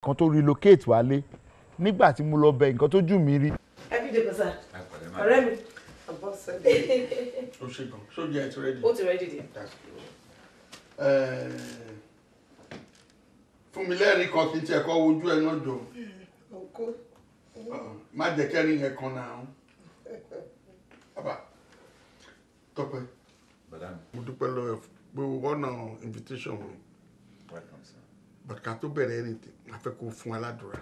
kan tó relocate wálé nígbà tí mo lọ bẹ nǹkan tó jù mí rí. ẹ fi dèbò sá ọ̀rẹ́ mi àbọ̀ sẹ́dẹ̀. o ṣe gan ṣojú ẹ ti rẹ́dì. ó ti rẹ́dì dì. Eh, fún mi lẹ́rìí kan kí n tiẹ̀ kọ́ wojú ẹ náà jọ. Ah, má jẹ́ kẹ́rin yẹn kan náà. bàbá tọpẹ́ mo dúpẹ́ lọ́wọ́ ẹ pé wọ́n invitation mi bàtà tó bẹ̀rẹ̀ anything a fẹ́ kó fún aládùúrà.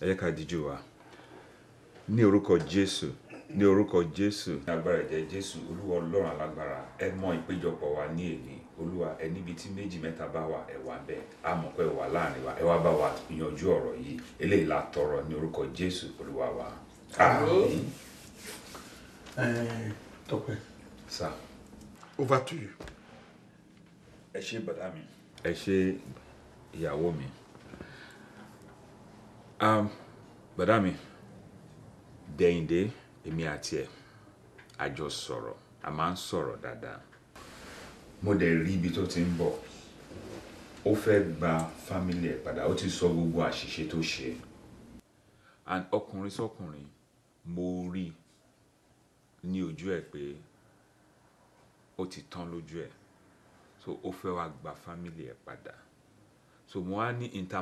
ẹ yẹ ká díjú wa ní orúkọ jésù ní orúkọ jésù. ní agbára ẹ̀jẹ̀ jésù olúwa ọlọ́run alágbára ẹ mọ ìpéjọpọ̀ wa ní èmi olúwa ẹ níbi tí méjì mẹ́ta bá wà ẹ wà bẹ́ẹ̀ a mọ̀ pé wà láàrin wa ẹ wá bá wa yanjú ọ̀rọ̀ yìí eléyìí la tọrọ ní orúkọ jésù olúwa wa. àmín. tọ́pẹ́. over to you. ẹ ṣé bàdá mi. ẹ ṣé ìyàwó mi um, bàdá mi dẹ̀yìndé èmi àti ẹ̀ àjọ sọ̀rọ̀ a máa ń sọ̀rọ̀ sorrow mo dẹ̀ rí ibi tó ti ń bọ̀ ó fẹ́ gba fámílì ẹ̀ padà ó ti sọ gbogbo àṣìṣe tó ṣe and ọkùnrin sọkùnrin mo rí ní ojú ẹ̀ pé ó ti tán lójú ẹ̀ so ó fẹ́ wá gba fámílì ẹ̀ padà so mo wá ní ìta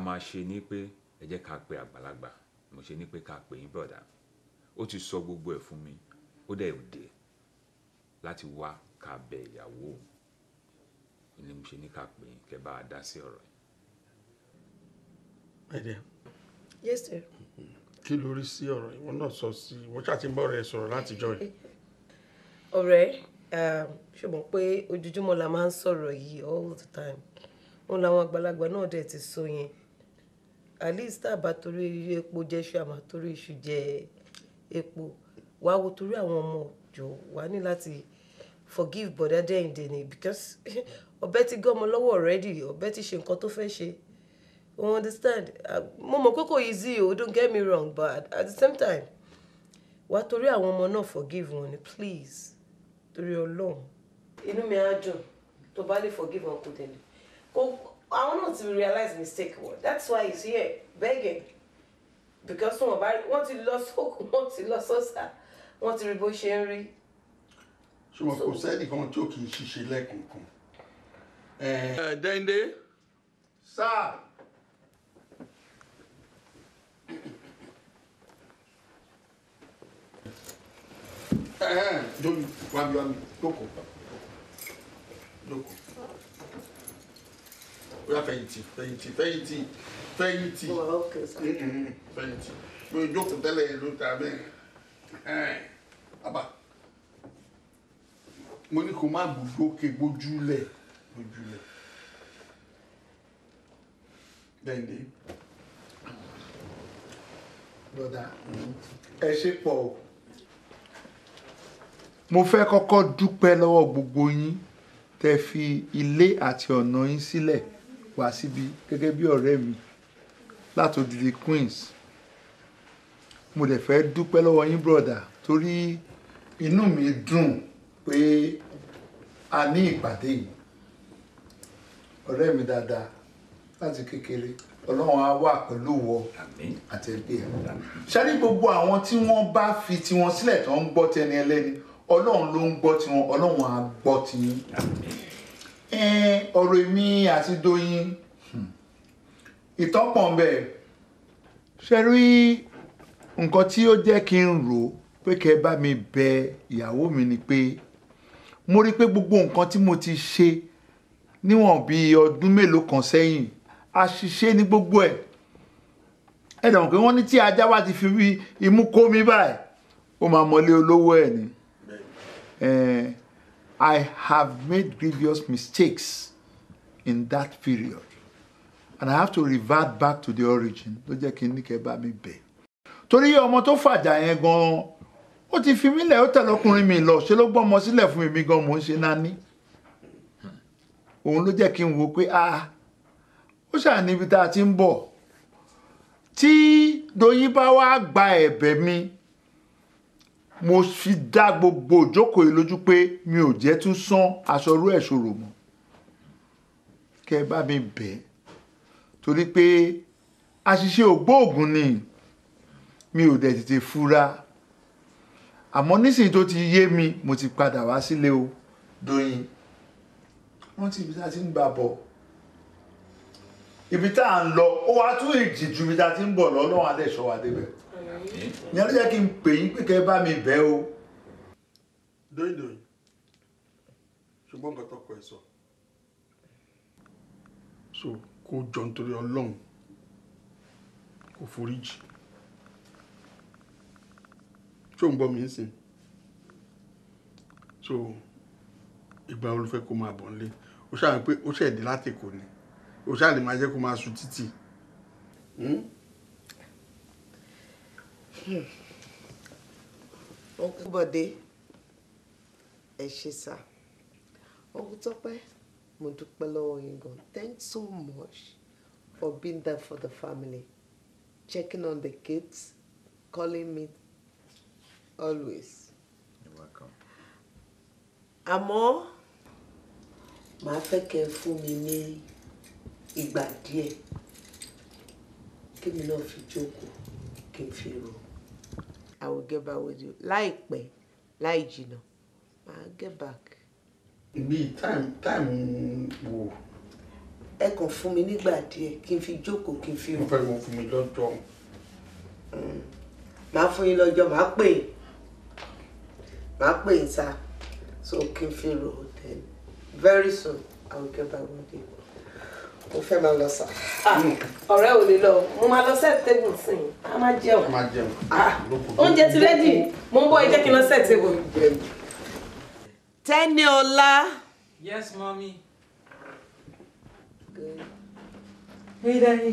ni pé ẹ jẹ́ ká pe àgbàlagbà mo ṣe ní pé ká pe yín bọ̀dà ó ti sọ gbogbo ẹ̀ fún mi ó dẹ̀ òde láti wá ká bẹ ìyàwó òun ni mo ṣe ní ká pè yín kẹ́ bá a dá sí ọ̀rọ̀ yìí. yes sir. kí ló rí sí ọ̀rọ̀ ìwọ náà sọ sí ìwọ ṣáàtì ń bá ọ̀rẹ́ sọ̀rọ̀ látijọ́ yìí. ọ̀rẹ́ um, ṣùgbọ́n pé ojoojúmọ́ la máa ń sọ̀rọ̀ yìí all the time òun làwọn àgbàlagbà náà dẹ̀ ti sọ yẹn at least tá a bá torí epo jẹ iṣu àmà torí iṣu jẹ epo wàá wo torí àwọn ọmọ òjò wàá ní láti forgive bọ̀dá dẹ́yìndé ni because ọbẹ̀ ti gé ọmọ lọ́wọ́ already ọbẹ̀ ti ṣe nǹkan tó fẹ́ ṣe you understand mo mọ̀ pé kò easy o don't get me wrong but at the same time wàá torí àwọn ọmọ náà forgive wọn ni please torí ọlọ́run inú mi á dùn tó bá lè forgive wọn kò tẹ̀lé kó àwọn náà to realize mistake wọn that's why he's here begging because some wọn bá wọn ti lọ sókun wọn ti lọ sọ́sà wọn ti rí bó ṣe ń rí. ṣùgbọ́n kò sẹ́ni kan tí ò kì í ṣiṣẹ́ lẹ́ẹ̀kọ̀ọ̀kan. Dẹ́ndé. sáà. jómi wàbí wàbí lóko lóko ó yà fẹ̀yìntì fẹ̀yìntì fẹ̀yìntì fẹ̀yìntì mm-hmm. fẹ̀yìntì mo jókòó tẹ́lẹ̀ ló ta bẹ́ẹ̀ àbá mo ní kó má gbòdókè gbójúlẹ̀ gbójúlẹ̀ dẹ́ndé broda ẹ ṣe pọ̀ o mo fẹ́ kọ́kọ́ dúpẹ́ lọ́wọ́ gbogbo yín tẹ́ fi ilé àti ọ̀nà yín sílẹ̀. Si wá síbi gẹ́gẹ́ bí ọ̀rẹ́ mi láti odidi Queens mo dẹ̀ fẹ́ dúpẹ́ lọ́wọ́ yín brọ̀dà torí inú mi dùn pé a ní ìpàdé yìí ọ̀rẹ́ mi dáadáa láti kékeré ọlọ́run á wà pẹ̀lú wọ àti ẹgbẹ́ ẹ̀. ṣáájú gbogbo àwọn tí wọ́n bá fi tiwọn sílẹ̀ tó ń gbọ́ tẹni ẹlẹ́ni ọlọ́run ló ń gbọ́ tiwọn ọlọ́run á gbọ́ tiyín ọ̀rọ̀ èmi àti Doyin hmm. ìtọ́pọ̀ ń bẹ ṣe rí nǹkan tí ó jẹ́ kí n rò pé kẹ́ bá mi bẹ ìyàwó mi ni pé mo rí i pé gbogbo nǹkan tí mo ti ṣe níwọ̀n bí ọdún mélòó kan sẹ́yìn àṣìṣe ní gbogbo ẹ̀ ẹ dàn pé wọ́n ní tí ajá bá ti fi imú kó mi báyìí ó máa mọlé olówó ẹ̀ ni. I have made grievous mistakes in that period. And I have to revert back to the origin. Ló jẹ́ kí n ní kẹ́ bá mi bẹ̀. Torí ọmọ tó fàjà yẹn gan-an, ó ti fi mí lẹ̀ ó tẹ̀lé ọkùnrin mi lọ, ṣe ló gbọ́mọ sílẹ̀ fún mi gan-an mò ń ṣe nání. Òun ló jẹ́ kí n wo pé ah, ó ṣà níbi tá a ti ń bọ̀. Tí Doyin bá wá gba ẹ̀bẹ̀ mi, mo fi dá gbogbo ìjókòó yìí lójú pé mi ò jẹ́ tún sán aṣọrú ẹ̀ ṣòro mọ́ kẹ́ bá mi bẹ̀ torí pé àṣìṣe ògbóògùn ni mi ò dẹ̀ tètè fura àmọ́ nísìnyí tó ti yé mi mo ti padà wá sílé o Dóyin wọ́n ti ibi tá a ti ń gbà bọ̀ ibi tá à ń lọ ó wá tún ìjì ju ibi tá a ti ń bọ̀ lọ́lọ́run adẹ́ṣọ́ wa débẹ̀ ní ọdún yẹ kí n pè yín pé kẹ́ ẹ bá mi bẹ̀ o. dóyìndóyìn ṣùgbọ́n nǹkan tọkọ ẹ sọ so kó jọ nítorí ọlọ́run kó foríjì tó ń bọ́ mi ń sìn so ìgbà olùfẹ́ kó máa bọ̀ nílé ó ṣàwọn pé ó ṣẹ̀dí láti kò ní ó ṣàlè máa kó máa sùn títì. hmm ọkùn bọ̀dé ẹ ṣe sá ọkùn tọ́pẹ́ mo dúpẹ́ lọ́wọ́ yín gan thanks so much for being there for the family checking on the kids calling me always. You're welcome. àmọ́ màá fẹ́ kẹ́ ẹ fún mi ní ìgbà díẹ̀ kí mi náà fi jókòó kí n fi rò ó. I will get back with you. Láìpẹ́ láì jìnà, màá get back. Bíi time time wo? Ẹ kàn fún mi nígbà díẹ̀ kí n fi jókòó kí n fi. Mo fẹ́ mo fún mi lọ́jọ́. Hmm. Màá fún yín lọ́jọ́, màá pè é. Màá pè é sá. So kí n fi rò ó then. Very soon I will get back with you mo fẹ́ máa lọ sà. Ah, ọ̀rẹ́ ò lè lọ mo máa lọ set table sí i a máa jẹun ah, oúnjẹ ti rẹ́dì mo ń bọ̀ ẹ jẹ́ kí n lọ set table. Tẹ́niọlá. yes mọ́mí. Hey, Daddy.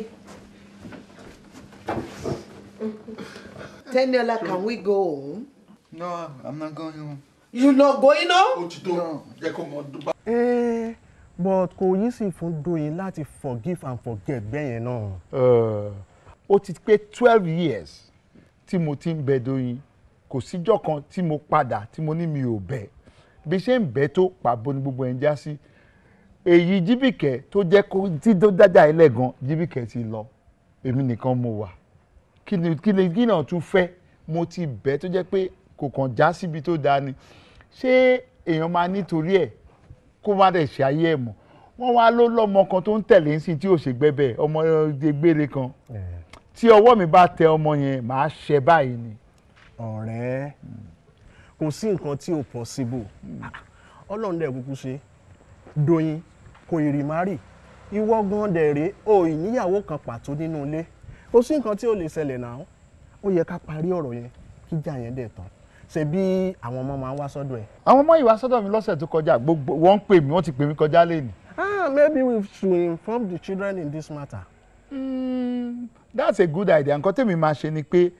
Tẹ́niọlá, can we go home? No, I'm not going home. You not going home? No. Eh but kò easy fún Doyin láti forgive and forget bẹ́yẹn náà. ó ti pé twelve years tí mo ti ń bẹ Doyin kò síjọ́ kan tí mo padà tí mo ní mi ò bẹ̀ bí ṣe ń bẹ tó pàbó ni gbogbo ẹ̀ ń já sí èyí jíbìkẹ́ tó jẹ́ kó tí tó dájà ẹlẹ́gan jíbìkẹ́ ti lọ èmi nìkan mo wà kí ni kí ni kí náà tún fẹ́ mo ti bẹ̀ tó jẹ́ pé kò kàn já síbi tó dáa ni ṣé èèyàn máa nítorí ẹ̀ kó má dẹ̀ ṣe ayé ẹ̀ mọ́ wọ́n wá ló lọ́mọ kan tó ń tẹ̀lé sí tí ò ṣe gbẹ́bẹ̀ ọmọ gbére kan eh. tí ọwọ́ mi bá tẹ ọmọ yẹn màá ṣe báyìí ni. ọ̀rẹ́ kò sí nǹkan tí ò possible hmm. ah, ọlọ́run dẹ̀ kúkú ṣe Doyin kò ìrì má rì ìwọ gan dẹ̀ rèé o ìníyàwó kan pàtó nínú ilé kò sí nǹkan tí ò lè ṣẹlẹ̀ náà ó yẹ ká parí ọ̀rọ̀ yẹn kíjà yẹn dẹ̀ tán ṣe bí àwọn ọmọ máa ń wá sọ́dọ̀ ẹ̀. àwọn ọmọ yìí wá sọ́dọ̀ mi lọ́sẹ̀ tó kọjá gbogbo wọ́n ń pè mí wọ́n ti pè mí kọjá lẹ́nu. ah maybe we should inform the children in this matter. Mm, that's a good idea nǹkan tèmi máa ṣe ni pé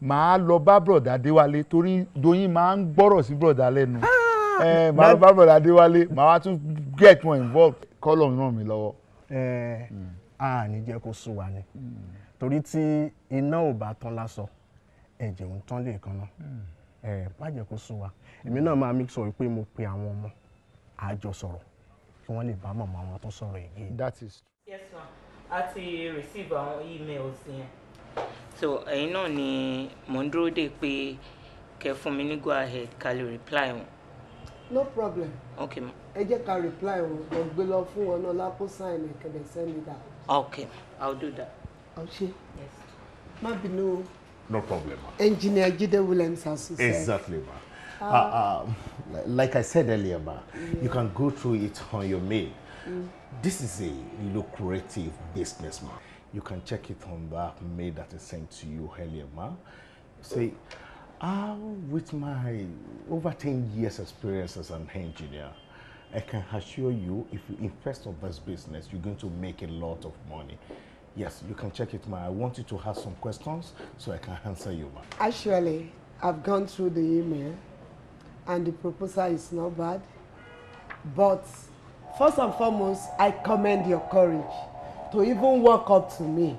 màá lọ bá bọ̀dà déwálé torí Doyin máa ń gbọ́rọ̀ sí bọ̀dà lẹ́nu ẹ ah, eh, màá lọ bá bọ̀dà déwálé màá wá tún get more involved kọ́lọ̀ ràn mí lọ́wọ́. ẹ eh, hmm. a ní jẹ́ kó sú wa ni hmm. torí tí iná ò bá tán lásọ ẹ̀jẹ̀ ò ń tán lè kan náà. Hmm. ẹ kó sún wa èmi náà máa make sure pé mo pe àwọn ọmọ àjọ sọ̀rọ̀ kí wọ́n lè bá màmá wọn tó sọ̀rọ̀ èyí. that is. yes ma a ti receive àwọn emails yẹn. so ẹ̀yin náà ni mò ń dúró dè pé kẹ́ fún mi ní go ahead ká lè reply wọn. no problem. ok ma. ẹ jẹ́ ká reply wọn mo gbé lọ fún wọn náà lápò sign ẹ̀kẹ́dẹ̀ send me that. ok i will do that. ọ̀ṣẹ́ má bínú o. no problem. Engineer Jide Williams has Exactly, ma. Uh, ah, uh, ah. uh, ah, like I said earlier, ma, yeah. you can go through it on your mail. Mm. This is a lucrative business, ma. You can check it on that mail that is sent to you earlier, ma. Say, uh, with my over 10 years experience as an engineer, I can assure you if you invest on this business, you're going to make a lot of money. Yes, you can check it, ma. I want you to have some questions so I can answer you, ma. Actually, I've gone through the email and the proposal is not bad. But first and foremost, I commend your courage to even walk up to me.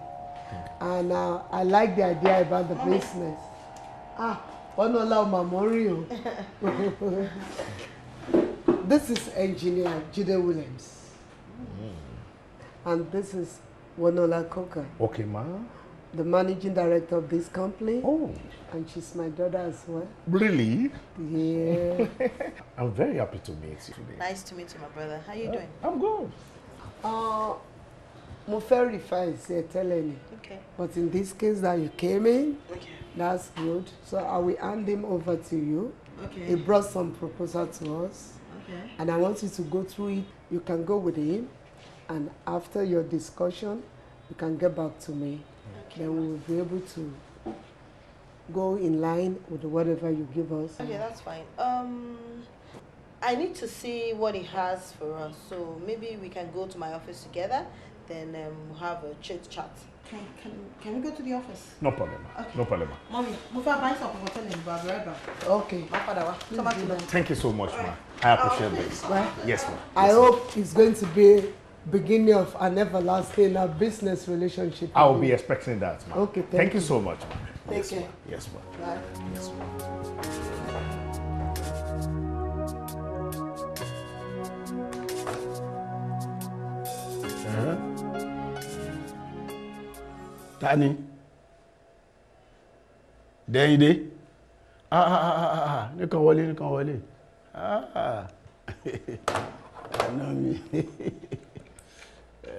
And uh, I like the idea about the Mommy. business. Ah, Onola Memorial. Oh. This is engineer Jide Williams. Mm. And this is Wanola Koka. Okay, ma. The managing director of this company. Oh. And she's my daughter as well. Really? Yeah. I'm very happy to meet you today. Nice to meet you, my brother. How are you uh, doing? I'm good. Uh, mo fẹ́ refer sí ẹ tẹ́lẹ̀ Okay. But in this case that you came in, okay. that's good. So I will hand him over to you. Okay. He brought some proposal to us. Okay. And I want you to go through it. You can go with him. and after your discussion, you can get back to me. Okay. Then we will be able to go in line with whatever you give us. Okay, that's fine. Um, I need to see what he has for us, so maybe we can go to my office together. Then um, we'll have a chit chat. Can, can, can we go to the office? No problem. Okay. No problem. Mommy, move our buy some hotel in Barbaraba. Okay. Thank you so much, ma. I appreciate oh, this. Yes, ma. Yes, I hope it's going to be beginning of an everlasting uh, business relationship. I will be expecting that, ma'am. Okay, thank, thank you. you so much, ma'am. Take yes, care. Ma yes, ma'am. Bye. Yes, ma'am. Uh-huh. tani dẹ́yìndé nìkan Ah ah. ah, ah, ah wọlé àná mi.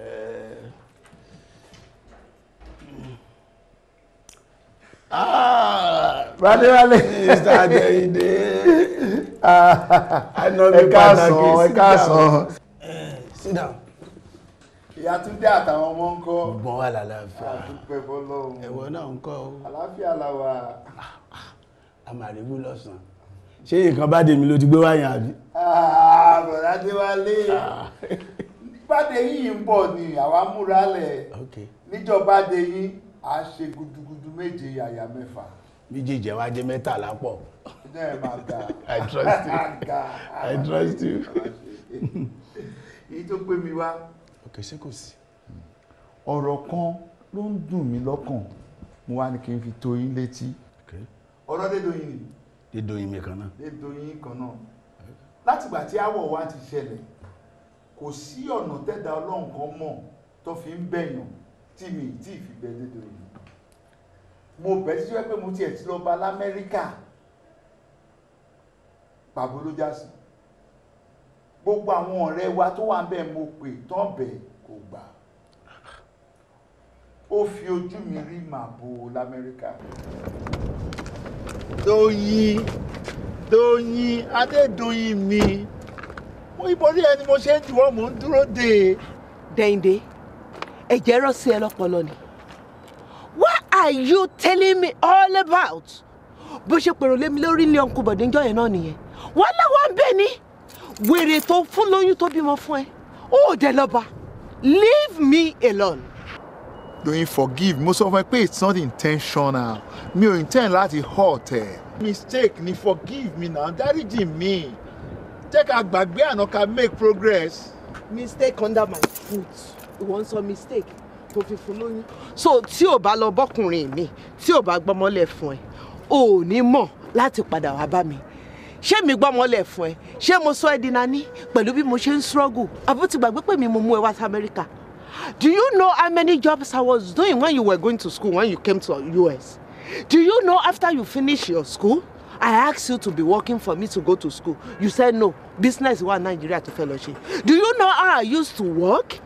Eh. Ah, rálé. Mr. Adéyìndé. Ah, ẹ káàsán, ẹ káàsán. Eh, sit down. Ìyá Túndé àtàwọn ọmọ ń kọ́. Gbọ́n wà lálàáfíà. Àdúpẹ́ náà ń kọ́ Àlàáfíà la wà. lọ́sàn. Ṣé nǹkan bá dèmi ló ti gbé wáyàn àbí? Àbọ̀dá ah, báde yìí ń bọ̀ ni àwa múra lẹ̀ níjọba de yìí a ṣe gudugudu méje àyà mẹ́fà méjèèjì ẹ̀ wá jẹ́ mẹ́tàlá pọ̀ I trust you I trust you èyí tó pé mi wá ok ṣé kò sí ọ̀rọ̀ kan ló ń dùn mí lọ́kàn mo wá ní kí n fi tó yín létí ọ̀rọ̀ Dédòyìn ni Dédòyìn mi kan náà Dédòyìn kan náà látìgbà tí àwọ̀ wa ti ṣẹlẹ̀ kò sí ọ̀nà tẹ́dà ọlọ́run kan mọ̀ tó fi ń bẹ̀yàn tí mi tí ì fi bẹ dédé òní mo bẹ̀ sí pé mo tiẹ̀ ti lọ bá lamẹ́ríkà pàbó ló já sí gbogbo àwọn ọ̀rẹ́ wa tó wà ń bẹ̀ mo pè tán bẹ̀ kò gbà ó fi ojú mi rí màbo lamẹ́ríkà. Doyin Doyin Adédoyin mi mo ìborí ẹni mo ṣe ń jùwọ́ mò ń dúró de. Dẹ́yìndé ẹ̀jẹ̀ rọ̀ sí ẹ lọ́pọlọ ni what are you telling me all about bó ṣe pèrò lémi lórí ilé ọkùnrin bọ̀dé ńjọ́ yẹn náà nìyẹn wọ́n láwọn ń bẹ ní wèrè tó fún lóyún tó bímọ fún ẹ ó dẹ̀ lọ́ba leave me alone. Doyin forgive mo sọ fún ẹ pé it's not intentional mi ò intend láti hurt ẹ. mistake ni forgive me na dáríjì mi jẹ́ ká and àná ká make progress. mistake under my foot ìwọ ń sọ mistake tó fi follow lóyún. so tí ò bá lọ bọ́kùnrin mi tí ò bá gbọ́mọlẹ̀ fún ẹ o ò ní mọ̀ láti padà wá bá mi ṣé mi gbọ́mọlẹ̀ fún ẹ ṣé mo sọ ẹ di nani pẹ̀lú bí mo ṣe ń struggle àbó ti gbàgbé pé mi mo mú ẹ wá sí America. do you know how many jobs I was doing when you were going to school when you came to US do you know after you finish your school I asked you to be working for me to go to school. You said no. Business is one Nigeria to fellowship. Do you know how I used to work?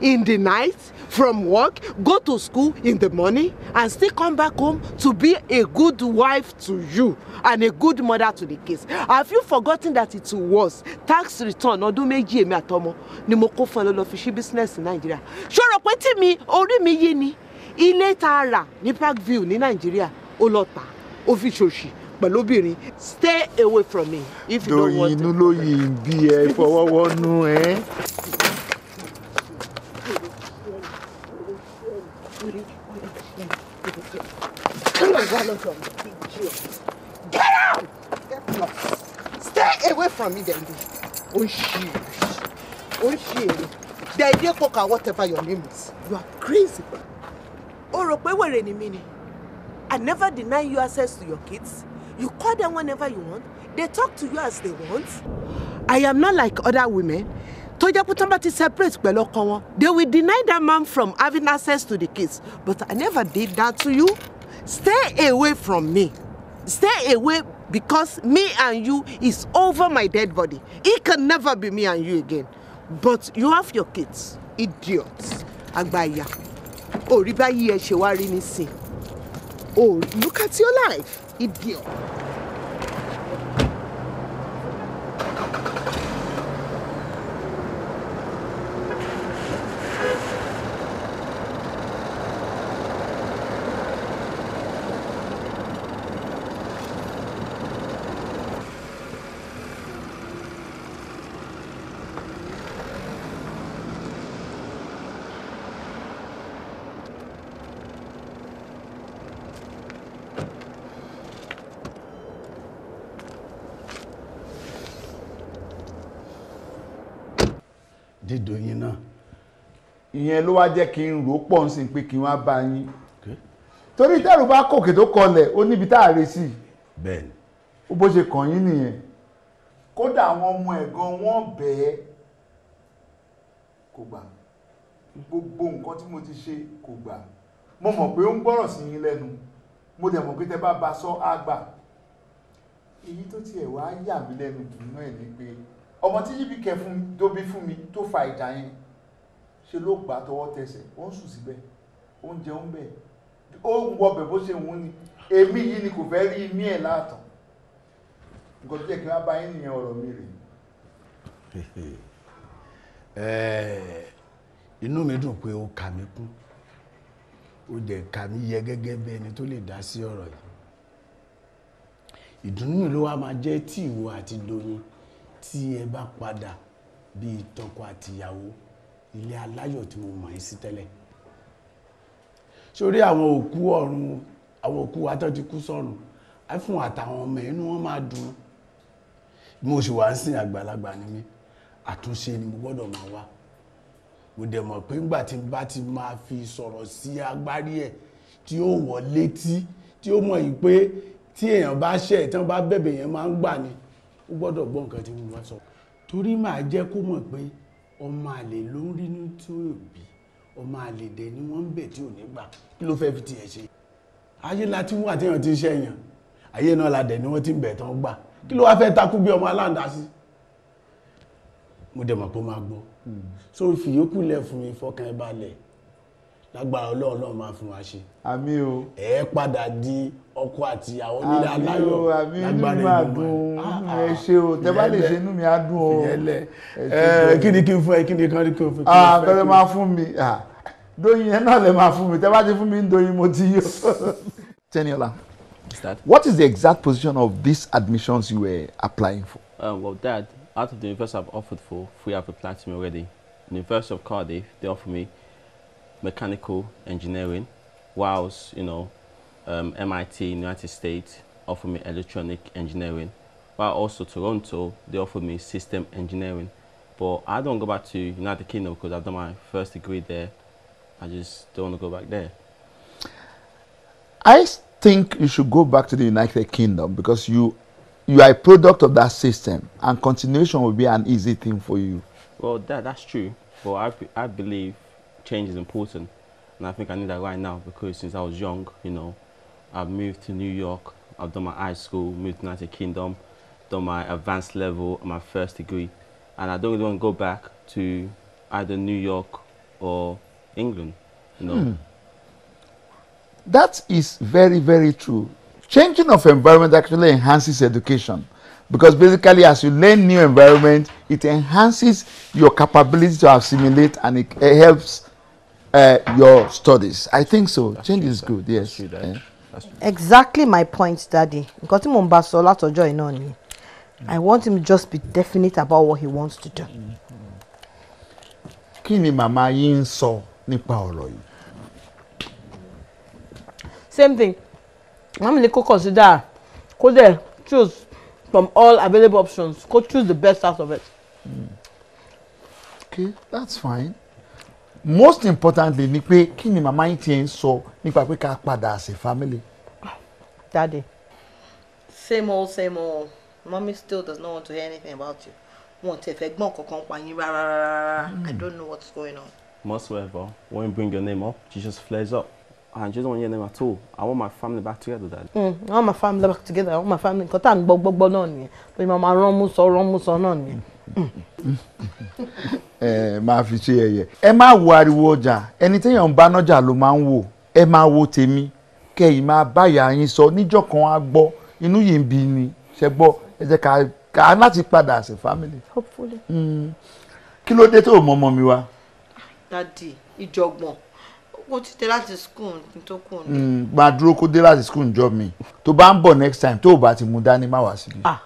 In the night, from work, go to school in the morning, and still come back home to be a good wife to you and a good mother to the kids. Have you forgotten that it was tax return ọdún méjì èmi àtọmọ ni mo kó fún ẹ business in Nigeria? Ṣọ́rọ̀ pé tí mi orí mi yé ni ilé tá a rà ní Parkview ní Nàìjíríà ó lọ pẹ̀lú stay away from me if you don't want to. doyin inú bí ẹ fọwọ́wọ́nú ẹ. Get out! Stay away from me, Dende. Oh, shit. Oh, shit. Dende Koka, whatever your name is. You are crazy. Ó rò pé wèrè ni mí ni. I never deny you access to your kids. You call them whenever you want. They talk to you as they want. I am not like other women. Toja jẹ́ pé tó ti separate pẹ̀lú ọkọ they will deny that man from having access to the kids but I never did that to you stay away from me stay away because me and you is over my dead body it can never be me and you again but you have your kids idiots àgbàyà oh, báyìí ẹ ṣe wá rí nísìn oh look at your life idiot. ìyẹn ló wá jẹ́ kí n rò pọ̀ sí pé kí n wá bá yín torí tẹ́rù bá kòkè tó kọlẹ̀ ó níbi tá a rè sí bẹ́ẹ̀ni ó bó ṣe kàn yín nìyẹn kódà àwọn ọmọ ẹ̀gan wọ́n bẹ̀ẹ́ kò gbà gbogbo nǹkan tí mo ti ṣe kò gbà mo mọ̀ pé ó ń gbọ́rọ̀ sí yín lẹ́nu mo dẹ̀ mọ̀ pé tẹ́ bá ba sọ á gbà èyí tó tiẹ̀ wá yà mí lẹ́nu dùn náà ni pé ọmọ tí yíbi kẹ fún mi fún mi tó fa ìjà yẹn ṣe ló gbà tọwọ́ tẹsẹ̀ ó ń sùn síbẹ̀ ó ń jẹun ó ń wọbẹ̀ bó ṣe wù ní èmi yìí ni kò fẹ́ rí ní ẹ̀ láàtọ̀ nǹkan tó kí wọ́n bá yín nìyẹn ọ̀rọ̀ mi rè. Eh, inú mi dùn pé ó kà mí kún ó dẹ̀ kà mí yẹ gẹ́gẹ́ bí ẹni tó lè dá sí ọ̀rọ̀ yìí ìdùnnú ló wá máa jẹ́ tí ìwọ àti tí ẹ bá padà bíi tọkọ àtìyàwó ilé aláyọ̀ tí mo mọ̀ ẹ́ sí tẹ́lẹ̀ sórí àwọn òkú ọ̀run àwọn òkú atọ́júkú sọ̀run fún àtàwọn ọmọ inú wọn máa dùn mo sì wá ń sìn àgbàlagbà ni mí àtúnṣe ni mo gbọ́dọ̀ máa wá mo dẹ̀ mọ̀ pé ńgbà tí bá ti máa fi sọ̀rọ̀ sí agbárí ẹ̀ tí ó wọ̀ létí tí ó mọ̀ yìí pé tí èèyàn bá ṣẹ̀ tí wọ́n bá bẹ̀bẹ̀ yẹn máa ń gbà ni ó gbọ́dọ̀ gbọ́ nǹkan tí mo bá sọ torí màá jẹ́ kó mọ̀ pé ọmọ àlè ló ń rí ní tí ó bí ọmọ àlè dẹ̀ ni wọ́n ń bẹ̀ tí ò ní gbà kí ló fẹ́ fi tiẹ̀ ṣe ayé la ti wà téèyàn ti ń ṣẹ̀yàn ayé náà la dẹ̀ ni wọ́n ti ń bẹ̀ tán gbà kí ló wá fẹ́ takú bí ọmọ aláǹda sí mo dẹ̀ mọ̀ pé ó máa gbọ́ so fi yókù lẹ̀ fún mi fọkàn ẹ balẹ̀ lágbára ọlọ́run náà máa fún wa ṣe o ẹ padà di ọkọ àti ìyàwó nílé aláyọ̀ lágbára ìlú ah, ẹ ṣe o tẹ bá lè ṣe inú mi á dùn o eh, kí ni kí n fún ẹ kí ni kí n fún ẹ. àbẹ̀rẹ̀ ah, máa fún mi ah, dóyin yẹn náà lè máa fún mi tẹ bá ti fún mi ń dóyin mo ti yọ. Teniola what is the exact position of these admissions you were applying for. Uh, well Dad out of the university I've offered for three I've applied to already University of Cardiff they offered me mechanical engineering whilst you know um, MIT, United States, offered me electronic engineering. But also Toronto, they offered me system engineering. But I don't go back to United Kingdom because I've done my first degree there. I just don't want to go back there. I think you should go back to the United Kingdom because you you are a product of that system and continuation will be an easy thing for you. Well, that, that's true. But I, I believe change is important. And I think I need that right now because since I was young, you know, I've moved to New York. I've done my high school, moved to United Kingdom, done my advanced level, my first degree, and I don't really want to go back to either New York or England. No. Hmm. That is very, very true. Changing of environment actually enhances education because basically as you learn new environment, it enhances your capability to assimilate and it, it helps uh, your studies. I think so. Change is good, yes. exactly my point daddy nǹkan tí mò ń bá sọ látọjọ́ yìí náà i want him just be definite about what he wants to do. kí ni màmá yín ń sọ nípa ọ̀rọ̀ yìí. same thing màmá mi kò consider kó dẹ̀ choose from all available options kó choose the best out of it. Mm. okay that's fine most importantly ni pé kí ni màmá yín tiẹ̀ ń sọ nípa pé ká padà as a family. Daddy. same old same old Mummy still does not want to hear anything about you wọn ti fẹ́ gbọ́n kankan pa yín rárá rárá i hmm. don't know what's going on. most whatever when you bring your name up she just flares up and she doesn't want your name at all i want my family back together dad. Mm, i want my family back together i want my family nǹkan tá à ń gbọ́ gbọ́gbọ́ náà nìyẹn pé màmá rán mú sọ rán mú sọ náà nìyẹn ẹ máa fi ṣe ẹyẹ ẹ má wo ariwo ọjà ẹni téèyàn ń bá nájà ló máa ń wò ẹ máa wo tèmi kẹyìn máa báyà yín sọ níjọ́ kan á gbọ́ inú yìí ń bi ni ṣe gbọ́ ẹ jẹ́ ká ká láti padà as a family. hopefully. Hmm. kí ló dé tó mọ ọmọ mi wá. dadi ìjọ̀gbọ̀n kó ti dé láti school tó kù ni. Hmm. máa dúró kó dé láti school jọ mi tó bá ń bọ̀ next time tó o bá ti mú dání má wá síbi. ah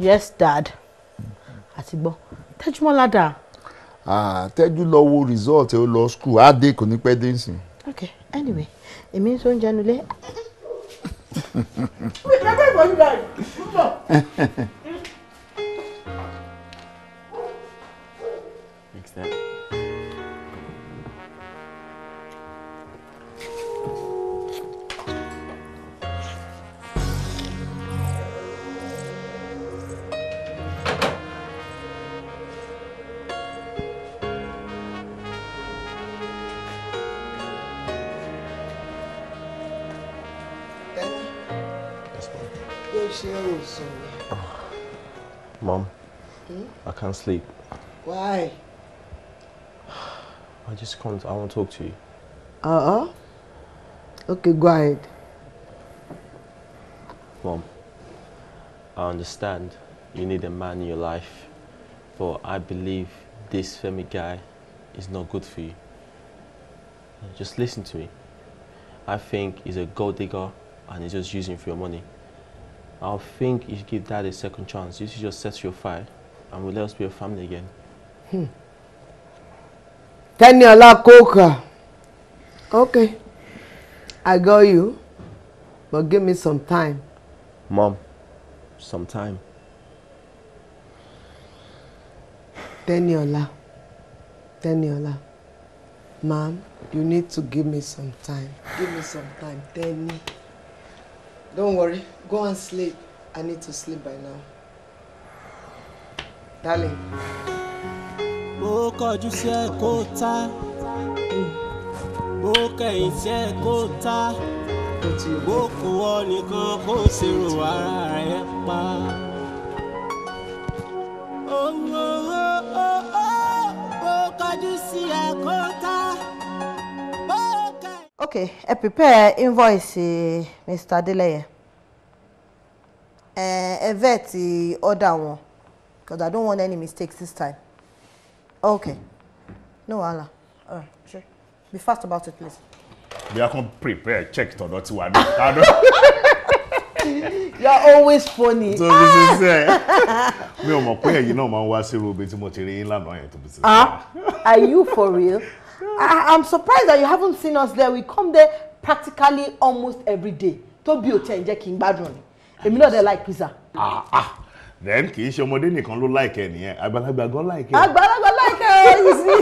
yes dad àti gbọ́ tẹ́jú mọ́ ládàá. tẹ́jú lọ wo result ẹ ó lọ school á dé kò ní pẹ́ dé nsìn. ok anyway èmi ń sọ oúnjẹ nu lé. mi ò dábàá ìwọ Thanks, Dad. Ah, mom hmm? i can't sleep. why. i just can't i want to talk to you. Uh-uh. okay go ahead. mom i understand you need a man in your life but i believe this Femi guy is not good for you. Just listen to me. I think he's a gold digger and he's just using for your money. I think you should give Dad a second chance. You should just set your fire and we'll let us be a family again. Hmm. Teniola Coca. Okay. I got you. But give me some time. Mom, some time. Teniola. Teniola. Mom, you need to give me some time. Give me some time. Teniola. Don't worry. Go and sleep. I need to sleep by now. Darling. Mo kọjú sí ẹ kó tá. Mo kẹ̀yìn sí ẹ kó tá. Mo kù ọ nìkan kó ṣèrò ara rẹ̀ pa. Owó oh, oh, oh, mo kọjú sí ẹ kó tá okay ẹ prepare invoice mr adeleye ẹ ẹ vet order one, because i don't want any mistakes this time okay no wahala all sure be fast about it please. bí a kàn prepare check tọ̀dọ̀ tí wàá dùn. you are always funny. tó bí sísẹ mi ò mọ̀ pé ẹ̀yin náà máa ń wá sí irú obìnrin tí mo ti rí yín lánàá yẹn tó bí ah, sísẹ. are you for real. I, I'm surprised that you haven't seen us there. We come there practically almost every day. Tóbi ò tẹ̀ ń jẹ́ kí n gbádùn ni. Èmi náà dẹ̀ like pizza. Ah ah then kì í ṣe ọmọdé nìkan ló láìkẹ nìyẹn àgbàlagbà gan láìkẹ. àgbàlagbà láìkẹ you see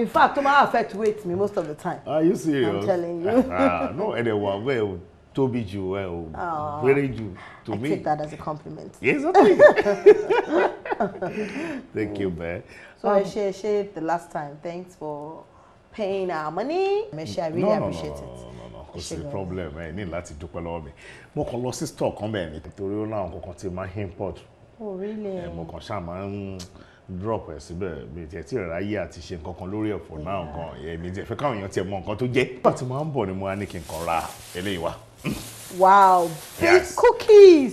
in fact ó máa affect weight me most of the time. are you serious i'm telling you. ah, ah. no ẹ̀dẹ̀ wà wẹ́ o tóbi jù ẹ o péré ah. jù to me. i take that as a compliment. yes okay. thank you bẹ́ẹ̀. So um, share she, the last time, thanks for paying our money. I really no, no, appreciate no, no, it. No, no, no, kò sí problem ẹ ní láti dúpẹ́ lọ́wọ́ mi. Mo kàn lọ sí store kan bẹ́ẹ̀ ni nítorí ó láwọn kankan tí máa import. Oh really? Ẹ mo kàn ṣáà máa ń drop ẹ síbẹ̀ mi tiẹ̀ tí ìráyè àti ṣe nǹkan kan lórí ẹ̀fọ́ náà gan ẹ̀ mi tiẹ̀ fẹ́ káwọn èèyàn tiẹ̀ mọ nǹkan tó jẹ́. Nígbà tí mo máa ń bọ̀ ni mo á ní kí n kàn ra eléyìí wá. Wow! Big yes. cookies!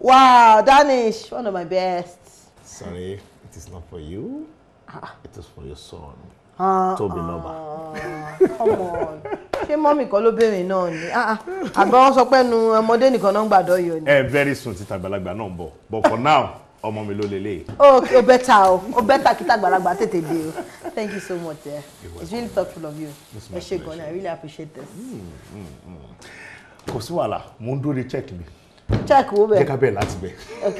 Wow! Danish, one of my best. Sorry, it is not for you it is for your son ah, tóbi lọ́ba. Ah, come on ṣé mọ́mì kan ló béèrè náà ni ah, àgbà wọn sọ pé nu ọmọdé nìkan náà ń gbàdọ̀ yọ ni. ẹ eh, very soon títa àgbàlagbà náà ń bọ̀ but for now ọmọ mi ló lélẹ̀. Oh, o o bẹ́tà o o bẹ́tà kí tàgbàlagbà tètè dé o thank you so much eh. it's really thoughtful of you ẹ ṣé gan-an i really appreciate this. Hmm, hmm, hmm. kò sí wàhálà mo ń dúró check mi check wo bẹ jẹ ká bẹ láti bẹ. ok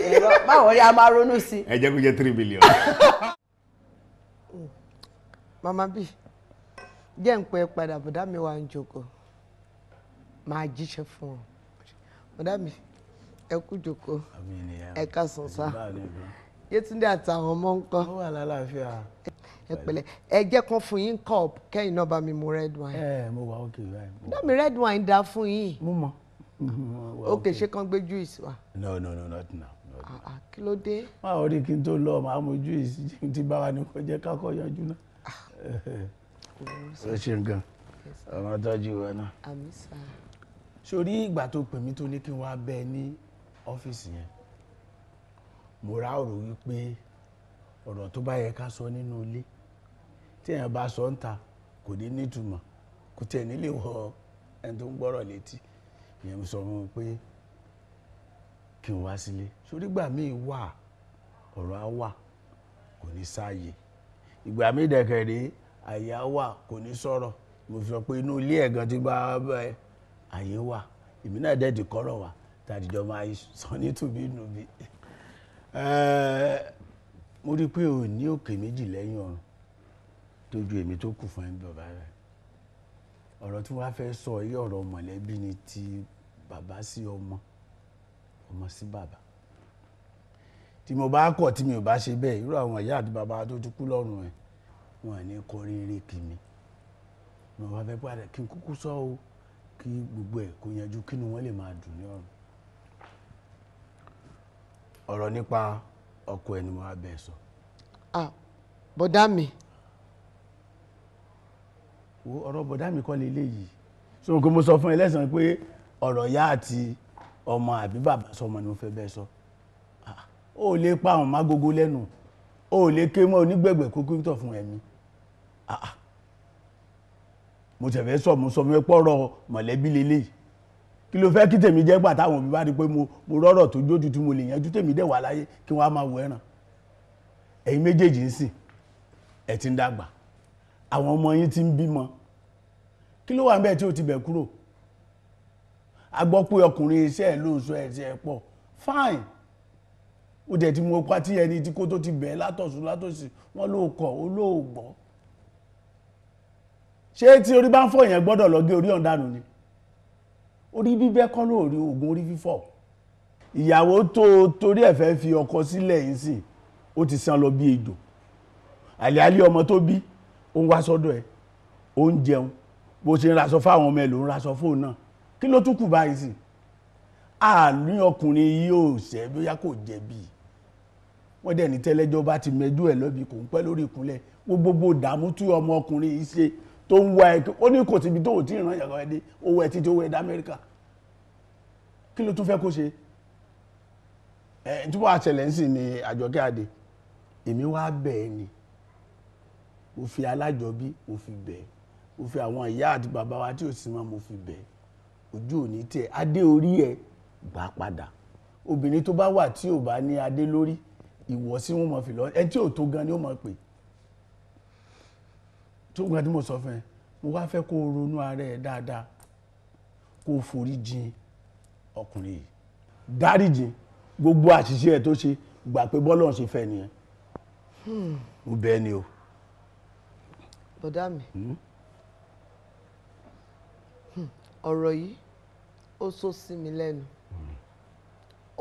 báwo ni a máa ronú sí. ẹ jẹ́ kó jẹ́ three billion. mama bi jẹ́ ń pẹ́ padà bọ̀dá mi wà ń jókòó máa jíṣẹ́ fún ọ bọ̀dá mi ẹ kú jókòó ẹ ká sùn sá yétúndé àtàwọn ọmọ ń kọ́ ẹ pẹ̀lẹ́ ẹ jẹ́ kan fún yín cup kẹ́yìn náà bá mi mu red wine. ẹ mo wà ókè báyìí. bá mi red wine dá fún yín. mo mọ. ókè ṣé kan gbé juice wa. no no no not now ah, ah, kí ló dé. máa rí kí n tó lọ màá mu juice tí bá wa ní kọjá kákọ yanjú náà. ẹ ṣe nǹkan náà. àmì ìgbà tó pè mí tó ní kí n wá bẹ ní ọ́fíìsì yẹn mo rá ọ̀rọ̀ wípé ọ̀rọ̀ tó bá yẹ ká sọ nínú ilé tí èèyàn bá sọ ń ta kò ní nítumọ̀ kò tiẹ̀ nílé wọ ẹni tó ń gbọ́rọ̀ létí ìyẹn mo sọ fún un pé kí n wá sílé sórí ìgbà míì wà ọ̀rọ̀ á wà kò ní sáàyè. ìgbà mi dẹ̀kẹ̀rẹ́ àyà wà kò ní sọ̀rọ̀ mo fi sọ pé inú ilé ẹ̀gàn ti gba abẹ́ àyè wà èmi náà dẹ̀ ti kọ́rọ̀ wà tàdíjọ́ máa sọ nítùbí nùbí. mo rí i pé o ní òkè méjì lẹ́yìn ọ̀run tó ju èmi tó kù fún ẹ bàbá rẹ ọ̀rọ̀ tí wọ́n fẹ́ sọ yí ọ̀rọ̀ mọ̀lẹ́bí ni ti bàbá sí ọmọ ọmọ sí bàbá tí mo bá kọ̀ tí mi ò bá ṣe bẹ́ẹ̀ irú àwọn ìyá àti bàbá tó ti kú lọ́rùn ẹ̀ wọn ò ní kọrí eré kì mí mo bá fẹ́ padà kí n kúkú sọ o kí gbogbo ẹ̀ kó yanjú kínú wọn lè máa dùn ní ọ̀run ọ̀rọ̀ nípa ọkọ ẹni mo abẹ́ sọ. ah bọ̀dá mi. wo ọ̀rọ̀ bọ̀dá mi kọ́ lè léyìí so kí mo sọ fún ẹ lẹ́sàn-án pé ọ̀rọ̀ ìyá àti ọmọ àbí bàbá sọmọ ni mo fẹ́ bẹ́ẹ̀ sọ. So o ò pa àwọn mágogo lẹ́nu o ò lè ké mọ́ onígbẹ̀gbẹ̀ kó kíkítọ̀ fún ẹ̀mí ah, ah. mo tẹ̀fẹ́ sọ mo sọ fún ẹ pọ̀rọ̀ mọ̀lẹ́bí lélẹ́yìí kí ló fẹ́ kí tèmi jẹ́ gbà táwọn òbí bá rí i mo rọ́rọ̀ tó jójú tí mo lè yanjú tèmi dẹ̀ wà láyé kí wọ́n á máa wọ ẹ̀ràn ẹ̀yin méjèèjì ń sìn ẹ̀ ti ń dàgbà àwọn ọmọ yín ti ń bímọ kí ló o ti bẹ̀ kúrò a gbọ́ pé ọkùnrin iṣẹ́ ẹ̀ ló ti ẹ̀ pọ̀ fine ó dẹ̀ ti mú ọkọ àti ẹni tí kò tó ti bẹ̀ látọ̀sùn látọ̀sì wọn ló kọ̀ ó ló gbọ́ ṣé tí orí bá ń fọ́ yẹn gbọ́dọ̀ lọ orí ọ̀dànù ni orí bíbẹ́ kọ́ lóòrí oògùn orí fífọ́ ìyàwó tó torí ẹ̀ fẹ́ fi ọkọ sílẹ̀ yìí sì ó ti san lọ bí ejò àlẹ́àlẹ́ ọmọ tó bí ó ń wá sọ́dọ̀ ẹ̀ ó ń jẹun bó ṣe ń raṣọ fáwọn ọmọ ẹ̀ ló ń raṣọ fóun náà kí ló tún kù báyìí sí àlùyọkùnrin yìí ò ṣẹ́ bóyá kò jẹ̀bi wọ́n dẹ̀ ní tẹ́lẹ́jọ́ bá ti mẹ́jú ẹ̀ lọ́bi kò ń pẹ́ lórí ìkúnlẹ̀ gbogbo ìdààmú tí ọmọkùnrin yìí ṣe tó ń wá ẹ ó ní kò síbi tó ò tí ì ràn yàrá ẹdí owó ẹ títí owó ẹdá Amẹ́ríkà kí ló tún fẹ́ kó ṣe ẹ tí wọ́n àṣẹlẹ̀ ń sìn ní Àjọkẹ́ Adé èmi wá bẹ̀ ni mo fi alájọbí mo fi bẹ̀ ẹ́ mo fi àwọn ìyá àti bàbá wa tí ò sí mọ́ mo fi bẹ̀ ẹ́ ojú òní tẹ adé orí ẹ gbà padà obìnrin tó bá wà tí ò bá ní adé lórí ìwọ̀sí wọn mọ̀ fi lọ ẹni tí ò tó gan ni ó mọ̀ pé tó gan tí mo sọ fún ẹ mo wá fẹ́ kó o ronú ara ẹ dáadáa kó o forí jìn ọkùnrin yìí dáríjì gbogbo àṣìṣe ẹ tó ṣe gbà pé bọ́lọ̀ ṣe fẹ́ nìyẹn hmm. mo bẹ́ẹ̀ ni o. bọ̀dá mi hmm? Hmm. ọ̀rọ̀ yìí ó sọ sí mi lẹ́nu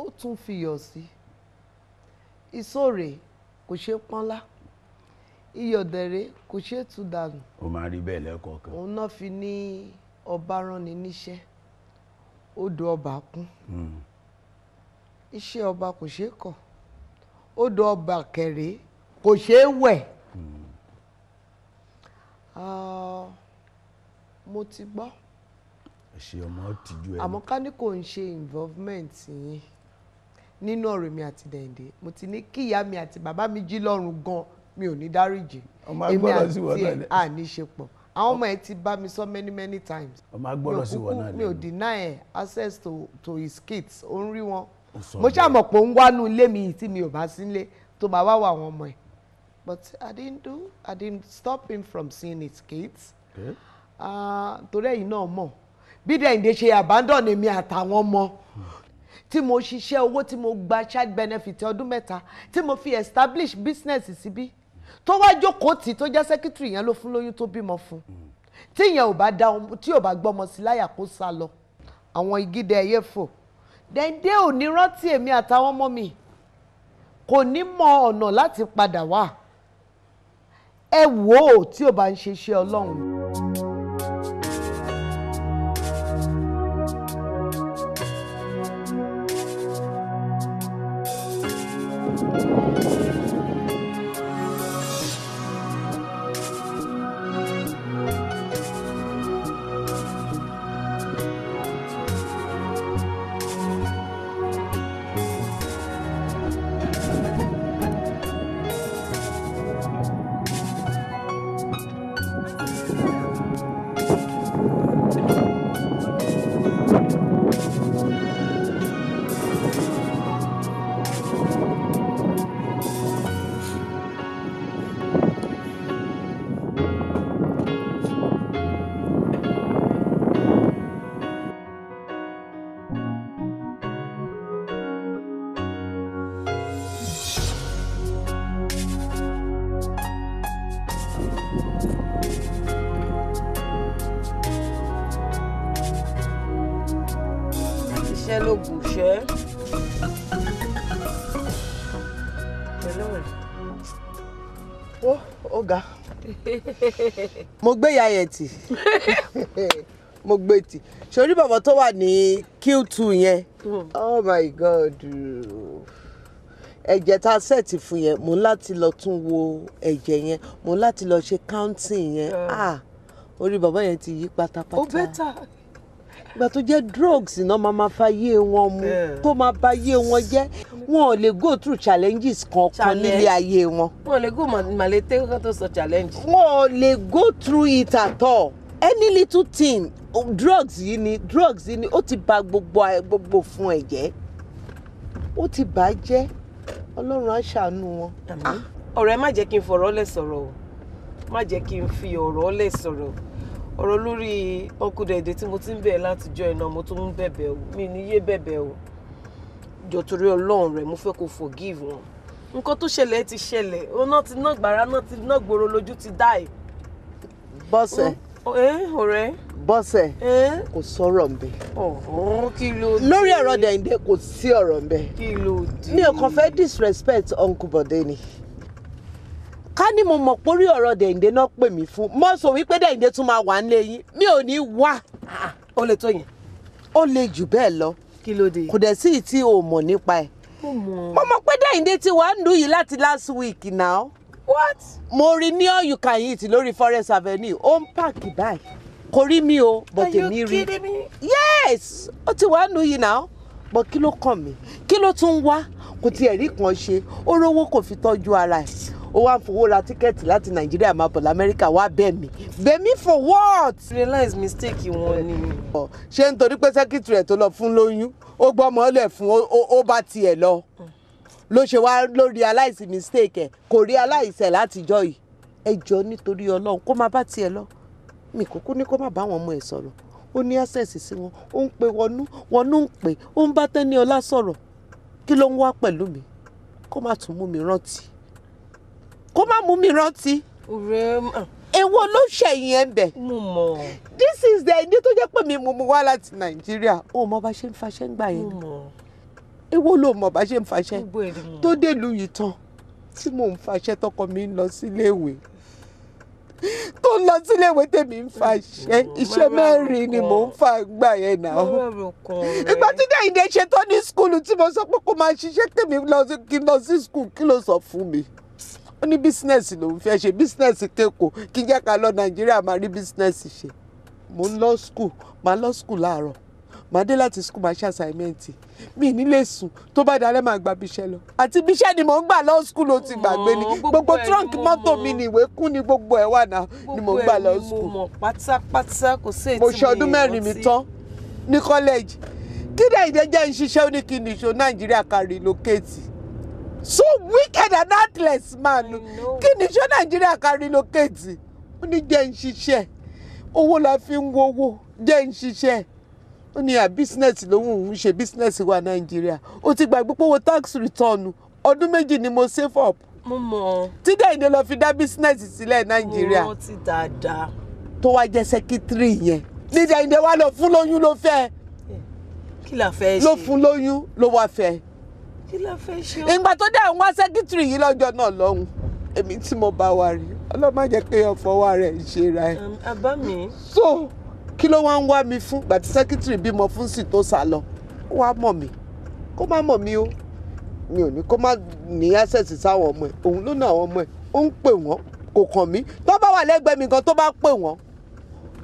ó tún fi yọ̀ sí i ìsòrè kò ṣe pọ́nlá iyọ̀dẹ̀rẹ̀ kò ṣe tú dànù. ó máa rí bẹ́ẹ̀ lẹ́kọ̀ọ̀kan. òun náà fi ní ọba ránni níṣẹ́ odò ọba kún hmm. iṣẹ́ ọba kò ṣe kọ̀ odò ọba kẹrẹ́ kò ṣe wẹ̀. Hmm. Ah, mo ti gbọ́. ẹ ṣe ọmọ tìjú ẹ. àmọ́ ká ní kò ń ṣe involvement yẹn nínú ọ̀rọ̀ mi àti dẹ̀yìndé mo ti ní kí ìyá mi àti bàbá mi jí lọ́rùn gan mi ò ní dáríjì èmi àti ẹ̀ à ní ṣe pọ̀ àwọn ọmọ ẹ ti bá mi sọ many many times mi ò deny ẹ access to to his kids ó ń rí wọn mo ṣàmọ̀ pé ó ń wánú ilé mi tí mi ò bá sílé tó bá wá wà àwọn ọmọ ẹ but I didn't do I didn't stop him from seeing his kids ah, torí ẹ̀yin náà mọ̀ bí dẹ̀yìndé ṣe abandon èmi àtàwọn ọmọ tí mo ṣiṣẹ́ owó tí mo gba child benefit ọdún mẹ́ta tí mo fi establish business síbí tó wá jókòó tì tó jẹ́ secretary yẹn ló fún lóyún tó bímọ fún tí yẹn ò bá da tí ò bá gbọ́mọ sí láyà kó sá lọ àwọn igídẹ ẹyẹ fò dẹ́ndé ò rántí èmi àtàwọn ọmọ mi kò ní mọ ọ̀nà láti padà wá ẹ wò ó tí ò bá ń ṣe iṣẹ́ ọlọ́run. mo gbé ìyá yẹn mo gbé tì sórí bàbá tó wà ní q2 yẹn oh my god ẹ̀jẹ̀ tá a sẹ́ẹ̀tì fún yẹn mo ń láti lọ tún wo ẹ̀jẹ̀ yẹn mo láti lọ ṣe counting yẹn ah. ah orí bàbá yẹn ti yí pátápátá. ó bẹ́tà ìgbà tó jẹ́ drugs náà máa máa fàyè wọn mu tó máa bá yé wọn jẹ́ wọn ò lè go through challenges kankan nílé ayé wọn. wọn ò lè go màlété kan tó sọ challenge. wọn ò lè go through it at all any little thing drugs yìí ni drugs yìí ni ó ti bà gbogbo gbogbo fún ẹ jẹ́ ó ti bà á jẹ́ ọlọ́run á ṣàánú wọn. ọ̀rẹ́ má jẹ́ kí n fọ̀rọ̀ lẹ̀ sọ̀rọ̀ o má jẹ́ kí n fi ọ̀rọ̀ lẹ̀ sọ̀rọ̀ o ọ̀rọ̀ lórí ọkùdẹ̀dẹ̀ tí mo ti ń bẹ̀ẹ̀ látijọ́ iná mo tún ń bẹ̀bẹ̀ o mi ní yé bẹ̀bẹ̀ o jọ torí ọlọ́run rẹ̀ mo fẹ́ kó forgive wọn nǹkan tó ṣẹlẹ̀ ti ṣẹlẹ̀ ọ̀nà ti ná gbàrà náà ti ná gbòòrò lójú ti dáì. bọ́sẹ̀ ọ̀rẹ́ bọ́sẹ̀ kò sọ̀rọ̀ ńbẹ. kí ló dé lórí ọ̀rọ̀ dẹ̀ǹdẹ̀ kò sí ọ̀rọ̀ ńbẹ. kí ló dé mi ò kàn fẹ́ disrespect uncle Bọ̀dé ni ká ní mo mọ̀ pórí ọ̀rọ̀ dẹ̀yìndé náà pè mí fún mo sọ wípé dẹ̀yìndé tún máa wà nílé yín mi ò ní wá ah, ó lè tó yẹn ó lè jù bẹ́ẹ̀ lọ kí ló dé kò dẹ̀ sí tí o mọ̀ nípa ẹ̀ mo mọ̀ pé dẹ̀yìndé ti wà ń lù yìí láti last week now what mo rí ní ọ̀yùká yìí ti lórí forest avenue ó ń pààkì báyìí kò rí mi o but èmi rí yes ó ti wà ń lù yìí now but kí ló kàn mí kí ló tún wá kò tiẹ̀ rí kan ṣe ó rówó kò fi tọ́jú ara ẹ̀ ó wá ń fowó ra tíkẹ́ẹ̀tì láti nàìjíríà máa bọ̀ lamẹ́ríkà wá bẹ̀ mí bẹ̀ mí for what. realize mistake wọn ni. ṣé nítorí pé sẹ́kítì rẹ̀ tó lọ fún lóyún ó gbọ́ ọmọ ọlẹ̀ fún ó bá tiẹ̀ lọ ló ṣe wá ló realize mistake ẹ̀ kò realize ẹ̀ látijọ́ yìí ẹ jọ nítorí ọlọ́run kó má bá tiẹ̀ lọ mi kúkú ní kó má bá àwọn ọmọ ẹ̀ sọ̀rọ̀ ó ní access sí wọn ó ń pe wọnú wọnú ń pè ó ń bá Tẹ́níọlá sọ̀rọ̀ kí ló ń wá pẹ̀lú mi kó má tún mú mi rántí kó má mú mi rántí. ọ̀rẹ́ mà. Ah. èwo ló ṣẹ̀yìn ẹ̀ ń mo mọ̀. this is the ẹni tó jẹ́ pé mi mú mu wá láti nàìjíríà ó mọ bá ṣe ń faṣẹ́ ń gbà yẹn. mo mọ̀. èwo ló mọ bá ṣe ń faṣẹ́ tó délùú yìí tán tí mò ń faṣẹ́ tọkọ mi ń lọ síléèwé tó ń lọ síléèwé tèmi ń faṣẹ́ iṣẹ́ mẹ́rin ni mò ń fa gbà yẹn náà. ìgbà tí dẹ́yìn dẹ́ ṣe tán ní skúlù tí mo sọ pé kó máa ṣiṣẹ́ tèmi lọ sí skúlù kí ló sọ fún mi ó ní bísínẹ́sì lòun fẹ́ ṣe bísínẹ́sì kẹ́kọ̀ọ́ kí jẹ́ ká lọ nàìjíríà máa rí bísínẹ́sì ṣe mo ń lọ skul máa lọ skul láàárọ̀ máa dé láti skul máa ṣe àṣàìmẹ́ǹtì mi ní sùn tó bá dalẹ́ máa gba bíṣẹ́ lọ àti bíṣẹ́ ni mò ń gbà lọ skul ó ti gbàgbé ni gbogbo trunk mọ́tò mi ni ìwé kún ni gbogbo ẹ̀ wà náà ni mò ń gbà lọ skul mo ṣe ọdún mẹ́rin mi tán ní kọ́lẹ́jì kí nàìjíríà jẹ́ ń ṣiṣẹ́ ó ní nàìjíríà kárí lókèétì so wicked and heartless man kí ni ṣé nàìjíríà ká relocate ó ní jẹ́ ń ṣiṣẹ́ owó la fi ń wowó jẹ́ ń ṣiṣẹ́ ó ní à business lòun ń ṣe business wa nàìjíríà ó ti gbàgbé pé owó tax return ọdún méjì ni mo save up mo mọ̀. tí Dẹ́yìndé lọ fi dá bísínẹ́sì sílẹ̀ nàìjíríà. mo ti dáadáa. tó wá jẹ́ sẹ́kítírì yẹn ní Dẹ́yìndé wá lọ fún lóyún ló fẹ́. kí la fẹ́ ṣe. ló fún lóyún ló wá fẹ́ kí ló fẹ́ ṣe o. ìgbà tó dé àwọn asẹ́kítìrì yìí lọ́jọ́ náà lọ́hùn èmi tí mo bá wa rí ọlọ́mọ jẹ́ pé ọ̀fọwọ́ rẹ̀ ń ṣe ra ẹ̀. Um, àbá mi. so kí ló wá ń wá mi fún gbàtí sẹ́kítìrì bímọ fún sì tó sá lọ ó wá mọ̀ mí kó má mọ̀ mí o mi ò ní kó má ní access sáwọn ọmọ ẹ̀ òun ló ná àwọn ọmọ ẹ̀ ó ń pè wọ́n kò kàn mí tó bá wà lẹ́gbẹ̀ẹ́ mi gan tó bá pè wọ́n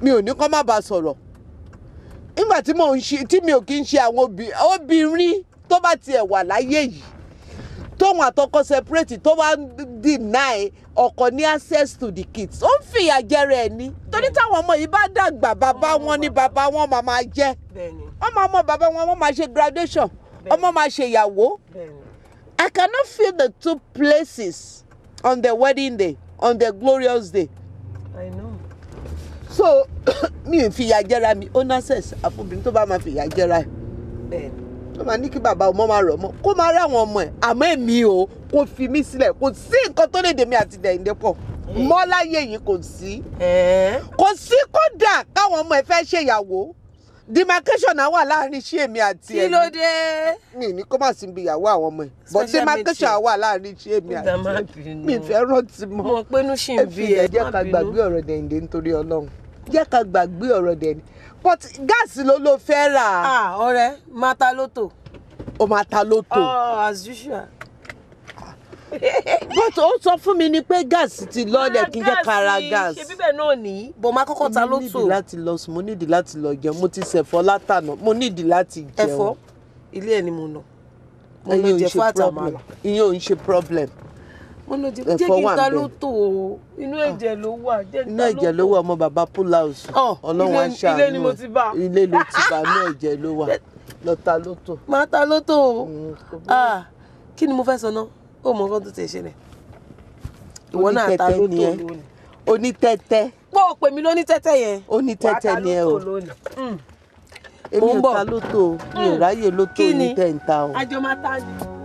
mi ò ní kó má bàa sọ̀rọ̀ nígbà tí mi ò kí ń ṣe àwọn obìnrin tó bá tiẹ̀ wà láyé yìí tóun àtọkọ separate tó wá deny ọkọ ní access to the kids ó ń fìyà jẹrẹ ẹ ní torí táwọn ọmọ yìí bá dàgbà bàbá wọn ni bàbá wọn máa máa jẹ ọmọ ọmọ bàbá wọn wọn máa ṣe graduation ọmọ máa ṣe ìyàwó I cannot feel the two places on the wedding day on the glorious day I know. so mi ò fìyà jẹra mi ó ná access àfọbìnrin tó bá máa fìyà jẹra ẹ ó máa ní kí bàbá ọmọ máa rọ̀ mọ́ kó máa rí àwọn ọmọ ẹ̀ àmọ́ èmi o kò fi mí sílẹ̀ kò sí nǹkan tó lè dèmi àti dẹ̀yìndé pọ̀ mọ́ láyé yìí kò sí kò sí kódà káwọn ọmọ ẹ̀ fẹ́ ṣèyàwó demarcation náà wà láàrin sí èmi àti ẹni. kí ló dé. mi ní kó má sí ibi ìyàwó àwọn ọmọ ẹ but demarcation wà láàrin sí èmi àti ẹni. mi fẹ́ rántí mọ́. ẹ fi ẹ jẹ́ ká gbàgbé ọ̀rọ̀ dẹ̀ǹdẹ̀ nítorí ọlọ́run jẹ́ ká gbàgbé ọ̀rọ̀ dẹ̀ǹdẹ̀ but gáàsì ló ló fẹ́ rà. Ah, ọ̀rẹ́ máa ta lóto. o máa ta lóto. oh as usual but ó sọ fún mi ni pé gáàsì ti lọ́ọ̀lẹ̀ ah, kí n jẹ́ kára gáàsì. ṣe bíbẹ̀ náà ní. bò máa kọ́kọ́ ta lóto. mo nídìí láti lọ sùn mo nídìí láti lọ jẹun mo ti ṣẹ̀fọ́ látànà mo nídìí láti jẹun. ẹ̀fọ́ ilé ẹ̀ ni mo nà. mo lọ jẹ fún àtàmàlà. ìyẹn ò ń ṣe problem ẹ̀fọ́ wà ń bẹ̀. Ah. inú ẹ̀jẹ̀ ló wà inú ẹ̀jẹ̀ ló wà ọmọ bàbá púláùsù ah, ọlọ́run aṣáájú ilé ló ti bá inú ẹ̀jẹ̀ ló wà lọ ta lótò. máa ta lótò mm, ah, kí ni mo fẹ́ sọ náà ó mọ ọkọ tó ti ṣẹlẹ̀ ìwọ náà ta lótò lónìí. onítẹ́tẹ́. pọ́ òpè mi lónítẹ́tẹ́ yẹn. onítẹ́tẹ́ ni ẹ o mm. èmi ò ta lótò mi ò mm. ráyè lótò onítẹ̀ ń ta o. kí ni àjọ máa ta ni.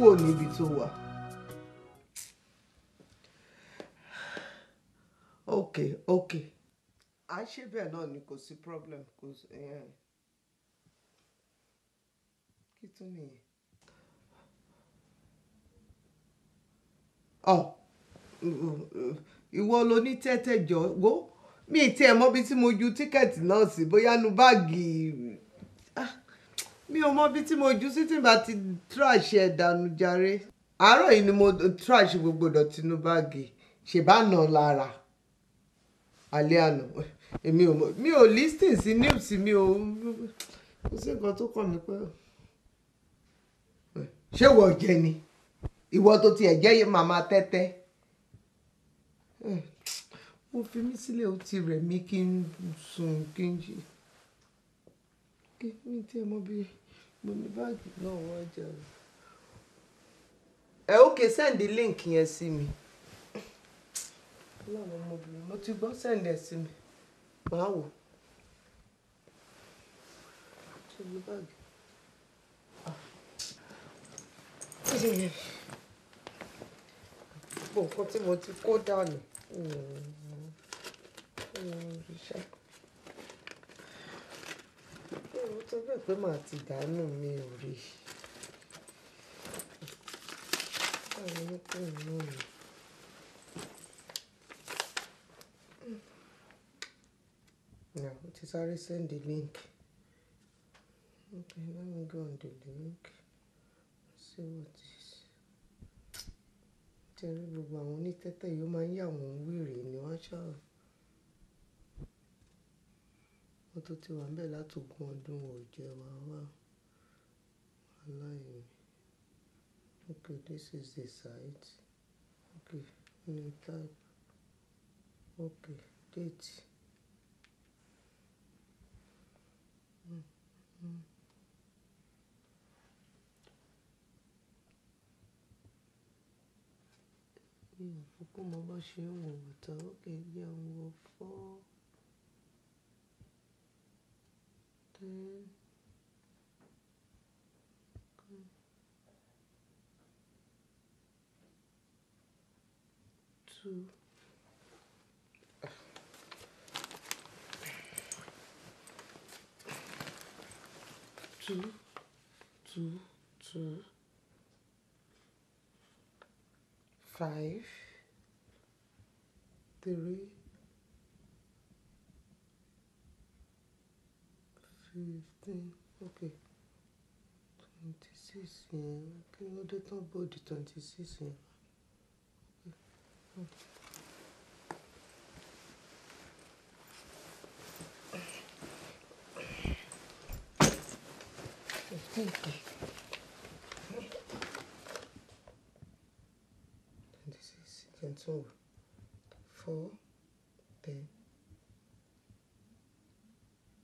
kúrò níbi tó wà. ok ok a ṣe bẹ́ẹ̀ náà ni kò sí problem kò sí kí tún nìyẹn. ọ ìwọ lo ní tẹ́tẹ́ jọ wo mi ì tiẹ̀ mọ́bi tí mo ju tíkẹ́ẹ̀tì náà sí bóyá nu báàgì mi ò mọ bí tí mo jù sí tí n bá ti trash ẹ̀ dànù jàre àárọ̀ yìí ni mo trash gbogbo dọ̀tí inú báàgì ṣèbá nà lára alẹ́ àná èmi ò mi ò listing sí news mi ò kò sí nǹkan tó kàn mí pé ṣé ìwọ jẹ ni ìwọ tó tiẹ̀ jẹ́ màmá tẹ́tẹ́ mo fi mí sílẹ̀ ó ti rẹ̀ mí kí n sùn kí n jí kí n tiẹ̀ mọ̀ bí mo ní báàgì náà wọ́n jẹ́ o. ẹ ókè sẹ́ndí líǹkì yẹn sí mi láwọn ọmọbìnrin mo ti gbọ́ sẹ́ndí ẹ̀ sí mi màá wò ah. gbogbo nǹkan tí mo ti kó dànù. mm mo sọ bẹ́ẹ̀ pé màá ti dànù mi ò rí. Báwo ni Now, it is already send the link. Okay, let me go on the link. See what is. Tẹ́rí gbogbo àwọn onítẹ́tẹ́ yìí ó máa ń yà wọ́n wọ́n tó ti wà níbẹ̀ látògún ọdún wọn ò wá Aláìní. Okay, this is the site. Okay, ní type. Okay, date. Mm fún kó mo bá ṣe ń wò wọ̀tá, ó kè é wọ fọ́ọ́. then two two two five three fifteen mm, okay twenty six yẹn kí ló dé tán the twenty okay. Thank you. four then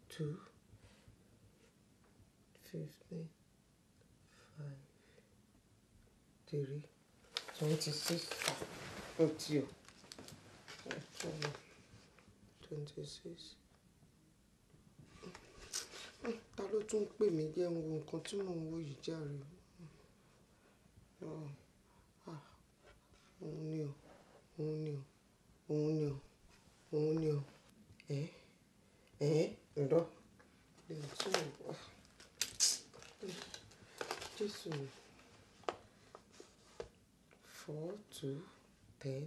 two three, five, three, twenty-six. Ó ti Twenty-six. Ta ló tún ń pè mí jẹ́ ń wo nǹkan tí mò ń wo yìí jàre? Òun ni o, òun ni o, òun ni o, òun ni o. Ẹ̀ ẹ̀ irọ́. Lè tún wò. Jésù. Four, two, ten.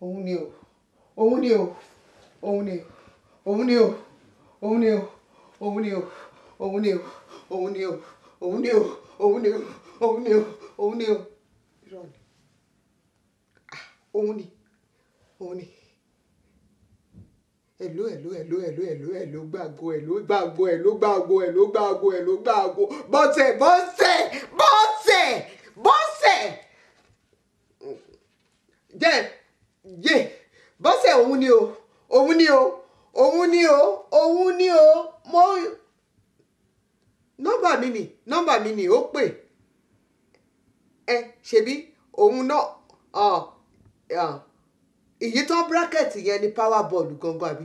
Òun ni o, òun ni o, òun ni o, òun ni o, òun ni o, òun ni o, òun ni o, òun ni o, òun ni o, òun ni o, òun ni o, òun ni o, òun ni, òun ni ẹ̀ló ẹ̀ló ẹ̀ló ẹ̀ló ẹ̀ló ẹ̀ló gbàgbó ẹ̀ló gbàgbó ẹ̀ló gbàgbó ẹ̀ló gbàgbó ẹ̀ló gbàgbó bọ́sẹ̀ bọ́sẹ̀ bọ́sẹ̀ bọ́sẹ̀ jẹ́ yé bọ́sẹ̀ òun ni o òun ni o òun ni o òun ni o mo nọ́mbà mi nì nọ́mbà mi nì ó pè ẹ ṣebí òun náà èyí tó bracket yẹn ni power ball gangan àbí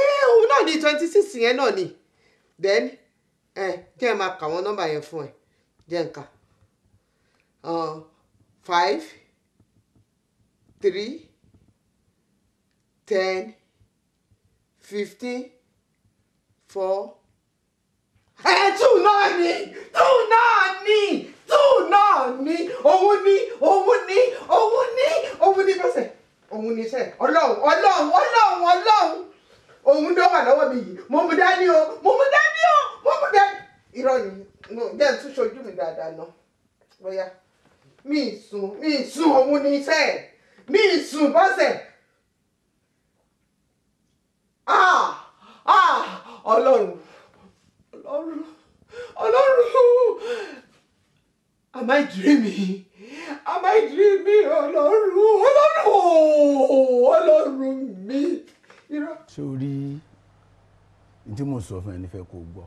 eh, òun náà ni twenty six yẹn náà ni then ẹ eh, jẹ́ ẹ máa kà wọ́n nọ́mbà yẹn fún ẹ jẹ́ n kà uh, five three ten fifteen four ẹ eh, two náà ni two náà ni two náà ni òun ni òun ni òun ni òun ni pẹ̀sẹ̀ òun ni sẹ́ ọlọ́run ọlọ́run ọlọ́run ọlọ́run òun ló wà lọ́wọ́ mi yìí mo mú dání o mo mú dání o mo mú dání. irọ́ ni jẹ́ ń tún ṣojú mi dáadáa ná bóyá mi sùn mi sùn òun ni sẹ́ mi sùn bọ́sẹ̀. ah ah ọlọ́run am I dreaming? ọmọ ìdílé mi ọlọ́run ọlọ́run ọlọ́run mi. sórí tí mo sọ fún ẹ nífẹ̀ẹ́ kó gbọ́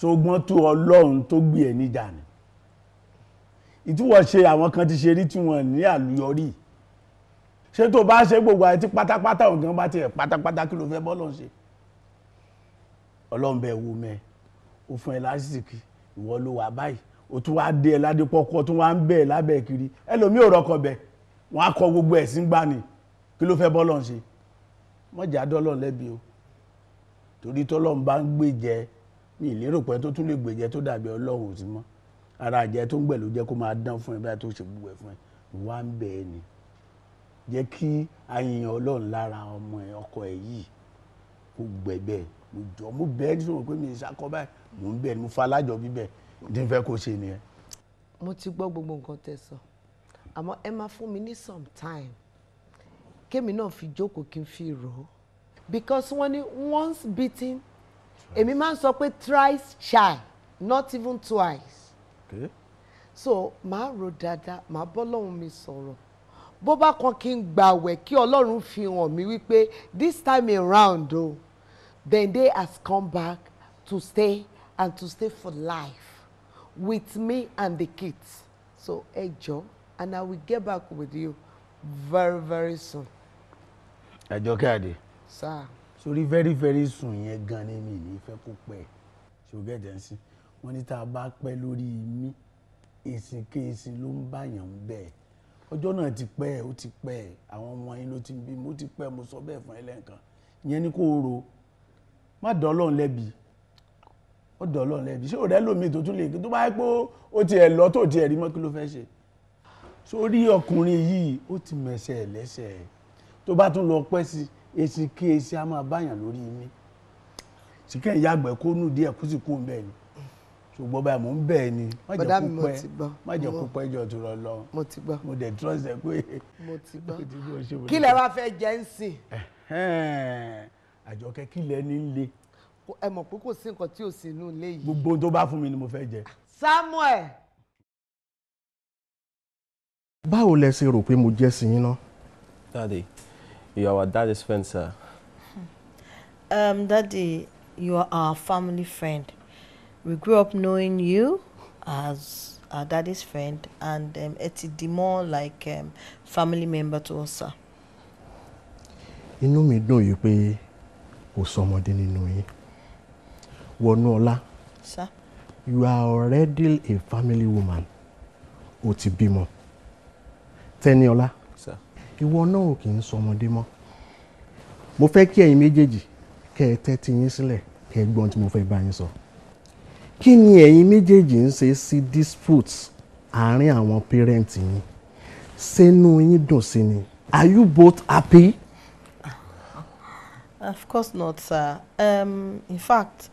ṣùgbọ́n tó ọlọ́run tó gbé ẹ níjà ni ìtúwọ̀ ṣe àwọn kan ti ṣe rí tí wọ́n ní àlùyọrí ṣé tó bá ṣe gbogbo àti pátápátá ògán bá tiẹ̀ pátápátá kí ló fẹ́ bọ́lọ̀ ṣe ọlọ́run bẹ̀ wò mẹ́ ó fún ẹ lásìkò ìwọ ló wà báyìí o tún wáá dé ẹ ládépọ́kọ́ tó wáá ń o lábẹ́ kiri ẹlòmíì ò kọ gbogbo esi gbà ní kí ló fẹ́ bọ́lọ̀ ń ṣe mọ́jà dọ́lọ̀ lẹ́bi o torí tọ́lọ́run bá ń gbèjẹ́ ní ìlérò pé tó tún lè gbèjẹ́ tó dàbí ọlọ́run sí mọ́ ara àjẹ́ tó ń ló kó máa dán fún ẹ báyìí tó ṣe gbogbo ọmọ ọkọ ẹ yìí kó mo jọ mo ní pé fa alájọ tí n fẹ́ kó ṣe nìyẹn. mo ti gbọ́ gbogbo nǹkan tẹ́ sọ àmọ́ ẹ máa fún mi ní some time kémi náà fi jókòó kí n fi rò ó because wọ́n ní once beaten èmi máa ń sọ pé thrice shy not even twice okay. so màá rò dáadáa màá bọ́ lọ́hùn mi sọ̀rọ̀ bó bá kan kí n gbàwẹ̀ kí ọlọ́run fi hàn mí wípé this time around o oh, then they has come back to stay and to stay for life with me and the kids. So, ẹ jọ̀ọ́, and I will get back with you very, very soon. Àjọkẹ́ Kadi. Sir. Sori very very soon yẹn gan ni mi ní fẹ́ kó pẹ́ ṣògẹ́ jẹ́nsí. Wọ́n ní tá a bá pẹ́ lórí mi, èsì kéèsì ló ń báyàn ń bẹ̀. Ọjọ́ náà ti pẹ́ ó ti pẹ́ àwọn ọmọ yín ló ti ń bí mo ti pẹ́ mo sọ bẹ́ẹ̀ fún ẹ lẹ́ǹkan. Ìyẹn ni kó o rò má dán Ọlọ́run lẹ́bi ó dọ̀ ọlọ́run lẹ́bi ṣé òrẹ́ lómi tó tún lè kí tó bá yẹ pé ó tiẹ̀ lọ tó tiẹ̀ rí mọ́ kí ló fẹ́ ṣe sórí ọkùnrin yìí ó ti mẹ̀sẹ̀ lẹ́sẹ̀ tó bá tún lọ pẹ́ sí èsì kí èsì á máa báyàn lórí mi síkẹ́ ìyàgbẹ́ kó nù díẹ̀ kó sì kú ń bẹ́ẹ̀ ni ṣùgbọ́n báyìí mò ń bẹ́ẹ̀ ni má jẹ́ kó pẹ́ má jẹ́ kó pẹ́ jọ tó rọ lọ mo ti gbọ́ mo dẹ̀ trust ẹ pé mo ti gbọ́ kí lẹ wá fẹ́ jẹ́ ń àjọkẹ́ kí lẹ ní le ẹ mọ̀ pé kò sí nǹkan tí ò sí inú ilé yìí. gbogbo tó bá fún mi ni mo fẹ́ jẹ. Samuel. báwo lẹ ṣe rò pé mo jẹ́ sí yín náà. Daddy, you are our daddy's friend, sir. Um, Daddy, you are our family friend. We grew up knowing you as our daddy's friend, and um, it's the more like um, family member to us, sir. Inú mi dùn yìí pé kò sọmọdé nínú yín. Wọnúọlá. Sir. You are already a family woman. O ti bímọ. Tẹ́niọlá. Sir. Ìwọ náà ò kì í sọmọdé mọ́. Mo fẹ́ kí ẹ̀yin méjèèjì kẹ́ ẹ tẹ́tí yín sílẹ̀ kẹ́ ẹ gbọ́n tí mo fẹ́ bá yín sọ. Kí ni ẹ̀yin méjèèjì ń ṣe sí dispute àárín àwọn parent yín? Ṣénú yín dùn sí ni? Are you both happy? Of course not, sir. Um, in fact,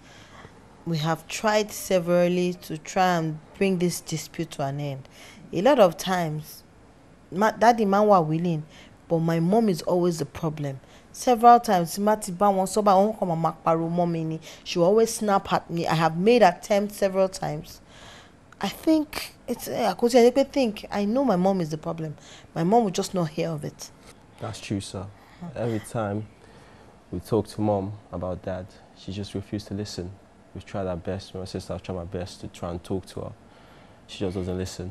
we have tried severally to try and bring this dispute to an end. A lot of times, my daddy man were willing, but my mom is always the problem. Several times, Mati ba won so ba won come mama paro mommy ni. She always snap at me. I have made attempts several times. I think it's I good thing. I know my mom is the problem. My mom will just not hear of it. That's true, sir. Every time we talk to mom about dad, she just refused to listen. We tried our best. My sister, I've tried my best to try and talk to her. She just doesn't listen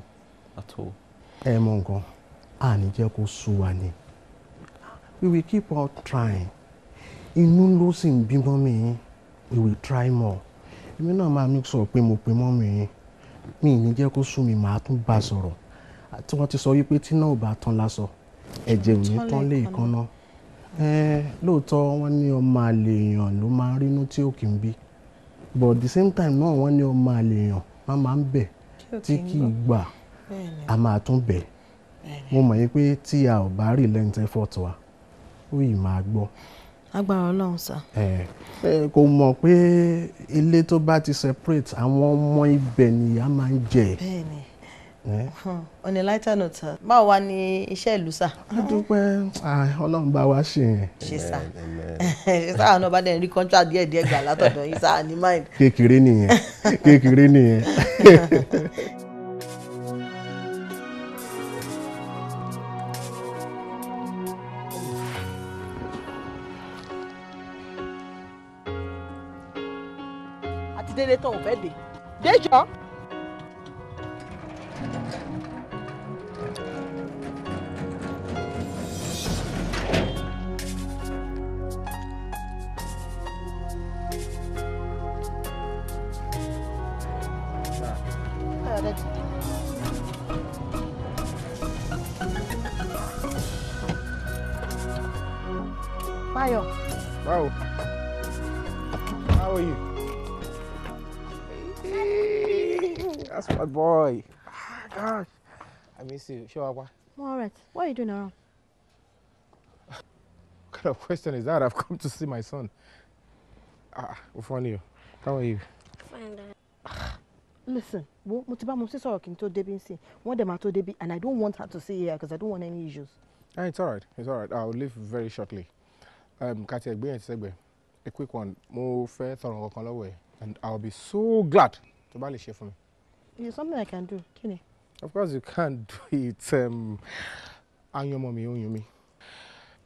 at all. Ẹ mọ nǹkan, a ní We will keep on trying. Inú ló sì ń bí We will try more. You náà máa make sure pé mo pe mọ́mì yín. Mi ì ní jẹ́ kó sú mi, màá tún bá sọ̀rọ̀. Tí wọ́n ti sọ wípé tí Eh, ò bá tán lásọ, ẹ̀jẹ̀ ò ní tán lé ìkan náà. Lóòótọ́ but at the same time náà wọ́n ní ọmọ àlèyàn wọ́n máa ń bẹ̀ tí kì í gbà a máa tún bẹ̀ mo mọ̀ yín pé tí a ò bá rí lẹ́yìn tẹ́ fọ́ọ̀tù wa ó yìí máa gbọ́. agbára Ọlọ́run sá. kò mọ̀ pé ilé tó bá ti separate àwọn ọmọ ibẹ̀ nìyá máa ń jẹ. bẹ́ẹ̀ ni on a lighter note sir báwo wá ní iṣẹ́ ìlú sà. a dúpẹ́ ọlọ́run bá wa ṣe yẹn. ṣe sà ṣe sà àwọn ọba dẹ̀ ń rí contract díẹ̀ díẹ̀ gbà látọ̀dọ̀ yín sà ní mind. kékeré nìyẹn kékeré nìyẹn. àti délé tó ò fẹ́ dé déjọ́. boy. Ah, gosh. I miss you. Show up. I'm all right. What are you doing around? What kind of question is that? I've come to see my son. Ah, what's on you? How are you? Fine, Dad. Listen, mo ti bá mo sí sọ̀rọ̀ kí n tó débi nsìn. Wọ́n dẹ̀ and I don't want her to see here because I don't want any issues. Ah, it's alright, It's alright. right. I'll leave very shortly. Um, Kati ẹgbẹ́ yẹn ti A quick one. Mo fẹ́ tọrọ nǹkan kan lọ́wọ́ ẹ̀ and I'll be so glad to bá lè ṣe fún mi. It's something I can do, Kenny. Of course you can't do it. Um, and your mommy, own me.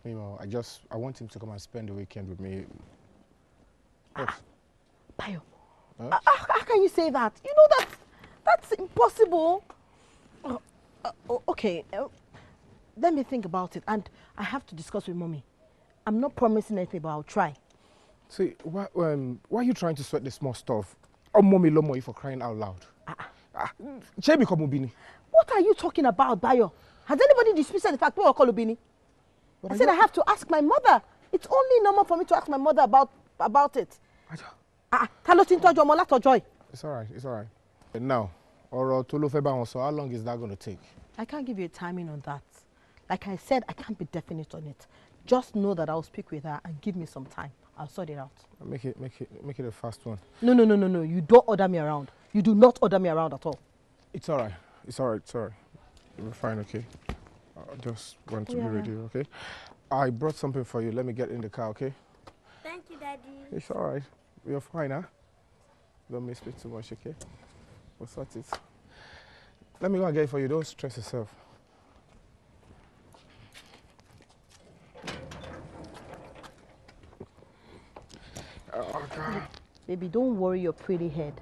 You know, I just I want him to come and spend the weekend with me. Ah, Bayo, huh? how, how can you say that? You know that that's impossible. Uh, uh, okay, uh, let me think about it, and I have to discuss with mommy. I'm not promising anything, but I'll try. See, why, um, why are you trying to sweat the small stuff? Oh, mommy, lomo, you for crying out loud. Ah, ṣé ibì kan what are you talking about Bayo has anybody disputed the fact pé wọn kọ Obini? I said I have to ask my mother it's only normal for me to ask my mother about about it. Ah, ta ló ti ń tọ́jú ọmọ látọjọ́ yìí. it's alright it's alright. now ọ̀rọ̀ tó ló so how long is that going to take. I can't give you a timing on that like I said I can't be definite on it just know that I'll speak with her and give me some time I'll sort it out. make it make it make it a fast one. no no no no no you don't order me around You do not order me around at all. It's all right. It's all right. Sorry, all right. We're fine, okay? I just want to yeah. be ready, okay? I brought something for you. Let me get in the car, okay? Thank you, Daddy. It's all right. You're fine, huh? Don't miss me too much, okay? We'll sort it. Let me go and get it for you. Don't stress yourself. Oh, God. Baby, don't worry your pretty head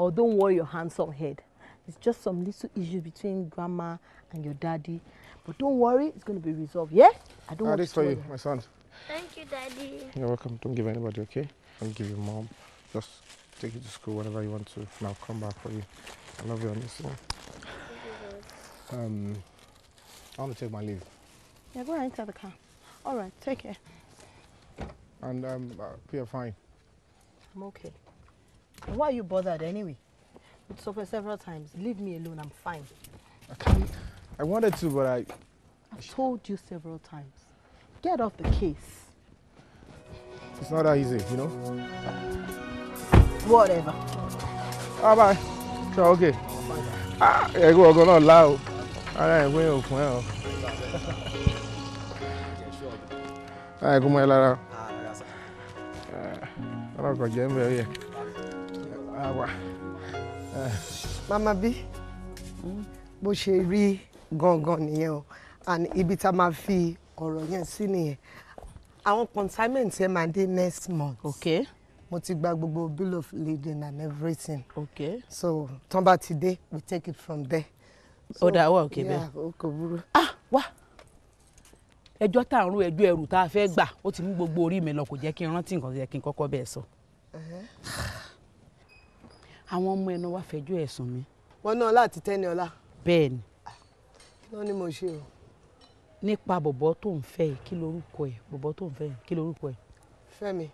or don't worry your handsome head. It's just some little issues between grandma and your daddy. But don't worry, it's going to be resolved. Yeah? I don't ah, want this for you, my son. Thank you, daddy. You're welcome. Don't give anybody, okay? Don't give your mom. Just take you to school whenever you want to. And I'll come back for you. I love you on this one. Um, I want to take my leave. Yeah, go ahead, tell the car. All right, take care. And um, uh, you're fine. I'm okay. why are you bothered anyway? You suffered several times. Leave me alone. I'm fine. Okay. I wanted to, but I. I've told you several times. Get off the case. It's not that easy, you know? Whatever. Ah, bye bye. So, okay. Ah, yeah, go, go, not loud. All right, well, well. All right, go, my Lara. Ah, that's it. Ah, I don't go, Jim, yeah àwa. Eh, mama bí bó ṣe rí gangan nìyẹn o and ibi tá a máa fi ọ̀rọ̀ yẹn sí nìyẹn àwọn consignment yẹn máa dé next month. okay. mo ti gba gbogbo bill of lading and everything. okay. so tán bá ti dé we take it from there. ó dà wá òkè bẹ́ẹ̀. ó kò burú. ah wá ẹjọ́ tá à ń rú ẹjọ́ ẹrù tá a fẹ́ gbà ó ti mú gbogbo orí mi lọ kò jẹ́ kí n rántí nǹkan yẹ kí n kọ́kọ́ bẹ́ẹ̀ sọ àwọn ọmọ ẹnu wa fẹjọ́ ẹ̀sùn mi. wọn náà láti tẹ́ni ọlá. bẹ́ẹ̀ ni. kí ló ní mo ṣe o. nípa bọ̀bọ̀ tó ń fẹ́ yìí kí lorúkọ ẹ̀ bọ̀bọ̀ tó ń fẹ́ yìí kí lorúkọ ẹ̀. fẹ́mi.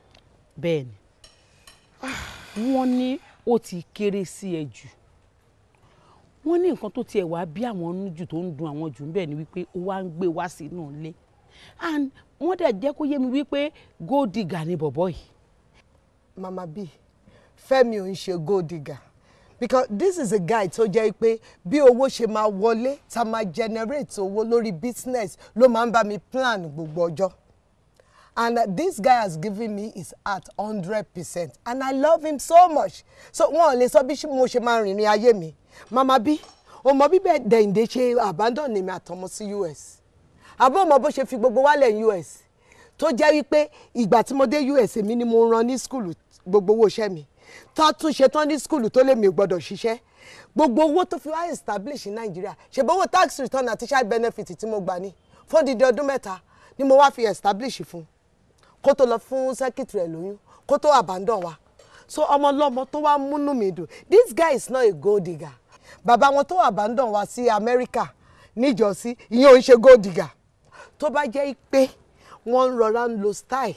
bẹ́ẹ̀ ni. wọ́n ní ó ti kéré sí ẹ jù wọ́n ní nǹkan tó tiẹ̀ wá bí àwọn ọ̀nù jù tó ń dun àwọn jù ń ni wípé ó wá ń gbé wá sínú ilé and wọ́n dẹ̀ jẹ́ kó yé mi wípé gold digger ni bọ̀bọ̀ yìí. mama bíi Fẹ́mi ò ń ṣe gold because this is a guy tó jẹ́ pé bí owó ṣe máa wọlé tá máa generate owó lórí business ló máa ń bá mi plan gbogbo ọjọ́ and this guy has given me his heart hundred percent and I love him so much so wọn ò lè sọ bí mo ṣe máa rìnrìn ayé mi mama bí o mọ bíbẹ dẹ̀yìndé ṣe abandon mi àtọmọ sí US àbọ̀ mọ bó ṣe fi gbogbo wálẹ̀ US tó jẹ́ wípé ìgbà tí mo dé US èmi ni mo rán ní skul gbogbo owó iṣẹ́ mi tó tún ṣetán ní skulu tó lè mi gbọ́dọ̀ ṣiṣẹ́ gbogbo owó tó fi wá establish ní nàìjíríà ṣèbówó tax return àti child benefit tí mo gbà ní fún dídí ọdún mẹ́ta ni mo wá fi establish fún kó tó lọ fún secretary ẹ̀ lóyún kó tó abandon wa so ọmọ lọmọ tó wá múnú mi dùn this guy is not a gold digger bàbá wọn tó abandon wa sí America níjọ́sí ìyẹn ò ń ṣe gold digger tó bá jẹ́ pé wọ́n ń rọra ń lo style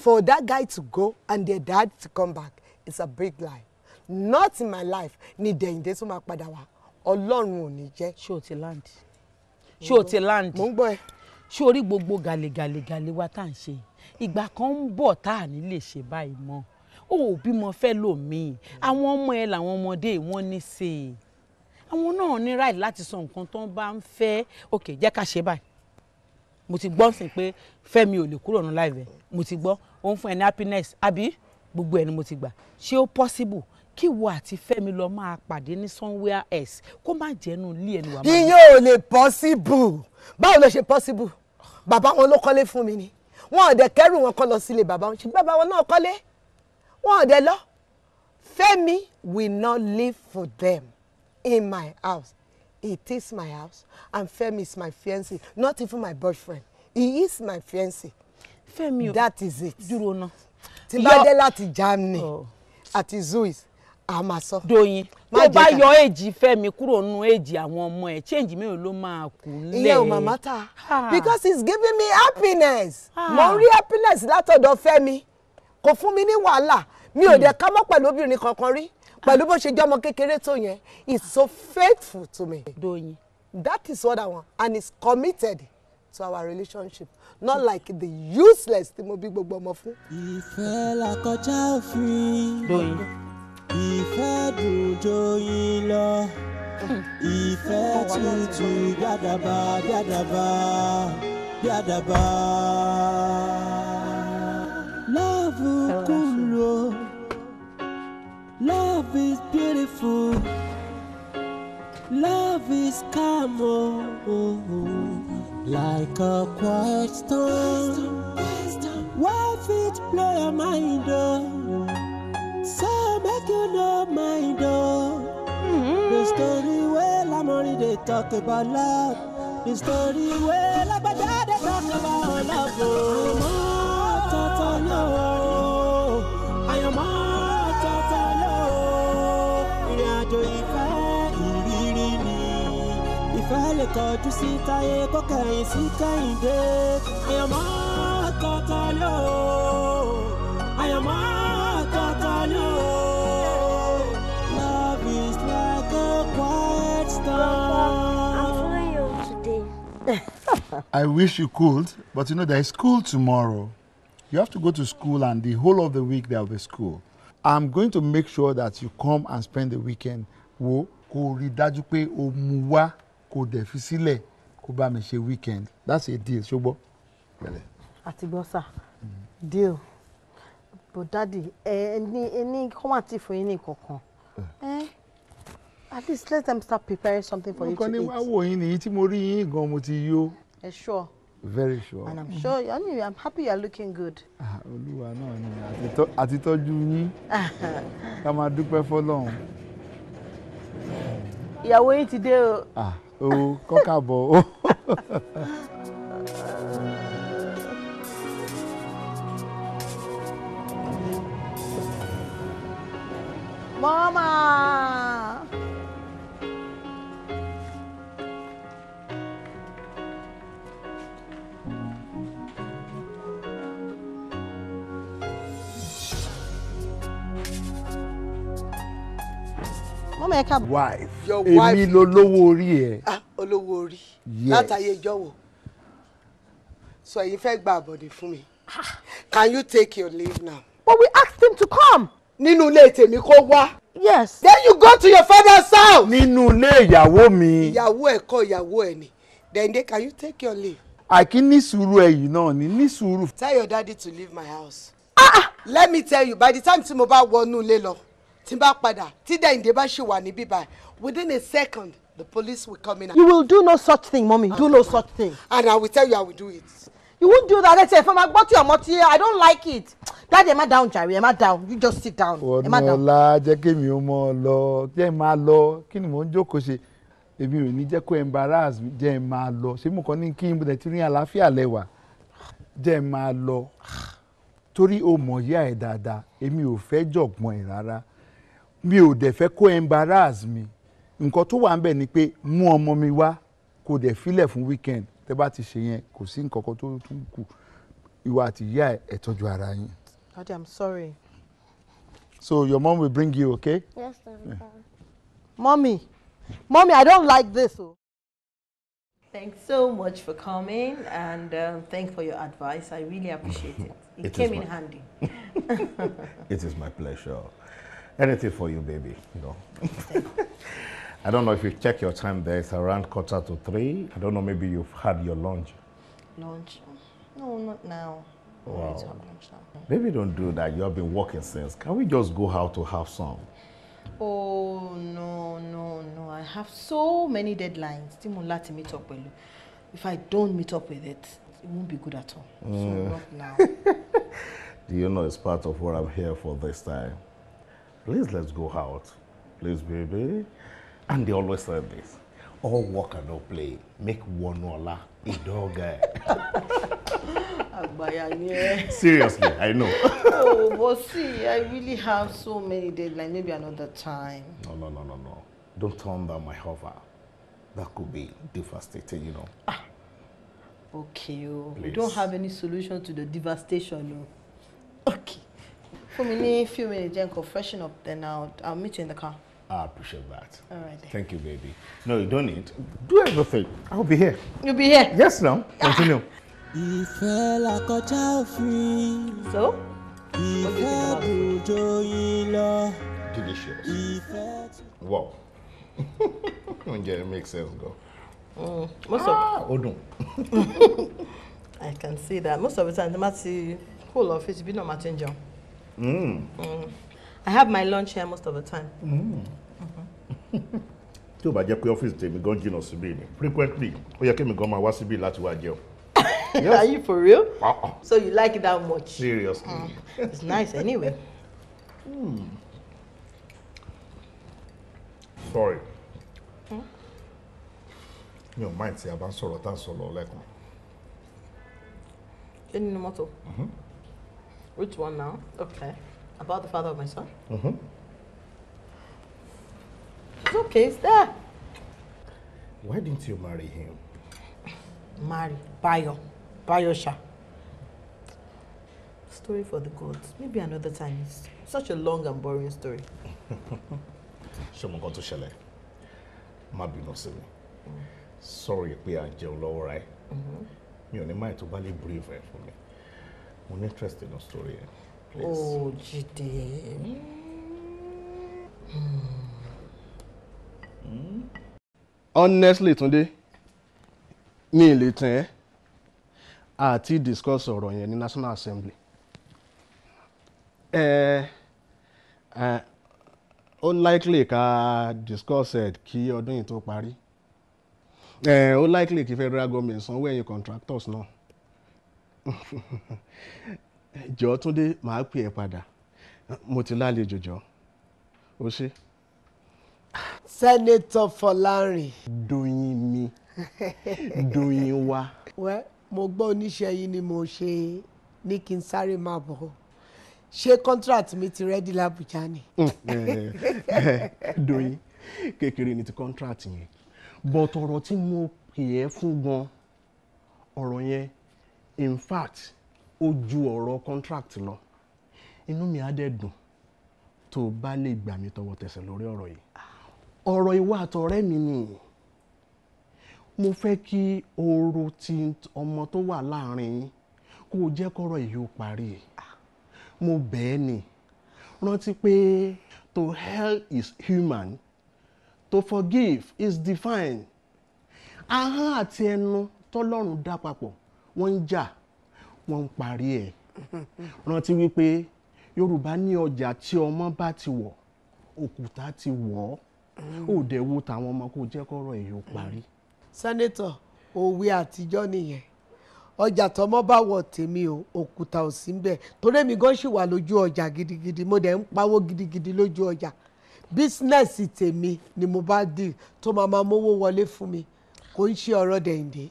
for that guy to go and their dad to come back it's a big lie not in my life ni dẹ̀yìndé tó máa padà wá ọlọ́run ò ní jẹ́. ṣé o ti land ṣé o ti land mo ń gbọ́ ẹ. ṣé orí gbogbo gàlégàlégàlé wa tá à ń ṣe ìgbà kan ń bọ̀ tá à ní lè ṣe báyìí mọ́ o ò bímọ fẹ́ lòmíì àwọn ọmọ ẹ làwọn ọmọdé wọn ní ṣe àwọn náà ní ráì láti sọ nǹkan tó ń bá ń fẹ́ ok jẹ́ ká ṣe báyìí mo ti gbọ́ sí pé fẹ́mi ò lè kúrò ní láìpẹ́ mo ti gbọ́ ó fún ẹ ní happiness àbí gbogbo ẹni mo ti gbà ṣé ó possible kí ìwọ àti Fẹ́mi lọ máa pàdé ní somewhere else kó má jẹnu ilé ẹni wà. iye ò lè possible báwo ló ṣe possible bàbá wọn ló kọ́lé fún mi ni wọn ò dẹ kẹ́rù wọn kọ́ lọ sílé bàbá wọn ṣùgbọ́n bàbá wọn náà kọ́lé wọn ò dẹ lọ Fẹ́mi will not live for them in my house it is my house and Femi is my fiancé not even my boyfriend he is my fiancé. Fẹ́mi that is it. dúró náà tí bá dé láti Germany oh. àti zois a máa sọ. Doyin tó bá yọ èjì Fẹ́mi kúrò nínú èjì àwọn ọmọ ẹ̀ change mi ò ló máa kú lẹ̀. ìyẹn ò mà matter because it's giving me happiness mo rí happiness látọ̀dọ̀ Fẹ́mi kò fún mi ní wàhálà mi ò hmm. dẹ̀ kámọ́ pẹ̀lú obìnrin kankan rí pẹ̀lú bó ṣe jẹ́ ọmọ kékeré tó yẹn it's so faithful to me. Doyin. that is what I want and it's committed to our relationship not like the useless tí mo bí gbogbo ọmọ fún. ìfẹ́ la kọjá òfin lóyún ìfẹ́ dùn joyin lọ ìfẹ́ tutù biadaba biadaba biadaba. love cool o love is beautiful love is calm o. Oh, oh. like a quiet storm. Where it blow your mind up? So make you know mind up. The story well I'm only they talk about love. The story well I'm about they talk about love. Oh. I am lè kọjú sí táyé kó kẹ̀yìn sí kẹ́hìndé àyànmọ́ kọ́kọ́ ni ó àyànmọ́ kọ́kọ́ ni ó. Love is like a quiet storm. I'm flying home today. I wish you could, but you know there is school tomorrow. You have to go to school and the whole of the week there will be school. I'm going to make sure that you come and spend the weekend. Wo kò rí dájú pé o mú wá kò dẹ̀ fi sílẹ̀ kó bá mi ṣe weekend that's a deal ṣùgbọ́n. àti gbọ́ sà deal But dádì ẹ ní ẹ ní kọ́mọ̀tì fún yín ní kankan eh. eh? at least let them start preparing something for you to eat. mo kàn ní wá wò yín nìyí tí mo rí yín gan mo ti yó. ẹ sure. very sure. and i'm sure you anyway i'm happy you are looking good. Ah, olúwa náà ni àti tọ́jú yín ká máa dúpẹ́ fọlọ́run. ìyàwó yín ti dé o. Ah. o cocabol. Mama! mọ́mọ́ ẹ káàbọ̀. wife your wife èmi ló lówó orí ẹ. ah olówó orí látàyè jọ̀wọ́ so ẹ̀yin fẹ́ gba àbọ̀dé fún mi can you take your leave now. but we asked him to come. nínú ilé tèmi kó wá. yes. then you go to your father's house. nínú ilé ìyàwó mi. ìyàwó ẹ kọ́ ìyàwó ẹ ni then they can you take your leave. àkí ní sùúrù ẹ̀yìn náà ni ní sùúrù. tell your daddy to leave my house. ah ah let me tell you by the time tí mo bá wọnú ilé lọ tí bá padà tí Dẹ́yìndé bá ṣì wà níbí báyìí within a second the police will come in. you will do no such thing mummy do no such thing. and i will tell you i will do it. you won't do that later ifeoma gbọ́ tí ọmọ tí i don't like it Dad, ẹ má down jàre ẹ má down you just sit down ẹ má down. ọ̀nà ọ̀la jẹ́ kémi ó mọ̀ ọ́ lọ jẹ́ ẹ máa lọ kí ni mò ń jókòó ṣe èmi ò ní jẹ́ kó embarrass mi jẹ́ ẹ máa lọ ṣé mo kàn ní kí n bẹ̀rẹ̀ tí rin àlàáfíà lẹ́wà jẹ́ ẹ máa lọ torí o mọ̀ yá ẹ̀ dáadáa èmi ò fẹ́ jọ̀gbọ́n ẹ̀ rárá mi ò dẹ̀ fẹ́ kó embarrass mi nǹkan tó wà ń bẹ̀ ni pé mú ọmọ mi wá kó dẹ̀ filẹ̀ fún weekend tẹ́ bá ti ṣe yẹn kò sí nǹkan kan tó tún kù ìwà àti ìyá ẹ̀ tọ́jú ara yín. Daddy, I'm sorry. So your mom will bring you, okay? Yes, yeah. Mommy, mommy, I don't like this. Oh. Thanks so much for coming and um, thanks for your advice. I really appreciate it. It, it came in handy. it is my pleasure. Anything for you, baby. No, I don't know if you check your time there. It's around quarter to three. I don't know. Maybe you've had your lunch. Lunch? No, not now. Wow. lunch now. Maybe don't do that. You have been working since. Can we just go out to have some? Oh no, no, no. I have so many deadlines. Tí mo meet up with you. If I don't meet up with it, it won't be good at all. Mm. So not now. do you know it's part of what I'm here for this time? please let's go out. Please, baby. And they always said this. All work and no play. Make one ola a dog Seriously, I know. oh, but see, I really have so many deadlines. Maybe another time. No, no, no, no, no. Don't turn down my offer. That could be devastating, you know. Ah. Okay, oh. we don't have any solution to the devastation, no. Oh. Okay fún mi ní few minutes then nǹkan freshen up then I'll, I'll meet you in the car. I appreciate that. All right. Thank you, baby. No, you don't need. Do everything. I'll be here. You'll be here? Yes, now. Continue. Ìfẹ́ la kọjá òfin. So? Ìfẹ́ bùjọ yín lọ. Delicious. Ìfẹ́. Wow. Oúnjẹ makes sense go. Mm. up? ah, of. I can see that. Most of the time, the matter whole office be no matter jẹun. Mm. Mm. I have my lunch here most of the time. Mm. Tí o bá jẹ́ pé ọ́fíìsì tèmi gan jìnnà síbí ni frequently ó yẹ kémi gan máa wá síbí láti wá jẹun. Yes. Are you for real? Uh-uh. So you like it that much? Seriously. Mm. It's nice anyway. Mm. Sorry. Hmm? Mi ò mind tí a bá ń sọ̀rọ̀ tá à ń sọ̀rọ̀ lẹ́kùn. Ṣé nínú mọ́tò? Mm-hmm. Which one now? Okay. About the father of my son? Mm-hmm. It's okay, it's there. Why didn't you marry him? Marry Bayo. Bayosha. Story for the gods. Maybe another time. It's such a long and boring story. Ṣé mo kàn tó ṣẹlẹ̀? Má bínú sí mi. Mm. Sorry pé à ń jẹun lọ́wọ́ ra ẹ̀. Mm-hmm. Mi ò ní máa tó bá lè brief ẹ̀ mo ní interest story yẹn. Oh, Jide. Hmm. Mm. Honestly, Túndé, mi ì lè tàn ẹ́ discuss ọ̀rọ̀ yẹn ní National Assembly. Ẹ eh, ẹ eh, ó likely ká discuss ẹ kí ọdún yìí tó parí. Ẹ eh, ó likely kí federal government sanwó ẹ̀yìn contractors náà. No jọ Túndé màá pè ẹ́ padà mo ti lálejò jọ ó ṣe. sẹ́nẹ́tọ̀ Fọlárìn. Doyin mi Doyin wa. wẹ́ mo gbọ́ oníṣẹ́ yìí ni mo ṣe ní kí n sáré máa bọ̀ ṣé contract mi ti rẹ́dí làbújá ni. Mm, eh, Doyin kékeré ni ti contract yẹn bọ̀tọ̀rọ̀ tí mo pè ẹ́ fún gan ọ̀rọ̀ yẹn in fact ó ju ọ̀rọ̀ contract lọ inú mi á dẹ̀ dùn tó o bá lè gbà mí tọwọ́ tẹsẹ̀ lórí ọ̀rọ̀ yìí ọ̀rọ̀ ìwà àtọ̀rẹ́ mi ni mo fẹ́ kí oorun ti ọmọ tó wà láàrin yín kó o jẹ́ kọ́rọ̀ yìí parí mo bẹ́ẹ̀ ni rántí pé to hell is human to forgive is divine ahọ́n àti ẹnu tọ́lọ́run dá papọ̀ wọ́n ń jà wọ́n ń parí ẹ̀ rántí wípé Yorùbá ní ọjà tí ọmọ bá ti wọ̀ òkúta ti wọ̀ ọ́ òde wo tàwọn ọmọ kò jẹ́ kọ́rọ̀ ẹ̀ yóò parí. sẹ́nẹ́tọ̀ òwe àtijọ́ nìyẹn ọjà tọmọ bá wọ̀ tèmi o òkúta ò sí bẹ́ẹ̀ torí èmi gan ṣì wà lójú ọjà gidigidi mo dẹ̀ ń pawó gidigidi lójú ọjà bísínẹ́sì tèmi ni mo bá dì tó máa máa mówó wọlé fún mi kò ń ṣe ọ̀rọ̀ dẹ̀yìndé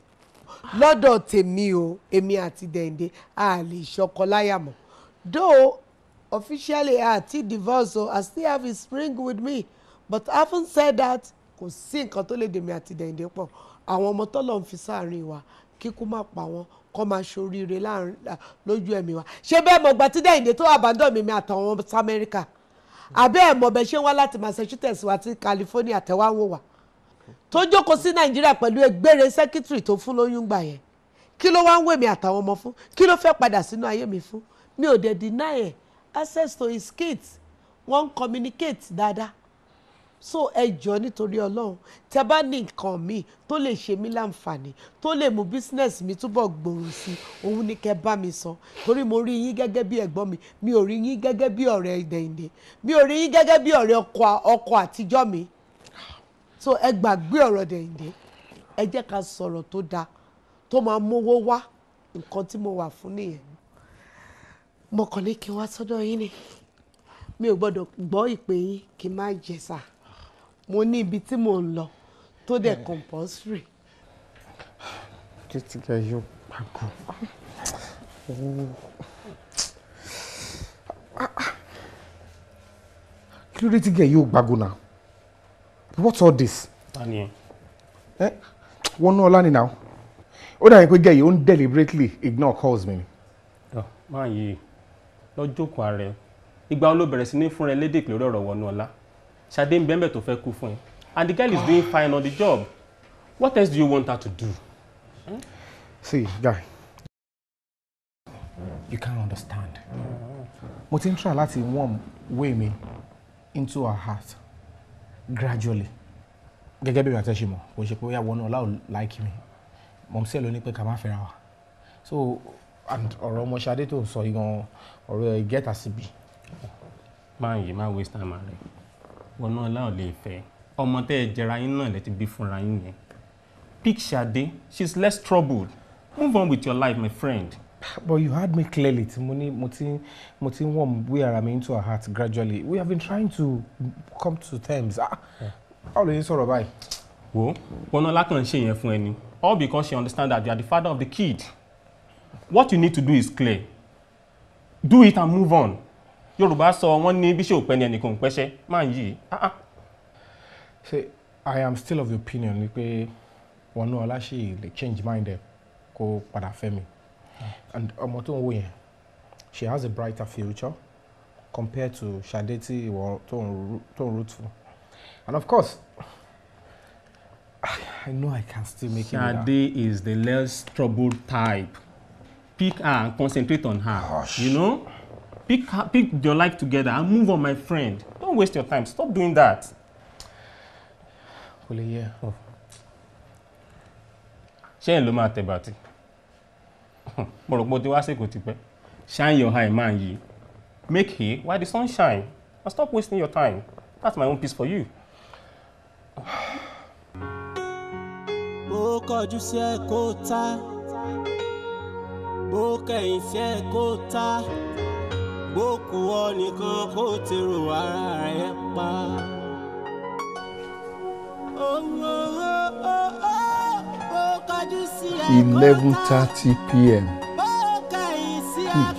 lọ́dọ̀ tèmi o èmi àti Dèndé a lè ṣọkọ láyà mọ́ though officially a ti divorce o I still have his spring with me but having said that kò sí nǹkan tó lè dèmi àti Dèndé pọ̀ àwọn ọmọ tọ́lọ̀ ń fi sáàrin wa kíkú má pa wọn kọ́ máa ṣoríire lójú ẹ̀mí wa ṣé bẹ́ẹ̀ mọ̀gbà tí Dèndé tó àbádọ́ mi mi àtàwọn ọmọ Amẹ́ríkà àbẹ́ẹ̀ mọ̀bẹ̀ ṣé wá láti Massachusetts wá ti California tẹ́wá wò tó jókòó sí nàìjíríà pẹ̀lú egbére sẹ́kítírì tó fún lóyún gbà yẹn kí ló wá ń wèmí àtàwọn ọmọ fún kí ló fẹ́ padà sínú ayé mi fún mi ò dẹ̀ deny access to his kids wọ́n ń communicate dáadáa so ẹ jọ nítorí ọlọ́run tẹ bá ní nǹkan mi tó lè ṣe mí láǹfààní tó lè mú business mi túbọ̀ gbòòrò sí òun ni kẹ bá mi sọ torí mo rí yín gẹ́gẹ́ bí ẹ̀gbọ́n mi mi ò rí yín gẹ́gẹ́ bí ọ̀rẹ́ ìdẹ̀yìndé mi ò rí yín gẹ́gẹ́ bí ọ̀rẹ́ ọkọ àtijọ́ mi so ẹ gbàgbé ọ̀rọ̀ dẹ̀yìndé ẹ jẹ́ ká sọ̀rọ̀ tó dáa tó máa mówó wá nǹkan tí mo wà fún nìyẹn mo kàn ní kí n wá sọ́dọ̀ yín ni mi ò gbọ́dọ̀ gbọ́ ìpè yín kí n má jẹ̀sà mo ní ibi tí mò ń lọ tó dẹ̀ eh. compulsory. títí ká yóò pàgọ́ kí ló dé tí gẹ̀ yóò gbàgbọ́ náà what's all this. wọ́n ná ọlá nìyàwó ó dàbí pé gẹ̀yì ó ń deliberately ignore calls mi. máa yí lọ́jọ́ kan ààrẹ ìgbà wọn ló bẹ̀rẹ̀ sí ní fúnra ẹ lédè ìpínlẹ̀ ọ̀rọ̀ wọnú ọlá ṣadé ń bẹ́ẹ̀ tó fẹ́ kú fún ẹ and the girl is doing fine on the job what else do you want her to do. Hmm? see guy you can't understand ah, ah, ah. mo ti ń try láti warm way mi into her heart gradually gẹ́gẹ́ bí ìrìnàtẹ́ ṣe mọ̀ kò ṣe pé ó yà wọnú ọlá ò láìkí mi mọ̀mísí ẹ̀ ló ní pé ká má fẹ́ra wa so and ọ̀rọ̀ ọmọ ṣadé tó ń sọ yìí gan ọ̀rọ̀ ẹ̀ gẹ́ta síbi. máa yìí máa waste time rẹ wọnú ọlá ò lè fẹ́ ọmọ tẹ́ ẹ jẹra yín náà lẹ ti bí fúnra yín yẹn pick ṣadé she is less troubled move on with your life my friend. But you heard me clearly, Timoni, Moti, Moti, we are to our heart gradually. We have been trying to come to terms. how do you sort of buy? Wo, Bonola kan ṣe yẹn fún ẹni. All because she understand that you are the father of the kid. What you need to do is clear. Do it and move on. Yorùbá sọ wọ́n ní bí ṣe òpẹ́ ni ẹnìkan pẹ́ṣẹ́ máa ń yí. Ah, ah. Ṣé I am still of the opinion wípé Bonola ṣì lè change mind ẹ̀ kó padà fẹ́ mi and ọmọ tó ń wò yẹn she has a brighter future compared to Ṣadé tí ìwọ tó ń root for and of course I know I can still make Shade it. Ṣadé is the less troubled type. Pick her and concentrate on her. Gosh. You know? Pick, her, pick your life together and move on, my friend. Don't waste your time. Stop doing that. Kò lè yẹ. Ṣé ẹ̀ ló máa tẹ̀ mo rò pé ti wá shine your eye man yìí make hay while the sun shine and stop wasting your time that's my own peace for you. bó kọjú sí ẹ kó tá bó kẹ̀yìn sí ẹ kó tá bó kù ọ nìkan kó tèrò ara rẹ pa. Oh, oh, oh, oh. oh. 11:30 pm. Hmm.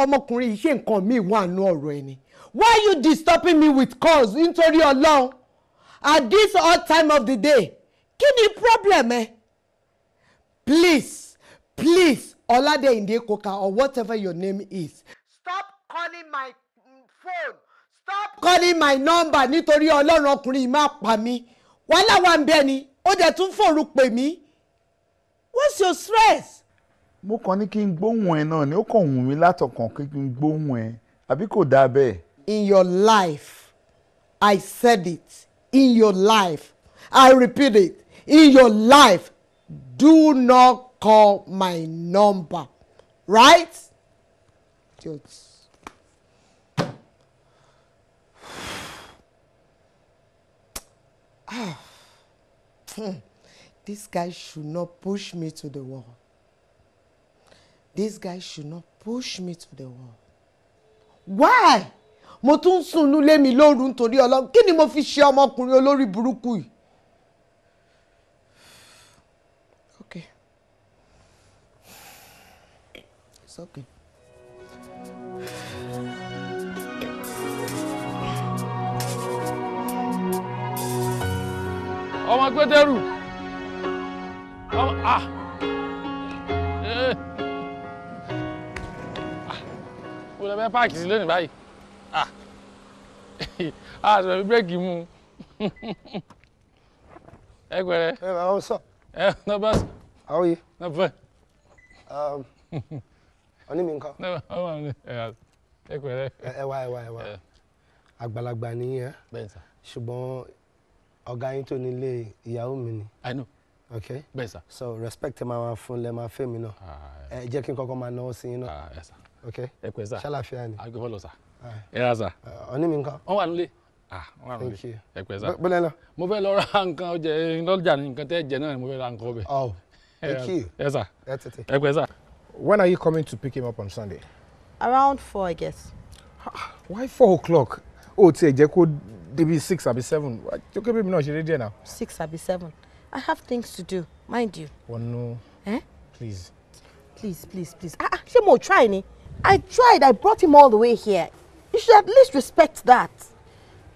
ọmọkùnrin yìí ṣe nǹkan mi wà nù ọ̀rọ̀ ẹ̀ ni why you disturbing me with calls nítorí ọlọ́run at this odd time of the day kí ni problem ẹ eh? please please Oladeyinde Coker or whatever your name is stop calling my phone stop calling my number nítorí ọlọ́run ọkùnrin yìí máa pa mí wàhálà wà ń bẹ ni ó dẹ̀ tún fòrùn pè mí what's your stress mo kàn ní kí n gbóhùn ẹ náà ni ó kàn wù mí látọkàn kí n gbóhùn ẹ àbí kò dáa bẹ́ẹ̀. in your life i said it in your life i repeat it in your life do not call my number right. ah this guy should not push me to the wall this guy should not push me to the wall why mo tún sùn nulẹ̀ mi lóru nítorí ọlọ́run kí ni mo fi ṣe ọmọkùnrin olórí burúkú yìí okay it's okay. ọmọ gbẹdẹrù ọmọ ah. mo lọ fẹ́ páàkì sí lónìí báyìí ah ah sọ̀rọ̀ fi bírèkì mu ẹ pẹ̀rẹ̀. ẹ bàbá sọ. ẹ nọ bá sọ. àwọn yìí. nọ fẹ. ọní mi nǹkan. ẹ pẹ̀rẹ̀. ẹ wá ẹ wá ẹ wá àgbàlagbà nìyẹn ṣùgbọ́n ọ̀gá yín tó nílé ìyàwó mi ni. i know okay bẹ́ẹ̀ sà. so respect ẹ máa fún lẹ máa fẹ́ mi náà ah, ẹ jẹ́ kí n kọ́kọ́ máa náwó sí yín náà ah, ẹ pẹ́ sà ṣàlàfíà ni àgbẹ̀fọ́ lọ sà ah. ẹ ra sà. Ah, ọ̀ní mi nǹkan. wọ́n wà nílé ah, wọ́n wà nílé ẹ pẹ́ sà. bọ́lá lọ. mo fẹ́ lọ ra nǹkan ọjà lọ́jà nǹkan tẹ́ jẹ náà mo fẹ́ ra nǹkan ọbẹ̀. oh thank you. ẹ sà ẹ pẹ́ sà. when are you coming to pick him up on Sunday. around four i guess. why four o'clock o oh, tiẹ̀ jẹ́ kó débi six àbí seven jókè bíbí náà ṣe dédé náà. six àbí seven i have things to do mind you. wọnú oh, no. eh? please. please please please ah ṣé mo try ni I tried. I brought him all the way here. You should at least respect that.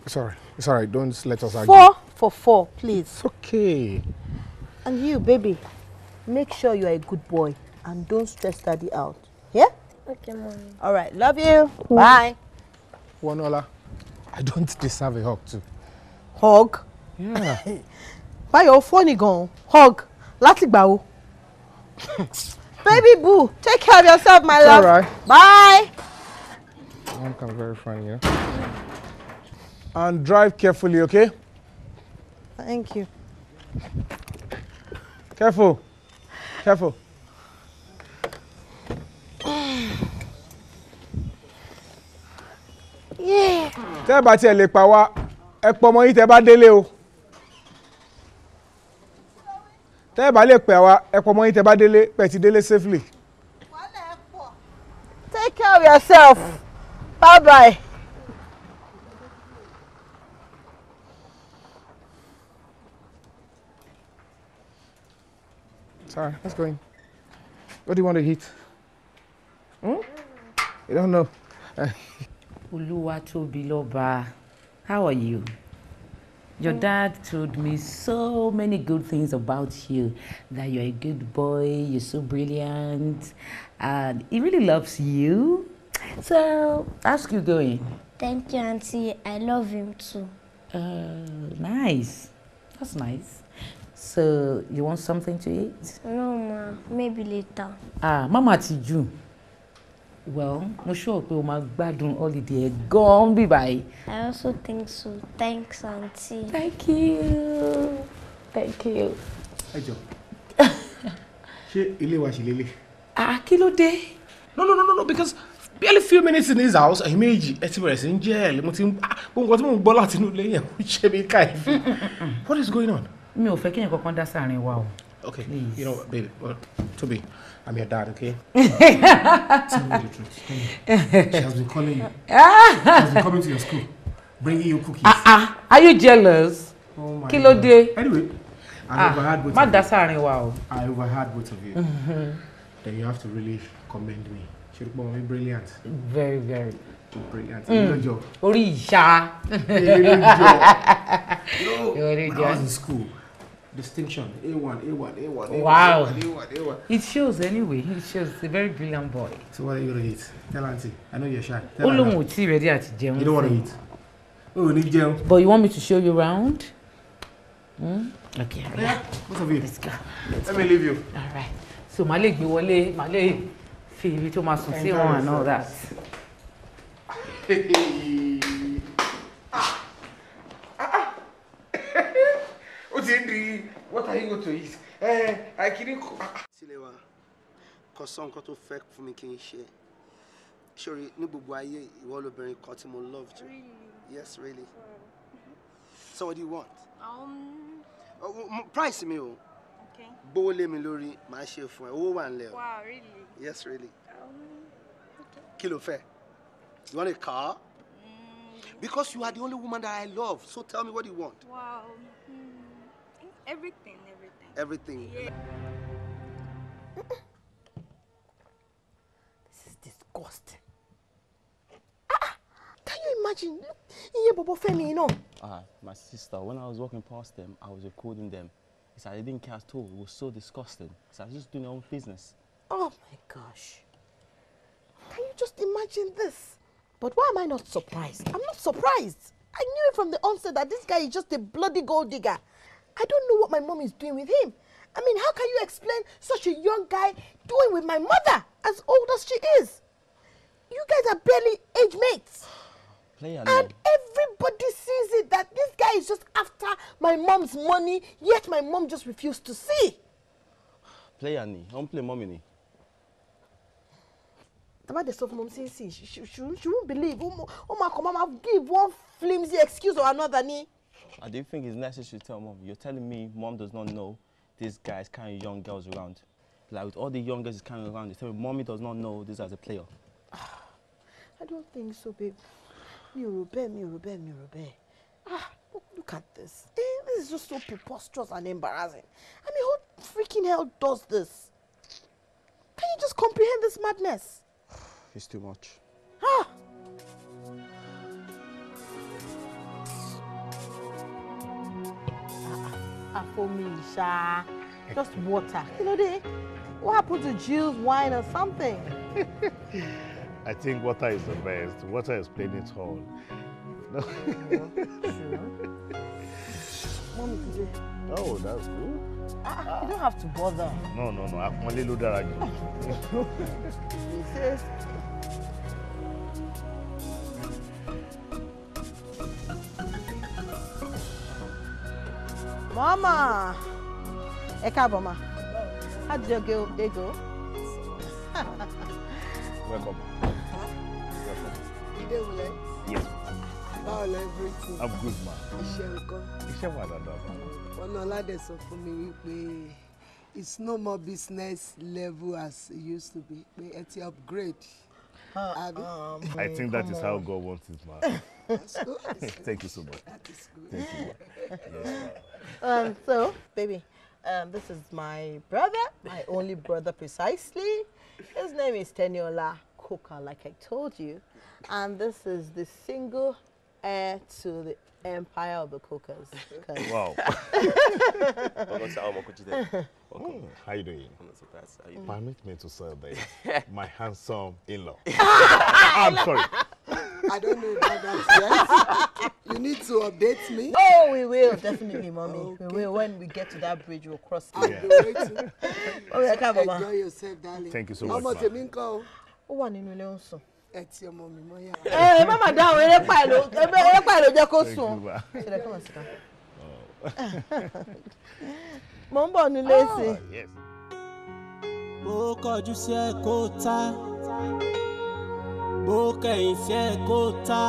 Sorry, all It's all Don't let us argue. Four for four, please. It's okay. And you, baby, make sure you're a good boy and don't stress daddy out. Yeah? Okay, mommy. All right. Love you. Mm. Bye. Wanola, I don't deserve a hug too. Hug? Yeah. Why your gan gone? hug láti gbà o. Baby boo, take care of yourself, my love. All right. Bye. Mom comes very funny, yeah? And drive carefully, okay? Thank you. Careful. Careful. yeah. Tẹ́ bá tiẹ̀ lè pa wá, ẹ pọ̀ mọ́ yín tẹ́ tẹ́ ẹ bá lè pè wá ẹ pọ̀ mọ́ bá délé pẹ̀ ti délé safely. take care of yourself bye bye. Sorry, let's go in. What do you want to eat? Hmm? You don't know. Olúwatóbilọ́ba, how are you? Your dad told me so many good things about you that you're a good boy, you're so brilliant, and he really loves you. So, ask you going. Thank you, Auntie. I love him too. Uh, nice. That's nice. So, you want something to eat? No, ma. Maybe later. Ah, Mama you well mo sure pé o máa gbádùn holiday ẹ gan bí báyìí. i also think so thanks aunty. thank you thank you. ẹ jọ ṣé ilé wa ṣì lélẹ̀. ah kí ló dé. no no no no no because barely few minutes in his house ẹ̀yin méjì ẹ ti bẹ̀rẹ̀ sí ń jẹ́ ẹ̀ mo ti ń ah, bó nǹkan tí mò ń gbọ́ láti inú ilé yẹn ó ṣe mí káyìí what is going on. mi ò fẹ́ kí ẹnì kankan dá sáàrin wa o. Okay. Please. You know baby? Well, to be, I'm your dad, okay? She has been calling you. she has been coming to your school, bringing you cookies. Ah, uh ah. -uh. Are you jealous? Oh my Kí ló day. Anyway, I ah, overheard both of you. wow! I overheard both of you. Mm-hmm. Then you have to really commend me. She looked more brilliant. Very, very. Brilliant. Mm. Orí ìṣá. Orí ìṣá. No. I was in school distinction A1, A1, A1, A1. Wow. A1, A1, A1. It shows anyway. It shows a very brilliant boy. So what are you gonna eat? Tell auntie. I know you're shy. Tell Olóhùn ò tí ready àti jẹun. You don't want to eat. Oh, need jẹun. But you want me to show you around? Hmm? Okay. Yeah. yeah. Both of you. Let's go. Let's Let go. me leave you. All right. So màá lè gbé wọlé, màá lè fi ibi tó máa sùn and all that. Zendri, what are you going to eat? Eh, I kìíní kọ. Tilewa, kò sọ nǹkan tó fẹ́ fún mi kí n ṣe. Sori, ní gbogbo ayé, ìwọ lóbìnrin kan tí love Really? Yes, really. So what do you want? Um. Uh, price me, o. Okay. Gbówó lé mi lórí, màá ṣe fún ẹ. Wow, really? Yes, really. Um, okay. Kilo lo You want a car? Mm. Because you are the only woman that I love, so tell me what you want? Wow. Everything, everything. Everything. Yeah. this is disgusting. Ah, ah. can you imagine? Yeah, Bobo Femi, you know. Ah, my sister, when I was walking past them, I was recording them. It's like they didn't care at all. It was so disgusting. I was just doing their own business. Oh my gosh. Can you just imagine this? But why am I not surprised? I'm not surprised. I knew it from the onset that this guy is just a bloody gold digger. I don't know what my mom is doing with him. I mean, how can you explain such a young guy doing with my mother, as old as she is? You guys are barely age mates. Play along. And everybody sees it that this guy is just after my mom's money, yet my mom just refused to see. Play Annie, don't play mommy ni. About the stuff mom says, she, she, she, she won't believe. Oh, my, oh, my, give one flimsy excuse or another ni. I do think it's necessary to tell mom. You're telling me mom does not know this guy is carrying young girls around. Like with all the young girls he's carrying around, you're telling me mommy does not know this as a player. Ah, I don't think so, babe. Mi ò rò Ah, look at this. Eh, this is just so preposterous and embarrassing. I mean, who freaking hell does this? Can you just comprehend this madness? It's too much. Ah! àfomi ṣá just water You know, dé what happened to juice wine or something. I think water is the best water is plain it all. No. Mommy today. Oh, that's good. Ah, ah, ah, You don't have to bother. No, no, no. I'm only dára jù. He says Mama, ẹ káàbọ̀ ma how do you go? day go. welcome. ìdè wulẹ̀. yes. báwo lẹ everything. i'm good ma. iṣẹ́ nǹkan. iṣẹ́ wà dáadáa ma. wọn náà ládẹ sọ fún mi wípé it's no more business level as it used to be pé ẹ upgrade. Uh, um, I think that is how God wants it ma. Thank you so much. Thank you. Um, so, baby, um, this is my brother, my only brother precisely. His name is Teniola Koka, like I told you. And this is the single heir to the empire of the Kokas. Wow. Welcome. Mm, how you doing? I'm not surprised. How you doing? Permit me to say this. My handsome in-law. I'm sorry. I don't know about that yet. You need to update me. Oh, we will definitely, mommy. Okay. We will when we get to that bridge. We'll cross. I'll yeah. yeah, come, Mama. Enjoy yourself, darling. Thank you so much. Ọmọ tèmi ń kọ́ o. Ó wà nínú ilé ń sùn. Ẹ ti ọmọ mi mọ́ yàrá. Ẹ má mà dáhùn erépa mo ń bọ̀ nílé ah, sí i. bó kọjú sí ẹ kó tá bó kẹ̀yìn sí ẹ kó tá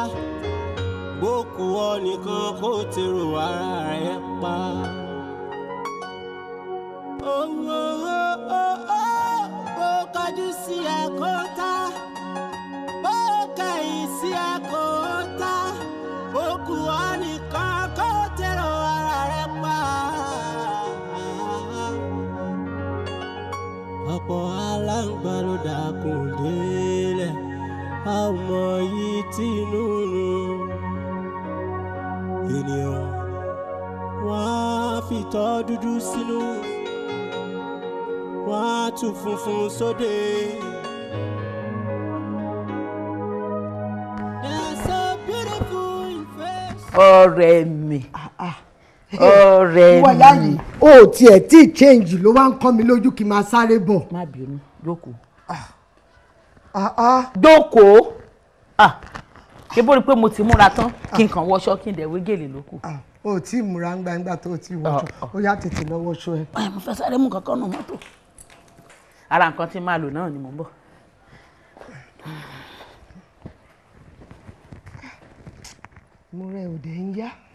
bó kù ọ nìkan kó tèrò ara rẹ pa. owó oh, oh, oh, bó kọjú sí ẹ kó tá. ọ̀pọ̀ aláǹgbá ló délẹ̀ a ò mọ yìí tínú nù ènìyàn wọ́n á fi tọ́ dúdú sínú wọ́n á tún funfun sóde. So ọ̀rẹ́ mi ah, ah ọ̀rẹ́ mi wọ́n láyé o tiẹ̀ tí change ló wá ń kọ́ mi lójú kí n máa sáré bọ̀. má bínú jókòó. Ah. Ah, ah. jókòó kébórí pé mo ti múra tán kí n kàn wọṣọ kí n dẹ̀ wé gèlè lóko. o ò tí ì múra ń gbangba tó o ti wọṣọ ó yá tètè lọ wọṣọ ẹ. mo fẹ́ sáré mú kankan nù mọ́tò. ara nǹkan tí màá lò náà ni mò ń bọ̀. mo rẹ òde ń yá.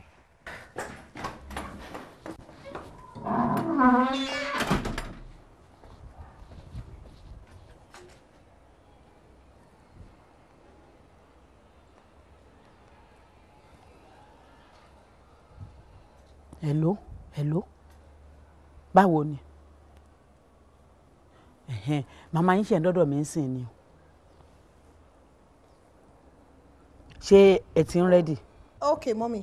hello hello báwo ni màmá yín ṣe ń dọ́dọ̀ mi ń sìn ni o ṣé ẹ ti ń rẹ́dì. ok mọ́mi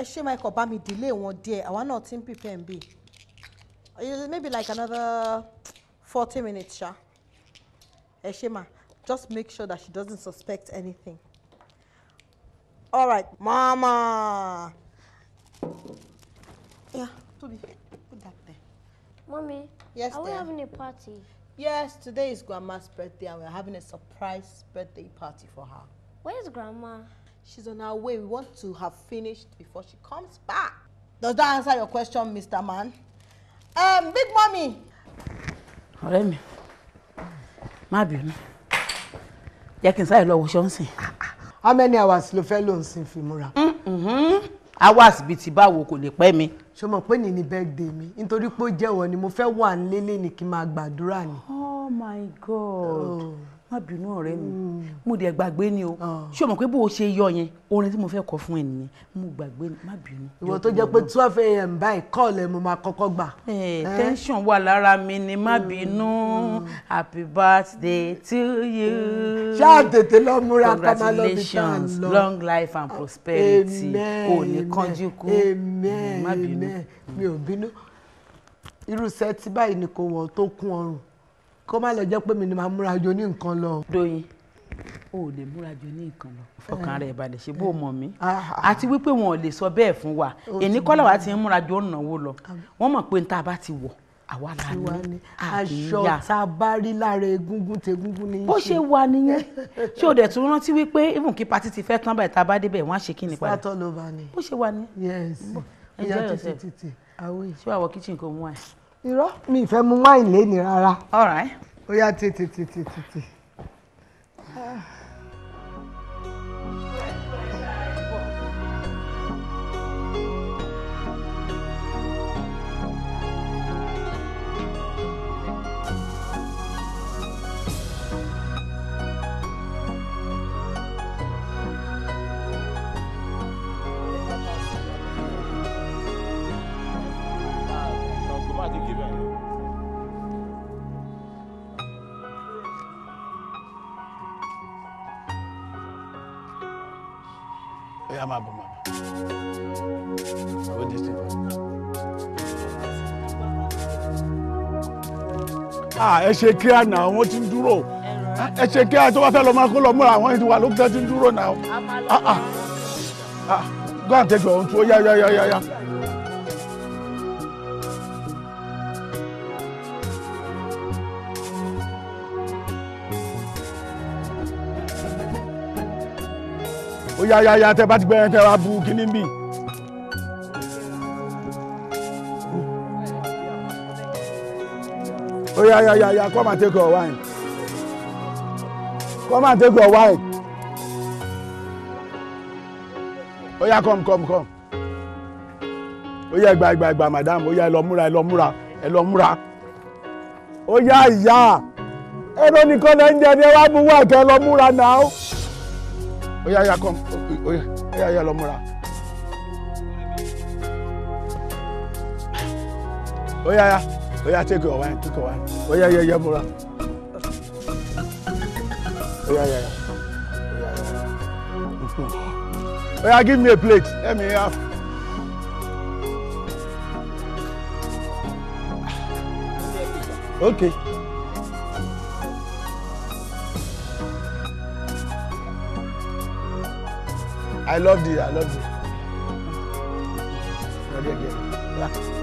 ẹ ṣe máa kọ̀ bá mi delay wọn díẹ̀ àwa náà ti ń prepare ń maybe like another forty minutes sha. ẹ ṣe just make sure that she doesn't suspect anything all right mama yeah Tobi put that there. mommy yes are we there? having a party. yes today is grandma's birthday and we are having a surprise birthday party for her. where is grandma. She's on her way. We want to have finished before she comes back. Does that answer your question, Mr. Man? Um, Big Mommy. Ọ̀rẹ́ mi, má can say kí n sáré lọ wo How many hours ló fẹ́ on sin sin Mm-hmm. Hours bíi ti báwo kò lè pẹ́ mi. Ṣo mọ̀ pé ní ni birthday mi? Nítorí pé ó jẹ́wọ́ ni mo fẹ́ wà nílé ní kí n máa ni. Oh my God. Oh má bínú ọ̀rẹ́ mi hmm. mo dẹ̀ gbàgbé ni o ah. ṣé o mọ̀ pé bó o ṣe yọ yẹn orin tí mo fẹ́ kọ fún ẹ nìyẹn mo gbàgbé ni má bínú. ìwọ tó jẹ́ pé twelve a.m. báyìí kọ́ọ̀lù ẹ̀ mo máa kọ́kọ́ gbà. Eh? tension wà lára mi ni má hmm. bínú hmm. happy birthday to you. ṣáà tètè lọ múra ká máa lọ bí tá ń lọ. long life and prosperity ò ní kánjú kú má bínú. mi ò bínú irú sẹ́ẹ̀tì báyìí ni kò wọ́n tó kún ọrùn kó má lọ jẹ́ pé mi ni màá múra jọ ní nǹkan lọ. Doyin o ò lè múra jọ ní nǹkan lọ fọkàn rẹ balẹ̀ ṣe bó o mọ̀ mí ah, ah. àti wípé wọn ò lè sọ bẹ́ẹ̀ fún wa èní kọ́lá wa ti ń múra jọ náwó lọ wọ́n mọ̀ pé n ta bá ti wọ̀ àwa la ní àṣọ tá a bá rí lára egungun tegungun ní í ṣe. bó ṣe wà nìyẹn ṣé o dẹ̀ tún rántí wípé even kí pati ti fẹ́ tán báyìí tá a bá débẹ̀ wọ́n á ṣe kí ni padà. sátọ́ ló bá ní. bó ṣe wà nìyẹn. yes ìyá títí títí àwẹ̀. ṣé wàá wọ kíchìn kò mú àyè irọ́ mi ìfẹ́ mu wáìnì lé ní rárá. all right. ó yá tètè tètè tètè. Ah, ẹ ṣe kíá náà wọ́n ti ń dúró ẹ ṣe kíá tó bá fẹ́ lọ máa kó lọ múra àwọn ìdíwà ló ti ń dúró náà ah, ah. go and take your own too yá yá yá yá yá. ó yá yá yá tẹ bá ti gbẹ tẹ wá bu kíní bíi. Oh, yeah, yeah, yeah, yeah. Come and take your wine. Come and take your wine. Oh, yeah, come, come, come. Oh, yeah, bye, bye, bye, madam. Oh, yeah, Lomura, Lomura, Lomura. Oh, yeah, yeah. Ẹ̀rọ nìkan lẹ́ ń jẹ ní you wá mú wá kẹ́ Oh, yeah, yeah, come. Oh, oh yeah, oh, yeah, yeah, lọ Oh, yeah, yeah. Oh yeah, take your wine, take your wine. Oya yeah, ya yeah. Oya yeah. Oh yeah, give me a plate. Let me have. Okay. I love you. I love you. Yeah, yeah, yeah.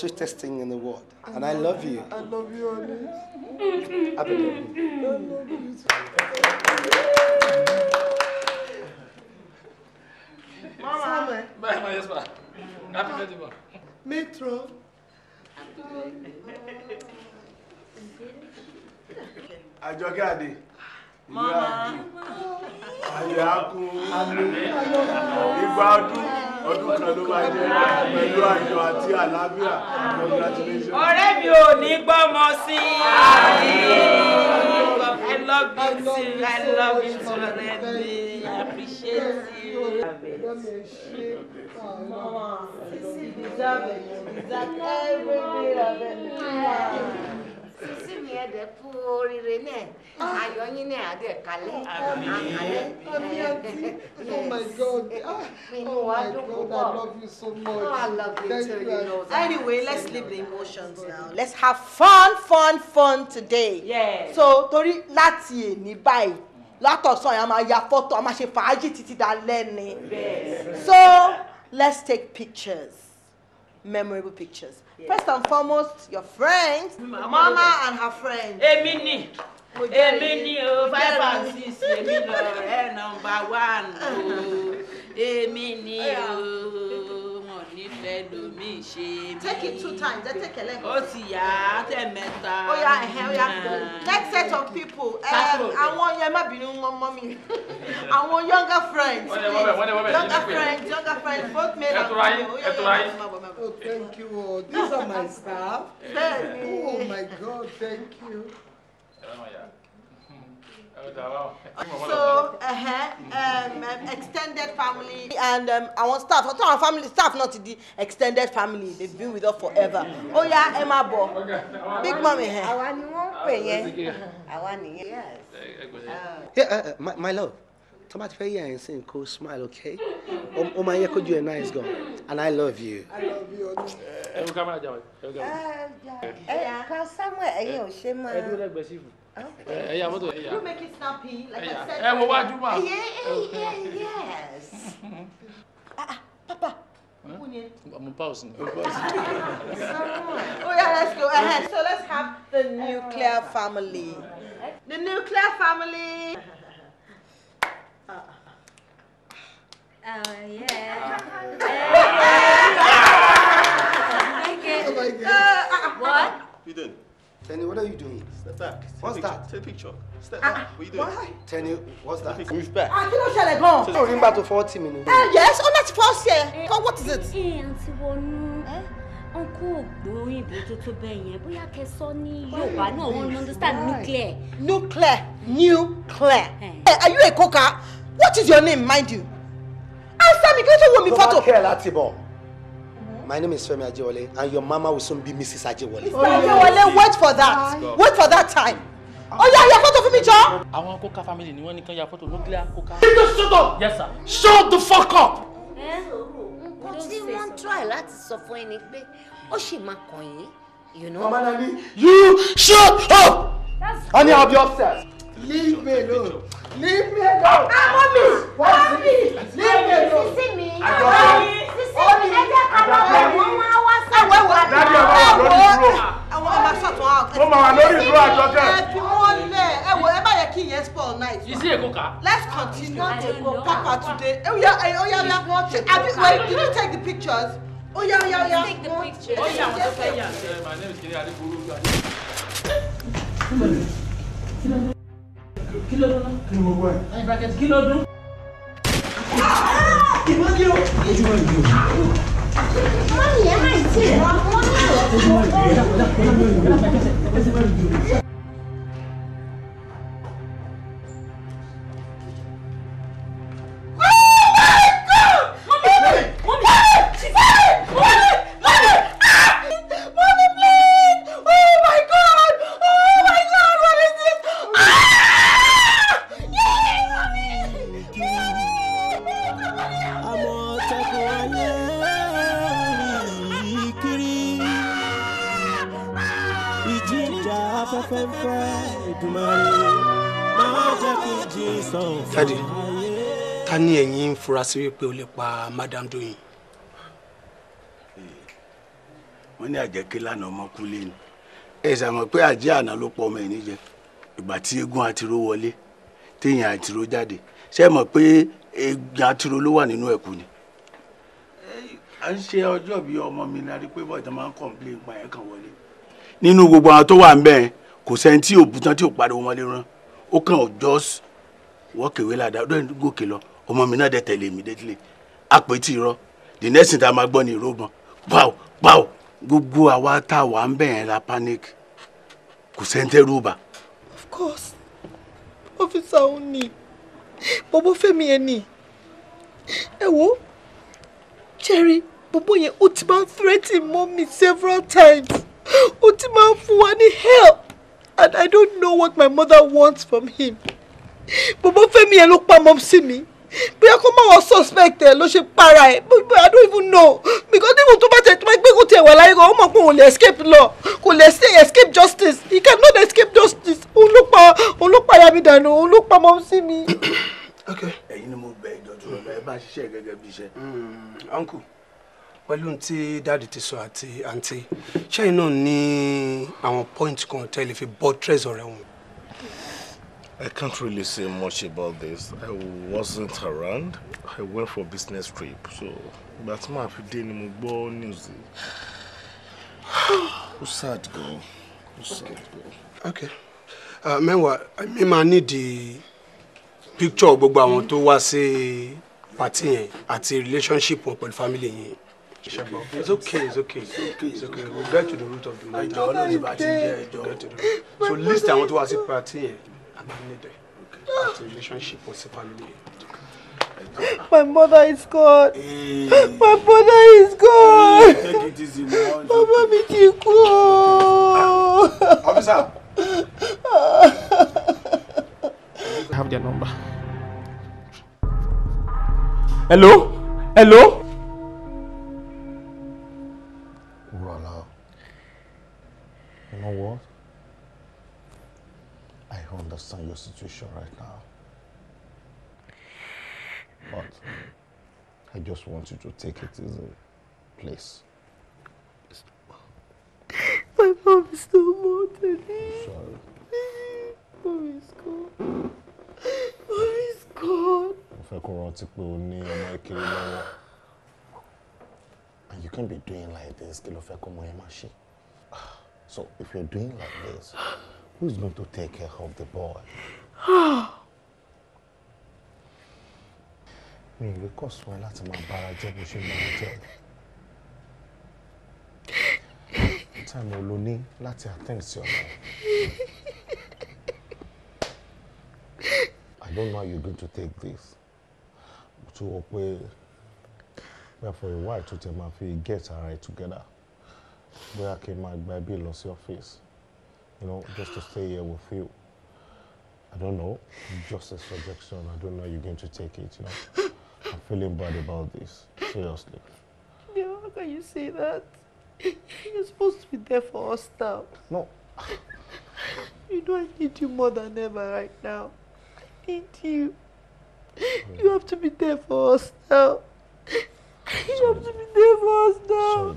sweetest thing in the world. I and I love you. I love you, honey. Happy birthday. I love you too. Mama. Mama, yes, ma. Happy birthday, ma. Metro. Happy birthday. Àjọkẹ́ Mama. Ayọ̀ akú. Ìgbà ọdún ọdún kan ló máa jẹ pẹ̀lú ayọ̀ àti àlàáfíà. Congratulations. Ọ̀rẹ́ mi ò ní gbọ́mọ sí i. I love you too. I love you too, Rẹ́mi. I appreciate you. Mama, you deserve it. You deserve every bit of it yín ẹ̀dẹ̀ fún oríire náà ah. ayọ̀ yín náà àdẹ̀ kalẹ̀ àkàlẹ̀. àmì àti oh my god ah. oh my god i love you so much. Oh, I love you Thank you, you Anyway, let's leave the emotions now. Let's have fun, fun, fun today. Yeah. So torí láti èní báyìí látọ̀sán yẹn a máa ya fọ́tò a máa ṣe fàájì títí dalẹ́ ni. So let's take pictures memorable pictures. First and foremost, your friends, mama and her friends. Emini, Emini, Èmi ni o five and six èmi lọ one o. ní lomi ṣe mí. take it two times then take eleven. ó ti yá tẹ̀mẹ́ta. ó yá ẹ̀hẹ́ ó yá go next set of people eh, àwọn yẹn má bínú ọmọ mi àwọn younger friends please younger friends younger friends both male and women. ó yẹ yẹ ọmọ bọ̀ mọ̀. thank you all oh, these are my staff. oh my god thank you. so Uh-huh. Um, um, extended family and um, our staff Our àwọn family staff not the extended family They've been with us forever Oh ó yá ẹ máa bọ̀ I want you ni wọ́n ń pè yẹn àwa nìyẹn. Uh, uh, my, my love tó bá ti fẹ́ yẹ ẹ̀ ń smile okay ó my, yẹ could ju a nice girl, and i love you. I love you. sámúẹ̀ ẹ̀yin ò ṣe máa. ẹ ẹyà eh, mọtò ẹyà. you make it snappy like yeah. i said. Hey, eh, what you want? Yeah, yeah, yes. Ah, ah papa. I'm a pause. oh yeah, let's go ahead. So let's have the nuclear family. The nuclear family. Uh, oh yeah. okay. Oh my God. Uh, uh, what? Uh, uh, you did. Tenny, what are you doing? Step back. Take what's that? Take a picture. Step ah, back. Ah, what are you doing? Tenny, what's that? Move back. I ah, cannot ló ṣẹlẹ̀ gan-an. So ring back to 40 minutes. uh, yes, on that first year. Eh, what is it? Eh, Auntie Wonu. Eh? Uncle Ogboyin bo to to bẹ́ẹ̀ yẹn. Bóyá kẹ́ sọ ní Yorùbá understand nuclear. Nuclear. Nuclear. Eh. eh, are you a coca? What is your name, mind you? Answer me, get ló tó wo mi photo? Tó bá kẹ́ My name is Femi Ajewole, and your mama will soon be Mrs. Ajewole. Oh, Ajewole, wait for that. Wait for that time. Oh, Ó yá ya fọ́tò fún mi jọ. Àwọn Koka family ni wọ́n ní kán ya fọ́tò nuclear cooker. just shut up. Yes sir. Shut the fuck up. Eh? Nǹkan tí try láti sọ fún ẹni pé ó sì máa You know. Mama Nani, you shut up. That's Honey, I'll be upstairs. Leave me alone. Leave me alone. Ah, mommy. What mommy. mommy, Leave me alone. Sisi mi. Mommy. Sisi mi. Ẹ jẹ́ ká lọ bẹ̀ wọ́n máa wá sí ìwé wa. Dábì ọmọ wa lórí ìdúró. Àwọn ọmọ sọ̀tún out. Mo máa wà lórí ìdúró àjọkẹ́. Ẹ fi wọ́n lẹ̀. Ẹ wo ẹ bá yẹ kí ìyẹn spoil night. Yìí sí Èkó ká. Let's continue to papa today. Oya oya oya. Abi wait did you take the pictures? Oya oh, oya oya. Take the pictures. Oh, oya àwọn tó fẹ́ yà. My name is Kiri Adébúrú kí ló dún náà. kí ni gbọ́ ẹ̀. ẹyin bracket kí ló dún. ìbọn kí o. ojú wa ìbí o. mọ́mí ẹ̀ máa ń tẹ̀ wọ́n mọ́mí ẹ̀ wọ́n. fura wípé o lè pa madam Doyin. wọ́n ní àjẹkí lánàá ọmọkúlé ni ẹ ṣàmọ̀ pé àjẹ́ àná ló pọ̀ ọmọ ẹ̀ níjẹ ìgbà tí eégún àtiró wọlé téèyàn àtiró jáde ṣe mọ̀ pé eégún àtiró ló wà nínú ẹ̀kú ni. à ń ṣe ọjọ́ bí ọmọ mi la rí pé bọ́ọ̀dà máa ń kọ̀ǹplé ìgbà yẹn kan wọlé. nínú gbogbo àwọn tó wà ń bẹ́ẹ̀ kò sẹ́ni tí òbútan tí ò pariwo wọn lè rán ó kàn ọjọ́ wọ́kẹ̀wé ládàá ó gòkè lọ ọmọ mi náà dẹ̀ tẹ̀lé immediately àpètí irọ́ the next thing tá a gbọ́ ni ìrógbọn báwo báwo gbogbo àwa tá a wà ń bẹ̀ yẹn la panic kò sẹ́ńtẹ́rù bà. of course Officer òun ni bọ́bọ́ fẹ́mi yẹn ni ẹ wo jerry bọ́bọ́ yẹn ó ti máa ń threaten mọ́ mi several times ó ti máa ń fún wa ní help and i don't know what my mother wants from him bọ́bọ́ fẹ́mi yẹn ló pa mọ́ sí mi bóyá kó má wọn suspect ẹ ló ṣe para ẹ I don't even know because níbo tó bá tẹ tó bá gbé kó tiẹ̀ wà láyé kan ó mọ̀ pé òun lè escape law kò lè escape justice he cannot escape justice òun ló pa òun ló pa ìyá mi dànù òun ló pa mọ́ sí mi. ẹ̀yin ni mo bẹ ìdọ̀tú ọ̀la ẹ bá ṣiṣẹ́ gẹ́gẹ́ bí iṣẹ́. Hmm, uncle pẹ̀lú tí dáàdì ti sọ àti àǹtí ṣẹ́yìn náà ní àwọn point kan tẹ́lẹ̀ fi buttress ọ̀rẹ́ wọn. I can't really say much about this. I wasn't around. I went for a business trip. So, but my day ni mo news. Who said go. Who said go. Okay. Uh, meanwhile, mi máa need the picture gbogbo àwọn to wá a party at a relationship wọn pẹ̀lú family It's okay, it's okay, it's okay, it's okay. We'll get to the root of the matter. Ọlọ́run ti bá ti jẹ́ ẹjọ́. So list àwọn tó wá sí party I need it. Okay. Ah. relationship with family. My mother is God. Hey. Eh. My mother is God. Hey, eh, take it easy now. Mama mi ti Officer. I have their number. Hello? Hello? understand your situation right now. But I just want you to take it easy, please. My mom is still mourning. I'm sorry. Mom is gone. Mom is gone. Mo fẹ́ kó rántí pé o ní ọmọ And you can't be doing like this. Kí ló fẹ́ So if you're doing like this. Who's going to take care of the boy? Mi ò lè kọ̀ sún ẹ láti máa bára jẹ́ bó ṣe máa jẹ́. Táìmù wo lo I don't know how you're going to take this. Mo tún wọ pé for a while to tẹ̀ my feet get ara right together. Where kí n máa gba ẹbí lọ sí you know, just to stay here with you. I don't know, just a suggestion. I don't know you're going to take it, you know. I'm feeling bad about this, seriously. Yeah, how can you say that? You're supposed to be there for us now. No. you know I need you more than ever right now. I need you. You have to be there for us now. Sorry. You have to be there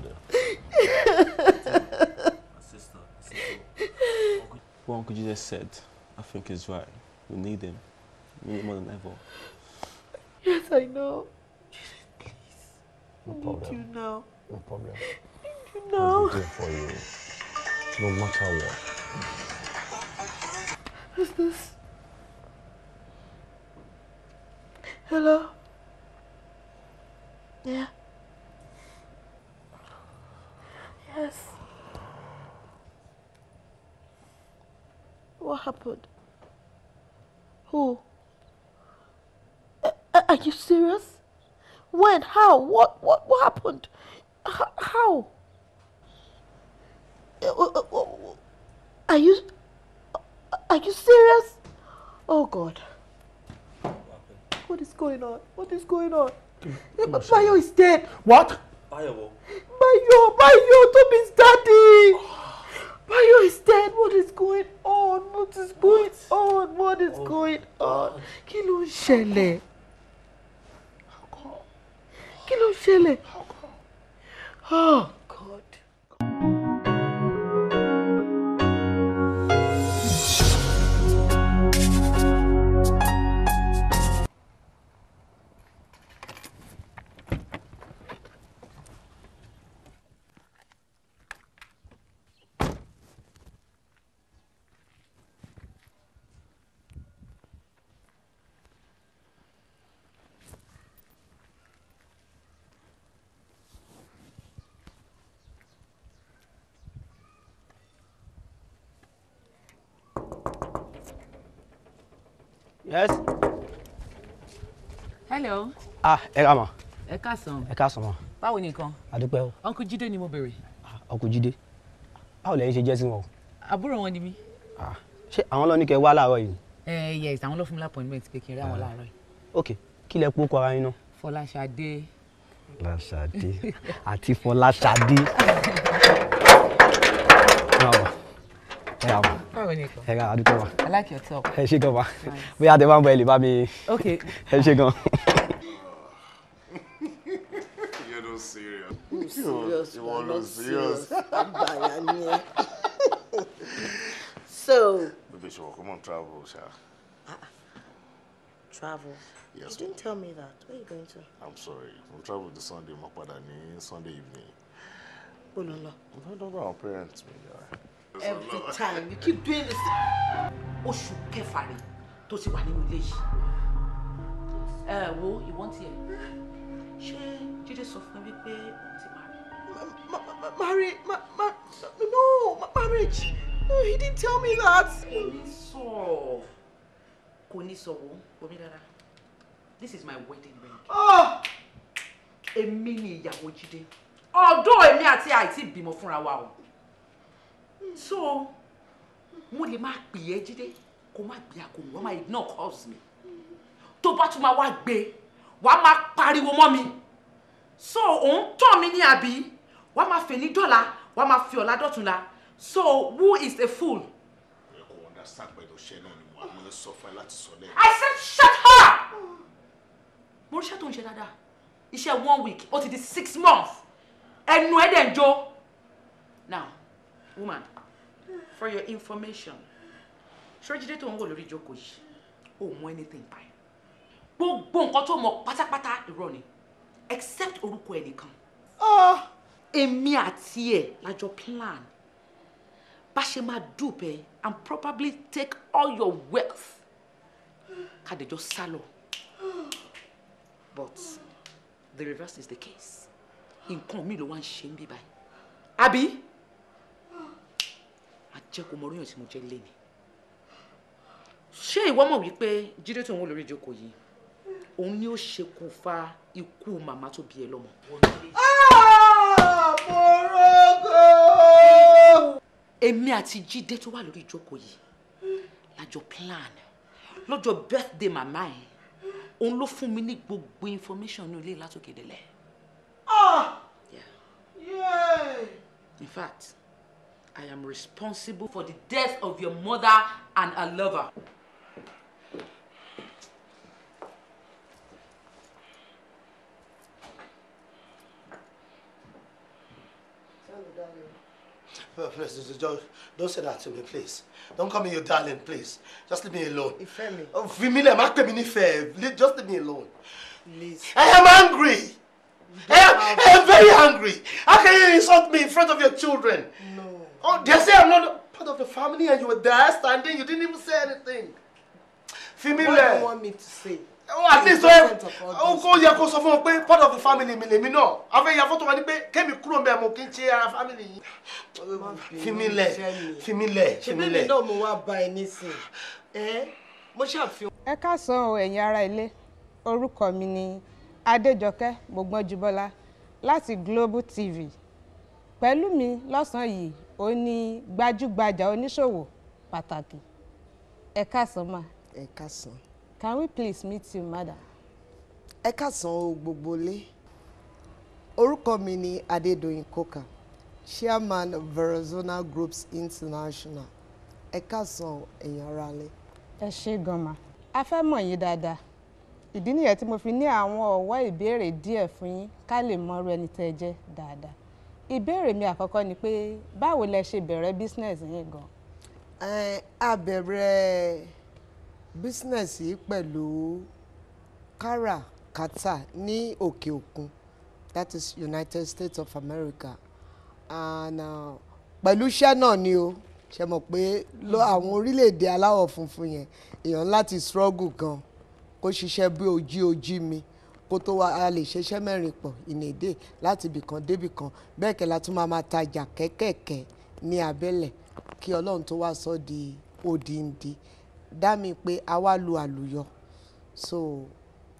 for us now. Sorry, what Uncle Jesus said, I think is right. We need him. We need him more than ever. Yes, I know. Please. No problem. need you now. No problem. I need you now. I'll be for you. No matter what. Who's this? Hello? Yeah. What happened? Who? Uh, are you serious? When? How? What? What? What happened? how? Uh, uh, uh, are you? Are you serious? Oh God. What is going on? What is going on? Bayo is dead. What? Bayo. Bayo. Bayo. Toby's daddy. Oh. Mario is dead. What is going on? What is going what? on? What is oh, going on? Kí ló ń ṣẹlẹ̀? Kí ló ń ṣẹlẹ̀? yes. hello. ah ẹ ká mọ. ẹ ká sàn. ẹ ká sàn mọ. báwo ni nǹkan. àdúpẹ́ o. uncle jíde ni mo béèrè. Ah, uncle jíde báwo lẹ́yìn ṣe jẹ́ sí wọn o. àbúrò wọn ni mí. Ah, ṣé àwọn lọ ní kẹ wá láàárọ̀ yìí. ẹ yes àwọn lọ fún mi lápọ̀nmẹ́ǹt pé kí n rí àwọn ah. láàárọ̀ yìí. ok kí lẹ pọ́kọ ara yín náà. fọláṣadé. fọláṣadé àti fọláṣadé. ẹ yà wọ báwo ni kàn. ẹ ra àdúgbò wa. I like your talk. ẹ ṣe gan wa bóyá àti bá ń bọ ẹ lè bá mi. ok ẹ ṣe gan. you're no serious. you serious you no serious. àgbàyà ni ẹ. so. bébè ṣòwò kò mọ̀ travel ṣá. Ah, ah. travel. Yes. You didn't tell me that. Where are you going to? I'm sorry. I'm traveling this Sunday, Mapadani, Sunday evening. Oh no, I don't know our parents, maybe every time you keep doing this oṣù kẹfà rẹ tó ti wà nínú ilé yìí ẹ wo ìwọ́n tiẹ̀ ṣé jíde sọ fún mi wípé òun ti marry. marry ma ma no marriage no he didn't tell me that. kò ní sọ so ní sọ wo omi dada this is my wedding ring. Oh. Ah! Emi ni ìyàwó jíde ọdún èmi àti àìtí ìbímọ fúnra wa o so mo lè máa pè é jíde kó má gbé àkómọ wọn máa ignore calls mi tó bá tún máa wá gbé wàá máa pariwo mọ́ mi so òun tàn mí ní àbí wàá máa fè ní dọ́là wàá máa fi ọ̀la dọ̀tun la so who is a fool. ẹ kò understand pé tó ṣe náà ni mo àwọn sọ fún ẹ láti sọ lẹ́yìn. I said shut up. mo ríṣẹ́ tó ń ṣe dáadáa iṣẹ́ one week ó ti di six months ẹnu ẹ̀ dẹ̀ ń jó now woman for your information ṣọ́jídé tó ń wò lórí ìjókòó yìí ò anything pa ẹ̀ gbogbo nǹkan tó mọ pata pata, ni except orúkọ ẹ̀ Oh, ah! Emi atiye, ẹ̀ lájọ plan bá ṣe máa and probably take all your wealth kàdéjọ sálọ but the reverse is the case nǹkan mi ló wá ń ṣe ń bí jẹ́ kó mọ oríyàn tí mo jẹ́ lé ni ṣé ìwọ mọ̀ wípé jíde tó ń wò lórí ìjókòó yìí òun ni ó ṣekúfa ikú màmá tó bí ẹ lọ́mọ. èmi àti jíde tó wà lórí ìjókòó yìí lájọ plan lọ́jọ́ birthday màmá ẹ̀ òun ló fún mi ní gbogbo information ní ilé látòkè délẹ̀. Ah! in fact I am responsible for the death of your mother and her lover. Well, please, don't, don't say that to me, please. Don't call me your darling, please. Just leave me alone. Ifemi. Oh, Fimile, má pè mí nífẹ̀ẹ́. Just leave me alone. Please. I am angry. I am, I am very angry. How can you insult me in front of your children? No. Oh, they say I'm not part of the family and you were there standing, you didn't even say anything. Fimi lẹ. What do you want me to say? Oh, at least ẹ o kò yẹ kó sọ fún wọn pé part of the family mi lèmi náà. Afẹ́ ya fọ́tò wọn ni pé kémi kúrò mbẹ́ mo kí n ṣe ara family yìí. Fimi lẹ, Fimi lẹ, Fimi lẹ. Ṣèbí mi náà mo wá ba ẹ nísìn. Ẹ mo ṣàfihàn. Ẹ káàsán o ẹ̀yin ará ilé, orúkọ mi ni Adéjọkẹ́ Mògbọ́njúbọ́lá láti Global TV. Pẹ̀lú mi lọ́sàn-án yìí ó ní gbajúgbajà oníṣòwò pàtàkì ẹ káàsán ma. ẹ káàsán. can we please meet you madam. ẹ káàsán o gbogbo lé orúkọ mi ni Adédoyin Coker chairman of Verazona Groups International ẹ káàsán ẹ̀yin aráalé. ẹ ṣé gan ma a fẹ́ mọ̀ yín dáadáa ìdí nìyẹn tí mo fi ní àwọn ọ̀wọ́ ìbéèrè díẹ̀ fún yín ká lè mọ ẹni tẹ́ ẹ jẹ́ dáadáa ìbéèrè mi àkọ́kọ́ ni pé báwo lẹ ṣe bẹ̀rẹ̀ business yín gan. Eh, a bẹ̀rẹ̀ business yìí pẹ̀lú káràkátà ní òkè òkun that is United States of America and uh, pẹ̀lú iṣẹ́ náà ni o ṣe mọ̀ pé àwọn orílẹ̀-èdè aláwọ̀ funfun yẹn èèyàn láti struggle gan kó ṣiṣẹ́ bí ojí ojí mi. Mm -hmm kó tó wa a lè ṣeṣẹ́ mẹ́rin pọ̀ ìnèdè láti ibìkan débìkan bẹ́ẹ̀ kẹ́ la tún máa máa tajà kẹ́kẹ̀kẹ́ ní abẹ́lẹ̀ kí ọlọ́run tó wá sọ di odindi dá mi pé a wá lu àlùyọ so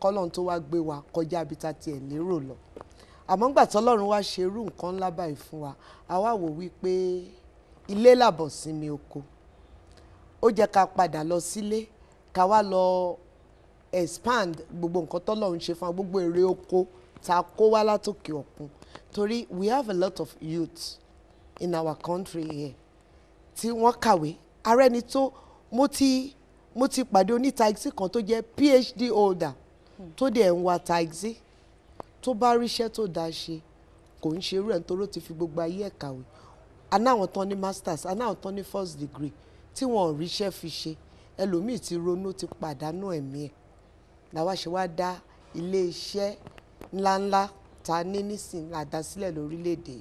kọ́lọ́run tó wá gbé wa kọjá bí ta tiẹ̀ lérò lọ àmọ́ ńgbà tọ́lọ́run wá ṣe irú nǹkan ńlá báyìí fún wa a wá wò wípé ilé làbọ̀ sinmi oko ó jẹ́ ká padà lọ sílé ká wá lọ expand gbogbo nǹkan tọ́lọ́run ṣe fún gbogbo èrè oko ta kó wá látòkè òkun torí we have a lot of youth in our country here tí wọ́n kàwé ara ẹni tó mo ti mo ti pàdé onítaxi kan tó jẹ́ PhD holder tó dẹ̀ ń wa taxi tó bá ríṣẹ́ tó dáa ṣe kò ń ṣerú ẹ̀ nítorí ó ti fi gbogbo ayé ẹ̀ kàwé anáwọn tán ní masters anáwọn tán ní first degree tí wọn ò ríṣẹ́ fi ṣe ẹlòmíì ti ronú ti pàdánù ẹ̀mí ẹ̀ làwa ṣe wá dá iléeṣẹ́ ńláńlá ta ní nísìnyí la dá sílẹ̀ lórílẹ̀‐èdè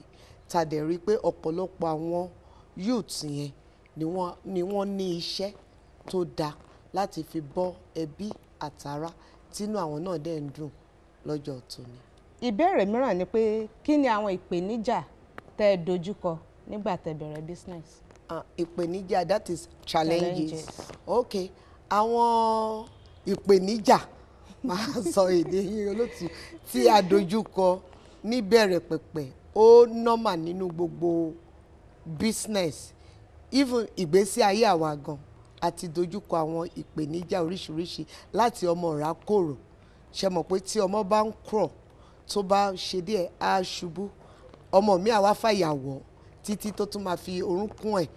ta dẹ̀ rí i pé ọ̀pọ̀lọpọ̀ àwọn youths yẹn ni wọ́n ní iṣẹ́ tó dáa láti fi bọ́ ẹbí àtàrà tínú àwọn náà dẹ̀ ń dùn lọ́jọ́ tòní. ìbéèrè mìíràn ni pé kí ni àwọn ìpèníjà tẹ́ ẹ dojúkọ nígbà tẹ́ bẹ̀rẹ̀ business. ìpèníjà that is challenges. challenges. okay àwọn ìpèníjà. Uh, máa sọ èdè yín olóòtú tí a dojúkọ níbẹ̀rẹ̀ pẹ̀pẹ̀ ó nọ́mà nínú gbogbo business even ìgbésí ayé àwa gan a ti dojúkọ àwọn ìpèníjà oríṣiríṣi láti ọmọ ọ̀rá kòrò ṣe mọ̀ pé tí ọmọ bá ń kúrọ̀ tó bá ṣe díẹ̀ á ṣubú ọmọ mi àwa fàyàwọ́ títí tó tún máa fi orúnkún ẹ̀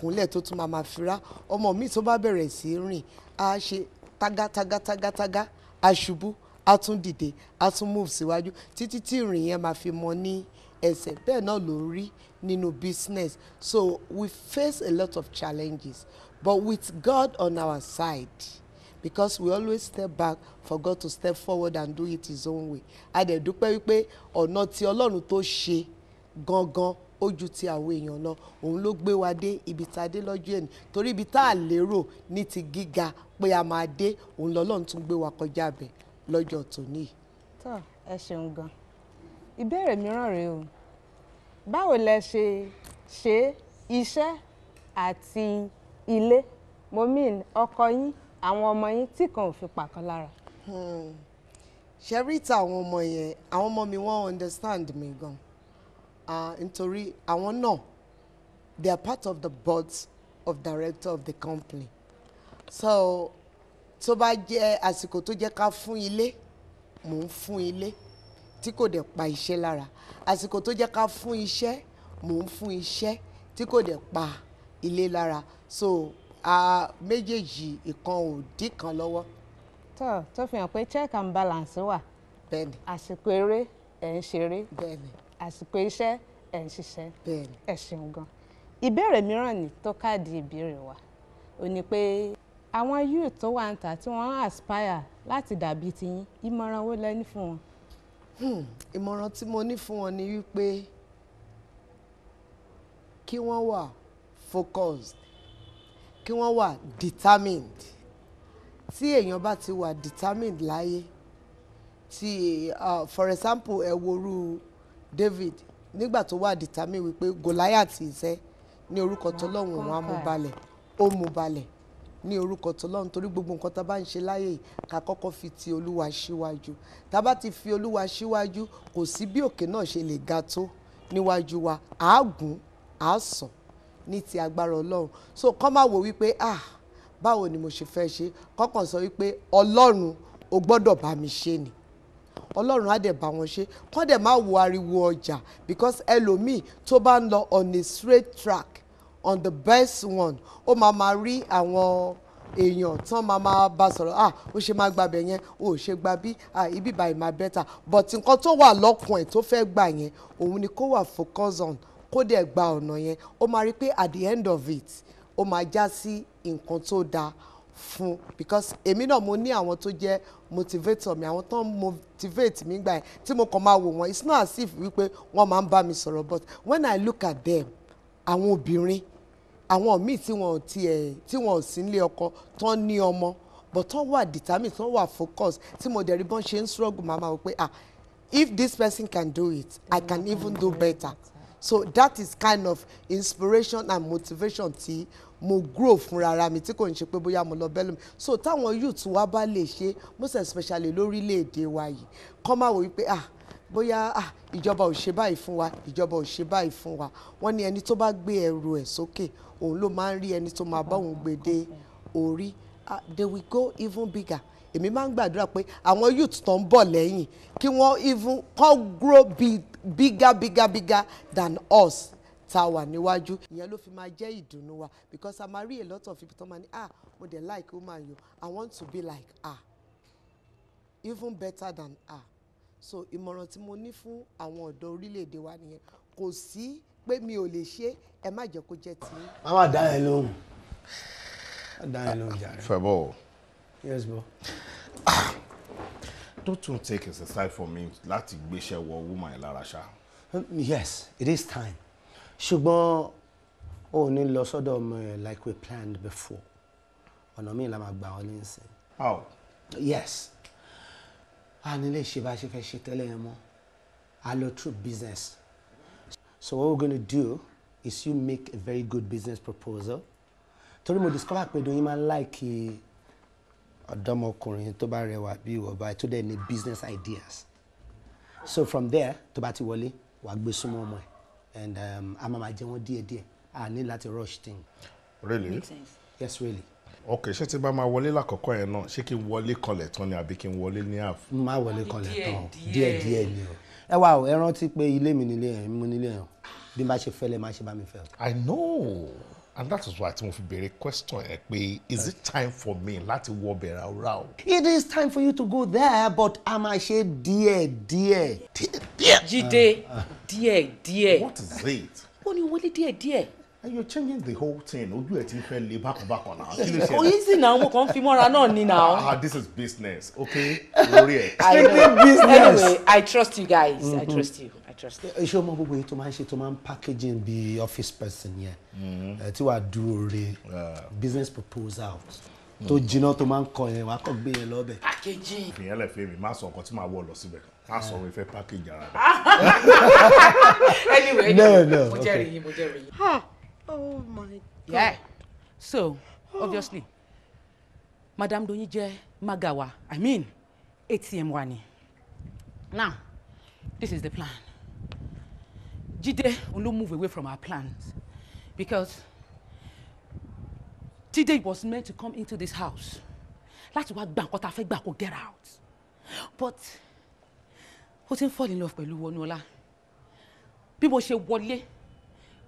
kúnlẹ̀ tó tún máa máa fira ọmọ mi tó bá bẹ̀rẹ̀ sí rìn á ṣe tágátágátágátágá aṣubú a tún dìde a tún move síwájú títí tí ìrìn yẹn máa fi mọ ní ẹsẹ̀ bẹ́ẹ̀ náà ló rí nínú business so we face a lot of challenges but with God on our side because we always step back for God to step forward and do it his own way. a dẹ̀ dúpẹ́ wípé ọ̀nà tí Ọlọ́run tó ṣe gangan ó ju ti àwọn èèyàn lọ òun ló gbé wa dé ibi tá a dé lọ́jọ́ ẹ̀nì torí ibi tá a lérò ní ti gíga pé a máa dé òun lọ́lọ́run tún gbé wa kọjá bẹ̀ lọ́jọ́ tòní. tó ẹ ṣeun gan ìbéèrè mìíràn rèé o báwo lẹ ṣe ṣe iṣẹ́ àti ilé mo mean ọkọ yín àwọn ọmọ yín tí kan ò fi pàkan lára. Hmm. ṣe rí ìta àwọn ọmọ yẹn àwọn ọmọ mi wọ́n understand mi gan Ah, nítorí àwọn náà they are part of the boards of director of the company so tó bá jẹ́ àsìkò tó jẹ́ ká fún ilé mò ń fún ilé tí kò dẹ̀ pa iṣẹ́ lára àsìkò tó jẹ́ ká fún iṣẹ́ mò ń fún iṣẹ́ tí kò dẹ̀ pa ilé lára so a méjèèjì ìkan ò dí kan lọ́wọ́. tó tó fi hàn pé check and balance wà. bẹ́ẹ̀ni àsìkò eré ẹ̀ ń ṣeré. bẹ́ẹ̀ni àsìkò iṣẹ́ ẹ̀ ń ṣiṣẹ́ ẹ̀ ṣeun gan. ìbéèrè mìíràn ni tó káàdì ìbéèrè wa ò ní pé àwọn youth tó wà ń ta tí wọ́n aspire láti dàbí tiyín ìmọ̀ràn wo lẹ ní fún wọn. Hmm, ìmọ̀ràn tí mo ní fún wọn ni wípé kí wọ́n wà focused kí wọ́n wà determined tí èèyàn bá ti wà determined láyé tí uh, for example ẹ worú David nígbà tó wà dìtámì wípé Goliath ìṣe ní orúkọ tọlọ́run òun á mú balẹ̀ ó mú balẹ̀ ní orúkọ tọlọ́run torí gbogbo nǹkan tá a bá ń ṣe láyè ká kọ́kọ́ fi ti olúwa síwájú tá a bá ti fi olúwa síwájú kò sí bí òkè náà ṣe lè ga tó níwájú wa àágùn àásàn ní ti agbára ọlọ́run so kọ́ máa wò wípé ah báwo ni mo ṣe fẹ́ ṣe kọ́kàn sọ wípé ọlọ́run o gbọ́dọ̀ bá mi ṣe ni ọlọ́run á dẹ̀ bá wọn ṣe kọ́ dẹ̀ má wo ariwo ọjà because ẹlòmíì tó bá ń lọ on a straight track on the best one ó máa ma rí àwọn èèyàn tán máa máa bá sọ̀rọ̀ ah ó ṣe máa gbàbẹ̀ yẹn ó ṣe gbà bí ah ibi báyìí máa bẹ́tà but nǹkan tó wà lọ́kàn ẹ̀ tó fẹ́ gbà yẹn òun ni kó wà focus on kó dẹ̀ gba ọ̀nà yẹn ó máa rí pé at the end of it ó máa já sí nǹkan tó dáa fún because èmi náà mo ní àwọn tó jẹ́ motivator mi àwọn tó ń motivate mi gbà yẹn tí mo kàn máa wò wọ́n it's not as if wípé wọ́n máa ń bá mi sọ̀rọ̀ but when I look at them àwọn obìnrin àwọn míì tí wọn ò tiẹ̀ tí wọn ò sí nílé ọkọ tán ní ọmọ but tán wà determined tán wà focus tí mo dẹ̀ rí bọ́n ṣe ń struggle màmá wò pé ah if this person can do it I can even do better so that is kind of inspiration and motivation ti mo grow fúnra mi tí kò ń ṣe pé bóyá mo lọ bẹ́lẹ̀ mi so táwọn youth wa bá lè ṣe most especially lórílẹ̀‐èdè wa yìí kọ́ máa wò wípé ah bóyá ah ìjọba ò ṣe báyìí fún wa ìjọba ò ṣe báyìí fún wa wọ́n ní ẹni tó bá gbé ẹrù ẹ̀ sókè òun ló máa ń rí ẹni tó máa bá òun gbèdé orí ah they will go even bigger èmi máa ń gbàdúrà pé àwọn youth tó ń bọ̀ lẹ́yìn kí wọ́n even kọ́ grow big, bigger bigger bigger than us tá a wà níwájú ìyẹn ló fi máa jẹ́ ìdùnnú wa because a máa rí a lot of people máa ní ah mo dey like woman yo i want to be like ah, even better than ah. so ìmọ̀ràn tí mo ní fún àwọn ọ̀dọ́ orílẹ̀-èdè wa nìyẹn kò sí pé mi ò lè ṣe ẹ má jẹ́ kó jẹ́ tí. má má dá ẹ lóhùn má dá ẹ lóhùn jàre. fẹ́ bọ̀ o. yes bọ̀. Ah, don't take exercise for me láti gbéṣẹ́ wọ woman ẹ̀ lára ṣá. yes it is time ṣùgbọ́n ò ní lọ sọ́dọ̀ ọmọ ẹ̀ like we planned before ọ̀nà míì la máa gbà ọ́ nísìn. how. yes a ní lè ṣe bá a ṣe fẹ́ ṣe tẹ́lẹ̀ yẹn mọ́ a lọ through business so what we're gonna do is you make a very good business proposal torí mo discover pé doyin máa ń like ọ̀dọ́mọkùnrin tó bá rẹwà bí ìwọ báyìí tó dẹ̀ ní business ideas so from there tó bá ti wọlé wàá gbé súnmọ́ ọmọ ẹ̀ and um, a máa máa jẹ wọ́n díẹ̀díẹ̀ a ní láti rush thing. really yes really. ok ṣé tí bá máa wọlé lákọ̀ọ́kọ́ yẹn náà ṣé kí n wọlé kanlẹ̀ tán ni àbí kí n wọlé ní àf. má wọlé kanlẹ̀ tán díẹ̀díẹ̀ ni o ẹ wá o ẹ rántí pé ilé mi nílé ẹ̀ mú nílé ẹ̀ bí n bá ṣe fẹ́ lẹ́ máa ṣe bá mi fẹ́. i know and that is why tí mo fi béèrè question ẹ pé is it time for me láti wọ bẹ̀rẹ̀ ọ̀rá o. it is time for you to go there but a máa ṣe díẹ̀ díẹ̀. díẹ̀. Jídé díẹ̀ díẹ̀. what is it. ó ní wọlé díẹ̀ díẹ̀. And you're changing the whole thing. Ojú ẹ̀ ti ń fẹ́ le bákan bákan náà. O easy na mo kàn fi mọ́ra náà ni na. Ah, ah, this is business, okay? Lórí ẹ̀. I know. Anyway, I trust you guys. Mm -hmm. I mm-hmm. trust you interesting. iṣẹ́ ọmọ gbogbo yìí tó máa ń ṣe tó máa ń packaging bí office person yẹn mm-hmm. tí wàá dúró re business proposal mm. tó jiná tó máa ń kọ yẹn wàá kọ́ gbé yẹn lọ́bẹ̀. packaging. fìyẹn lè fẹ́ mi má sọ nǹkan tí màá wọ̀ lọ síbẹ̀ má sọ wọ́n fẹ́ package ara rẹ̀. anyway no, no, mo jẹ́rìí yín mo jẹ́rìí yín. Ah, oh my god. Yeah. so obviously madam Doyin jẹ́ magawa i mean atm wa ni now this is the plan Jide Olu move away from our plans because Jide was meant to come into this house That's wá gba nǹkan tá a get out but ó ti fall in love with Wọnúọlá people say, "Wally,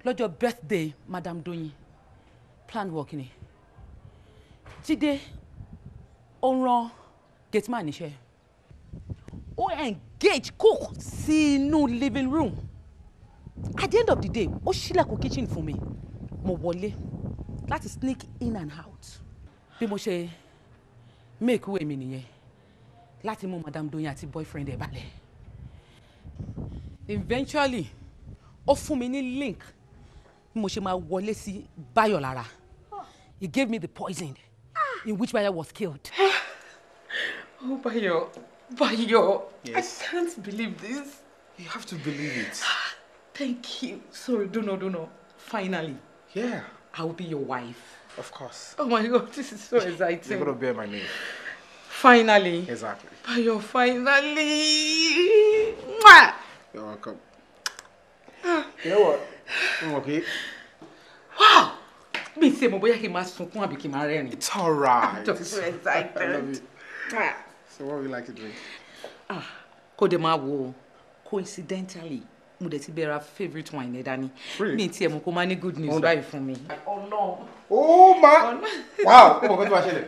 wọlé your birthday Madam Doyin plan work ni Jide ó ran gateman níṣẹ́ ó engage cook see inú living room at the end of the day ó ṣílẹ̀kùn kitchen fún mi mo wọlé láti sneak in and out bí mo ṣe make way mi nìyẹn láti mú madam doyin àti boyfriend ẹ̀ balẹ̀ eventually ó fún mi ní link bí mo ṣe máa wọlé sí Báyọ̀ lára he gave me the poison in which Bayo was killed. oh Bayo Bayo yes. I can't believe this. You have to believe it. Thank you. Sorry, do no, do no. Finally. Yeah. I will be your wife. Of course. Oh my god, this is so exciting. You're gonna bear my name. Finally. Exactly. But you're finally. Mwah! You're welcome. Ah. you know what? I'm okay. Wow! Mi say mo bóyá kí n máa sunkún àbí kí n máa rẹ́rìn. It's alright. I'm just so excited. I love it. Ah. So what would you like to drink? Ah, kò dé máa wo coincidentally mo dẹ̀ ti bẹ̀rẹ̀ favourite wine ẹ̀dá ni mi tiẹ̀ mo kó má ní good news báyìí fún mi. ọlọ́run. ó máa wow ó mọ̀ kó tó máa ṣẹlẹ̀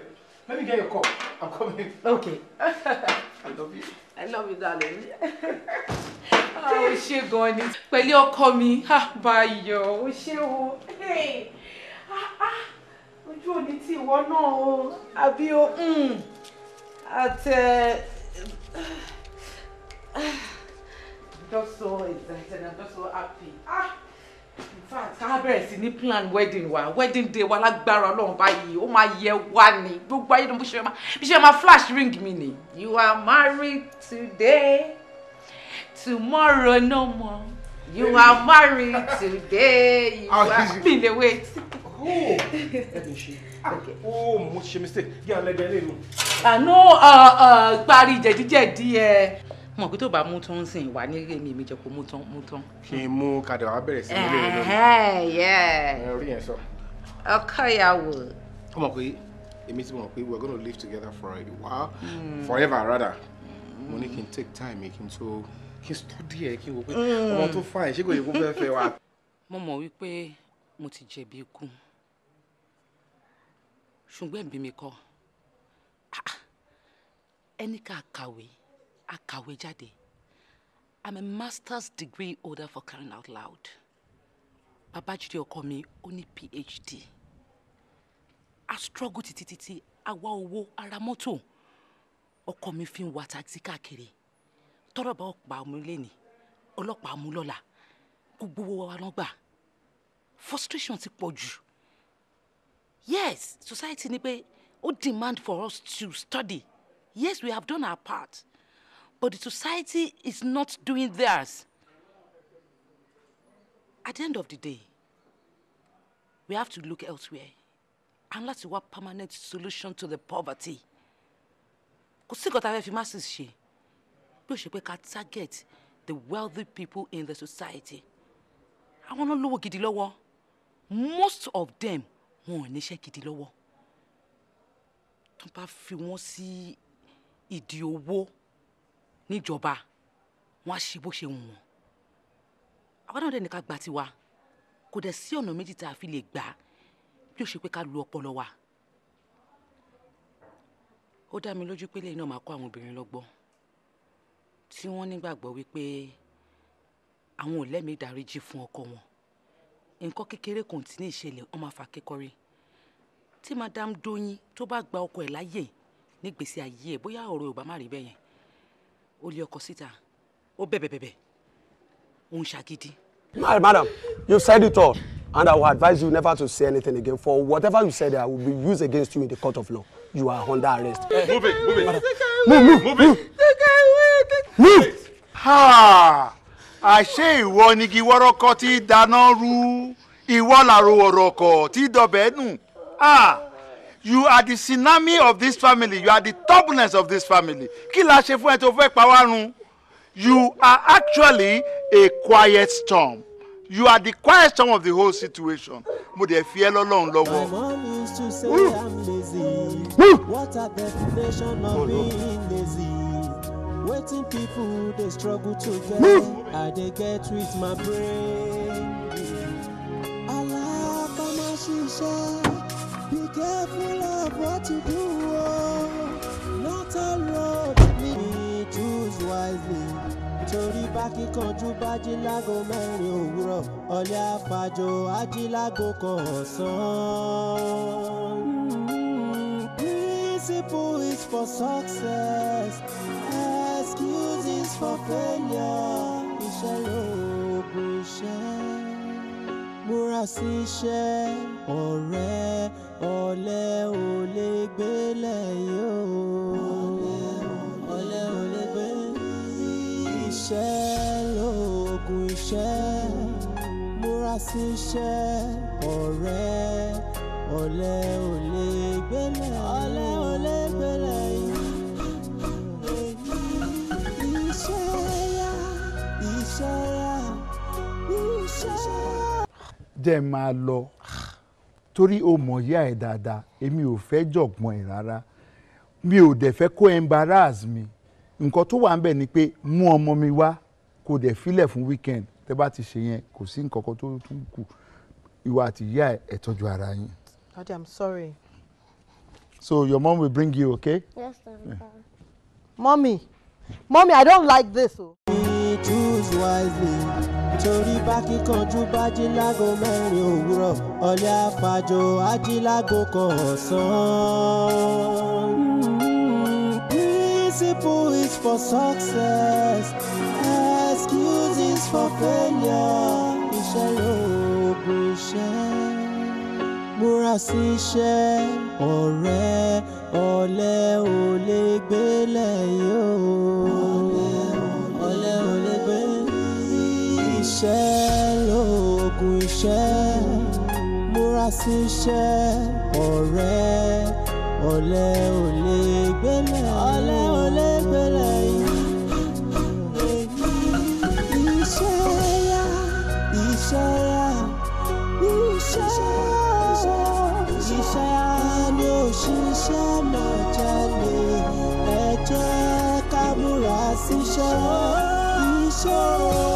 let me get your cup i'm coming. okay. i love you. i love you darling. Ah, ó ṣe gan ni pẹ̀lú ọkọ mi báyọ̀ ó ṣe o ah, ah. ojú òní tí ìwọ náà o àbí o àtẹ. Hmm just so excited i'm just so happy ah in fact ká bẹ̀rẹ̀ sí ní plan wedding wa wedding day wa lágbára ọlọ́run báyìí ó máa yẹ wá ni gbogbo ayé ló bí ṣe máa bí ṣe máa flash ring mi ni. you are married today tomorrow no more you are married today you ah, are me dey wait. oh oh mo ṣe mistake yàrá ẹgbẹ́ lè nù. àná parí jẹ̀díjẹ̀dí ẹ mọ̀ pé tó bá mú tán sìn wà ní èmi èmi jẹ́ kó mú tán mú tán. kí n mú kàdà wá bẹ̀rẹ̀ sí ilé rẹ lórí orí yẹn sọ. ọkọ ìyàwó. ó mọ̀ pé èmi ti mọ̀ pé we are gonna live together for a while hmm. forever rather hmm. mo ní kí n take time kí n tó kí n study ẹ kí n wò pé hmm. ọmọ tó fà ẹ ṣé kò yẹ kó fẹ́ fẹ́ wa. mo mọ̀ wípé mo ti jẹ̀bi ikú ṣùgbọ́n ẹ̀bí mi kọ́ ah, ah. ẹni ká kàwé akàwé jáde i'm a master's degree holder for crying out loud babájídé ọkọ mi ó ní phd I struggle títí títí àwa owó ara mọ́tò ọkọ mi fi ń wa taxi káàkiri tọ́rọ̀ bá ọ̀pá mú lẹ́ni ọlọ́pàá mú lọ́la gbogbo wa ló frustration ti pọ̀ jù yes society ní pé ó demand for us to study yes we have done our part but the society is not doing theirs. At the end of the day, we have to look elsewhere and láti wá permanent solution to the poverty. Kò sí nǹkan tá a fi masses ṣe bí ó ṣe pé ká target the wealthy people in the society. Àwọn náà lówó gidi lọ́wọ́ most of them wọn ò níṣẹ́ gidi lọ́wọ́. Tó bá fi wọ́n sí ìdí owó níjọba wọn á ṣe bó ṣe wù wọn àwa náà dẹ̀ ní ká gba tiwa kò dẹ̀ sí ọ̀nà méjì tá a fi lè gbà bí ó ṣe pé ká lu ọpọlọ wa ó dá mi lójú pé lẹ́yìn náà máa kọ́ àwọn obìnrin lọ́gbọ́n tí wọ́n nígbàgbọ́ wípé àwọn ò lẹ́mìí ìdáríjì fún ọkọ wọn nǹkan kékeré kò tí ní ìṣẹ̀lẹ̀ wọ́n máa fa kékọ́rí tí madam Doyin tó bá gba ọkọ ẹ̀ láyè nígbèsè ayé ẹ̀ bóyá ọ̀rọ̀ Yorùbá má rí bẹ́ẹ̀ yẹn ó lé ọkọ síta ó bẹ̀bẹ̀ bẹ̀bẹ̀ ó ń ṣàgídí. madam you said it all and i will advise you never to say anything again for whatever you said i will be used against you in the court of law you are under arrest. Eh, move it move it madam. move move move move move. ha àṣé ìwọ ni igi wọ́rọ́kọ́ tí dáná rú ìwọ làrò ọ̀rọ̀ ọkọ̀ tí dọ̀bẹ́ nù you are the tsunami of this family you are the turbulence of this family kí la ṣe fún ẹ tó fẹ́ pa wá run you are actually a quiet storm you are the quiet storm of the whole situation mo dẹ̀ fi ẹ́ lọ́lọ́run lọ́wọ́. my mom used to say Woo. i'm lazy what a definition of oh, being lazy wetin people dey struggle to get Woo. i dey get with my brain alábàámá ṣiṣẹ́. Be careful of what you do. Oh. Not all road need choose wisely. Torí bákí kanjú bá jí lágo mẹ́rin òwúrọ̀, ọ̀lẹ́ àfàjò ajílágo kan ọ̀sán. Principle is for success, excuse is for failure, iṣẹ́ lóògùn iṣẹ́ múra sí iṣẹ́ ọ̀rẹ́ ọ̀lẹ ò lè gbélé yó. ọ̀lẹ ò lè gbé iṣẹ́ lóògùn iṣẹ́ múra sí iṣẹ́ ọ̀rẹ́ ọ̀lẹ ò lè gbélé yó. ọ̀lẹ ò lè gbélé yó. iṣẹ́ yá iṣẹ́ yá iṣẹ́ yá jẹ́ máa lọ torí o mọ̀ yá ẹ̀ dáadáa èmi ò fẹ́ jọ̀gbọ́n ẹ̀ rárá mi ò dẹ̀ fẹ́ kó embarrass mi nǹkan tó wà ń bẹ̀ ni pé mú ọmọ mi wá kó dẹ̀ filẹ̀ fún weekend tẹ́ bá ti ṣe yẹn kò sí nǹkan kan tó tún kù ìwà àti ìyá ẹ̀ tọ́jú ara yín. Daddy, I'm sorry. So your mom will bring you, okay? Yes, ma'am. Yeah. Mommy, mommy, I don't like this. Oh torí bá kíkanjú bá jí mẹ́rin òwúrọ̀ ọ̀lẹ́ àpàjọ ajílágo kan ọ̀sán. Principle is for success, excuse is for failure. Iṣẹ́ lóògùn iṣẹ́, múra sí iṣẹ́ ọ̀rẹ́ ọ̀lẹ́ ò lè gbélé yóò. iṣẹ́ lóògùn iṣẹ́ múra sí iṣẹ́ ọ̀rẹ́ ọ̀lẹ ò lè gbélé ọ̀lẹ ò lè gbélé iṣẹ́ yá iṣẹ́ yá iṣẹ́ iṣẹ́ yá ni òṣìṣẹ́ lọ́jọ́ lè ẹ jẹ́ ká múra síṣẹ́ iṣẹ́.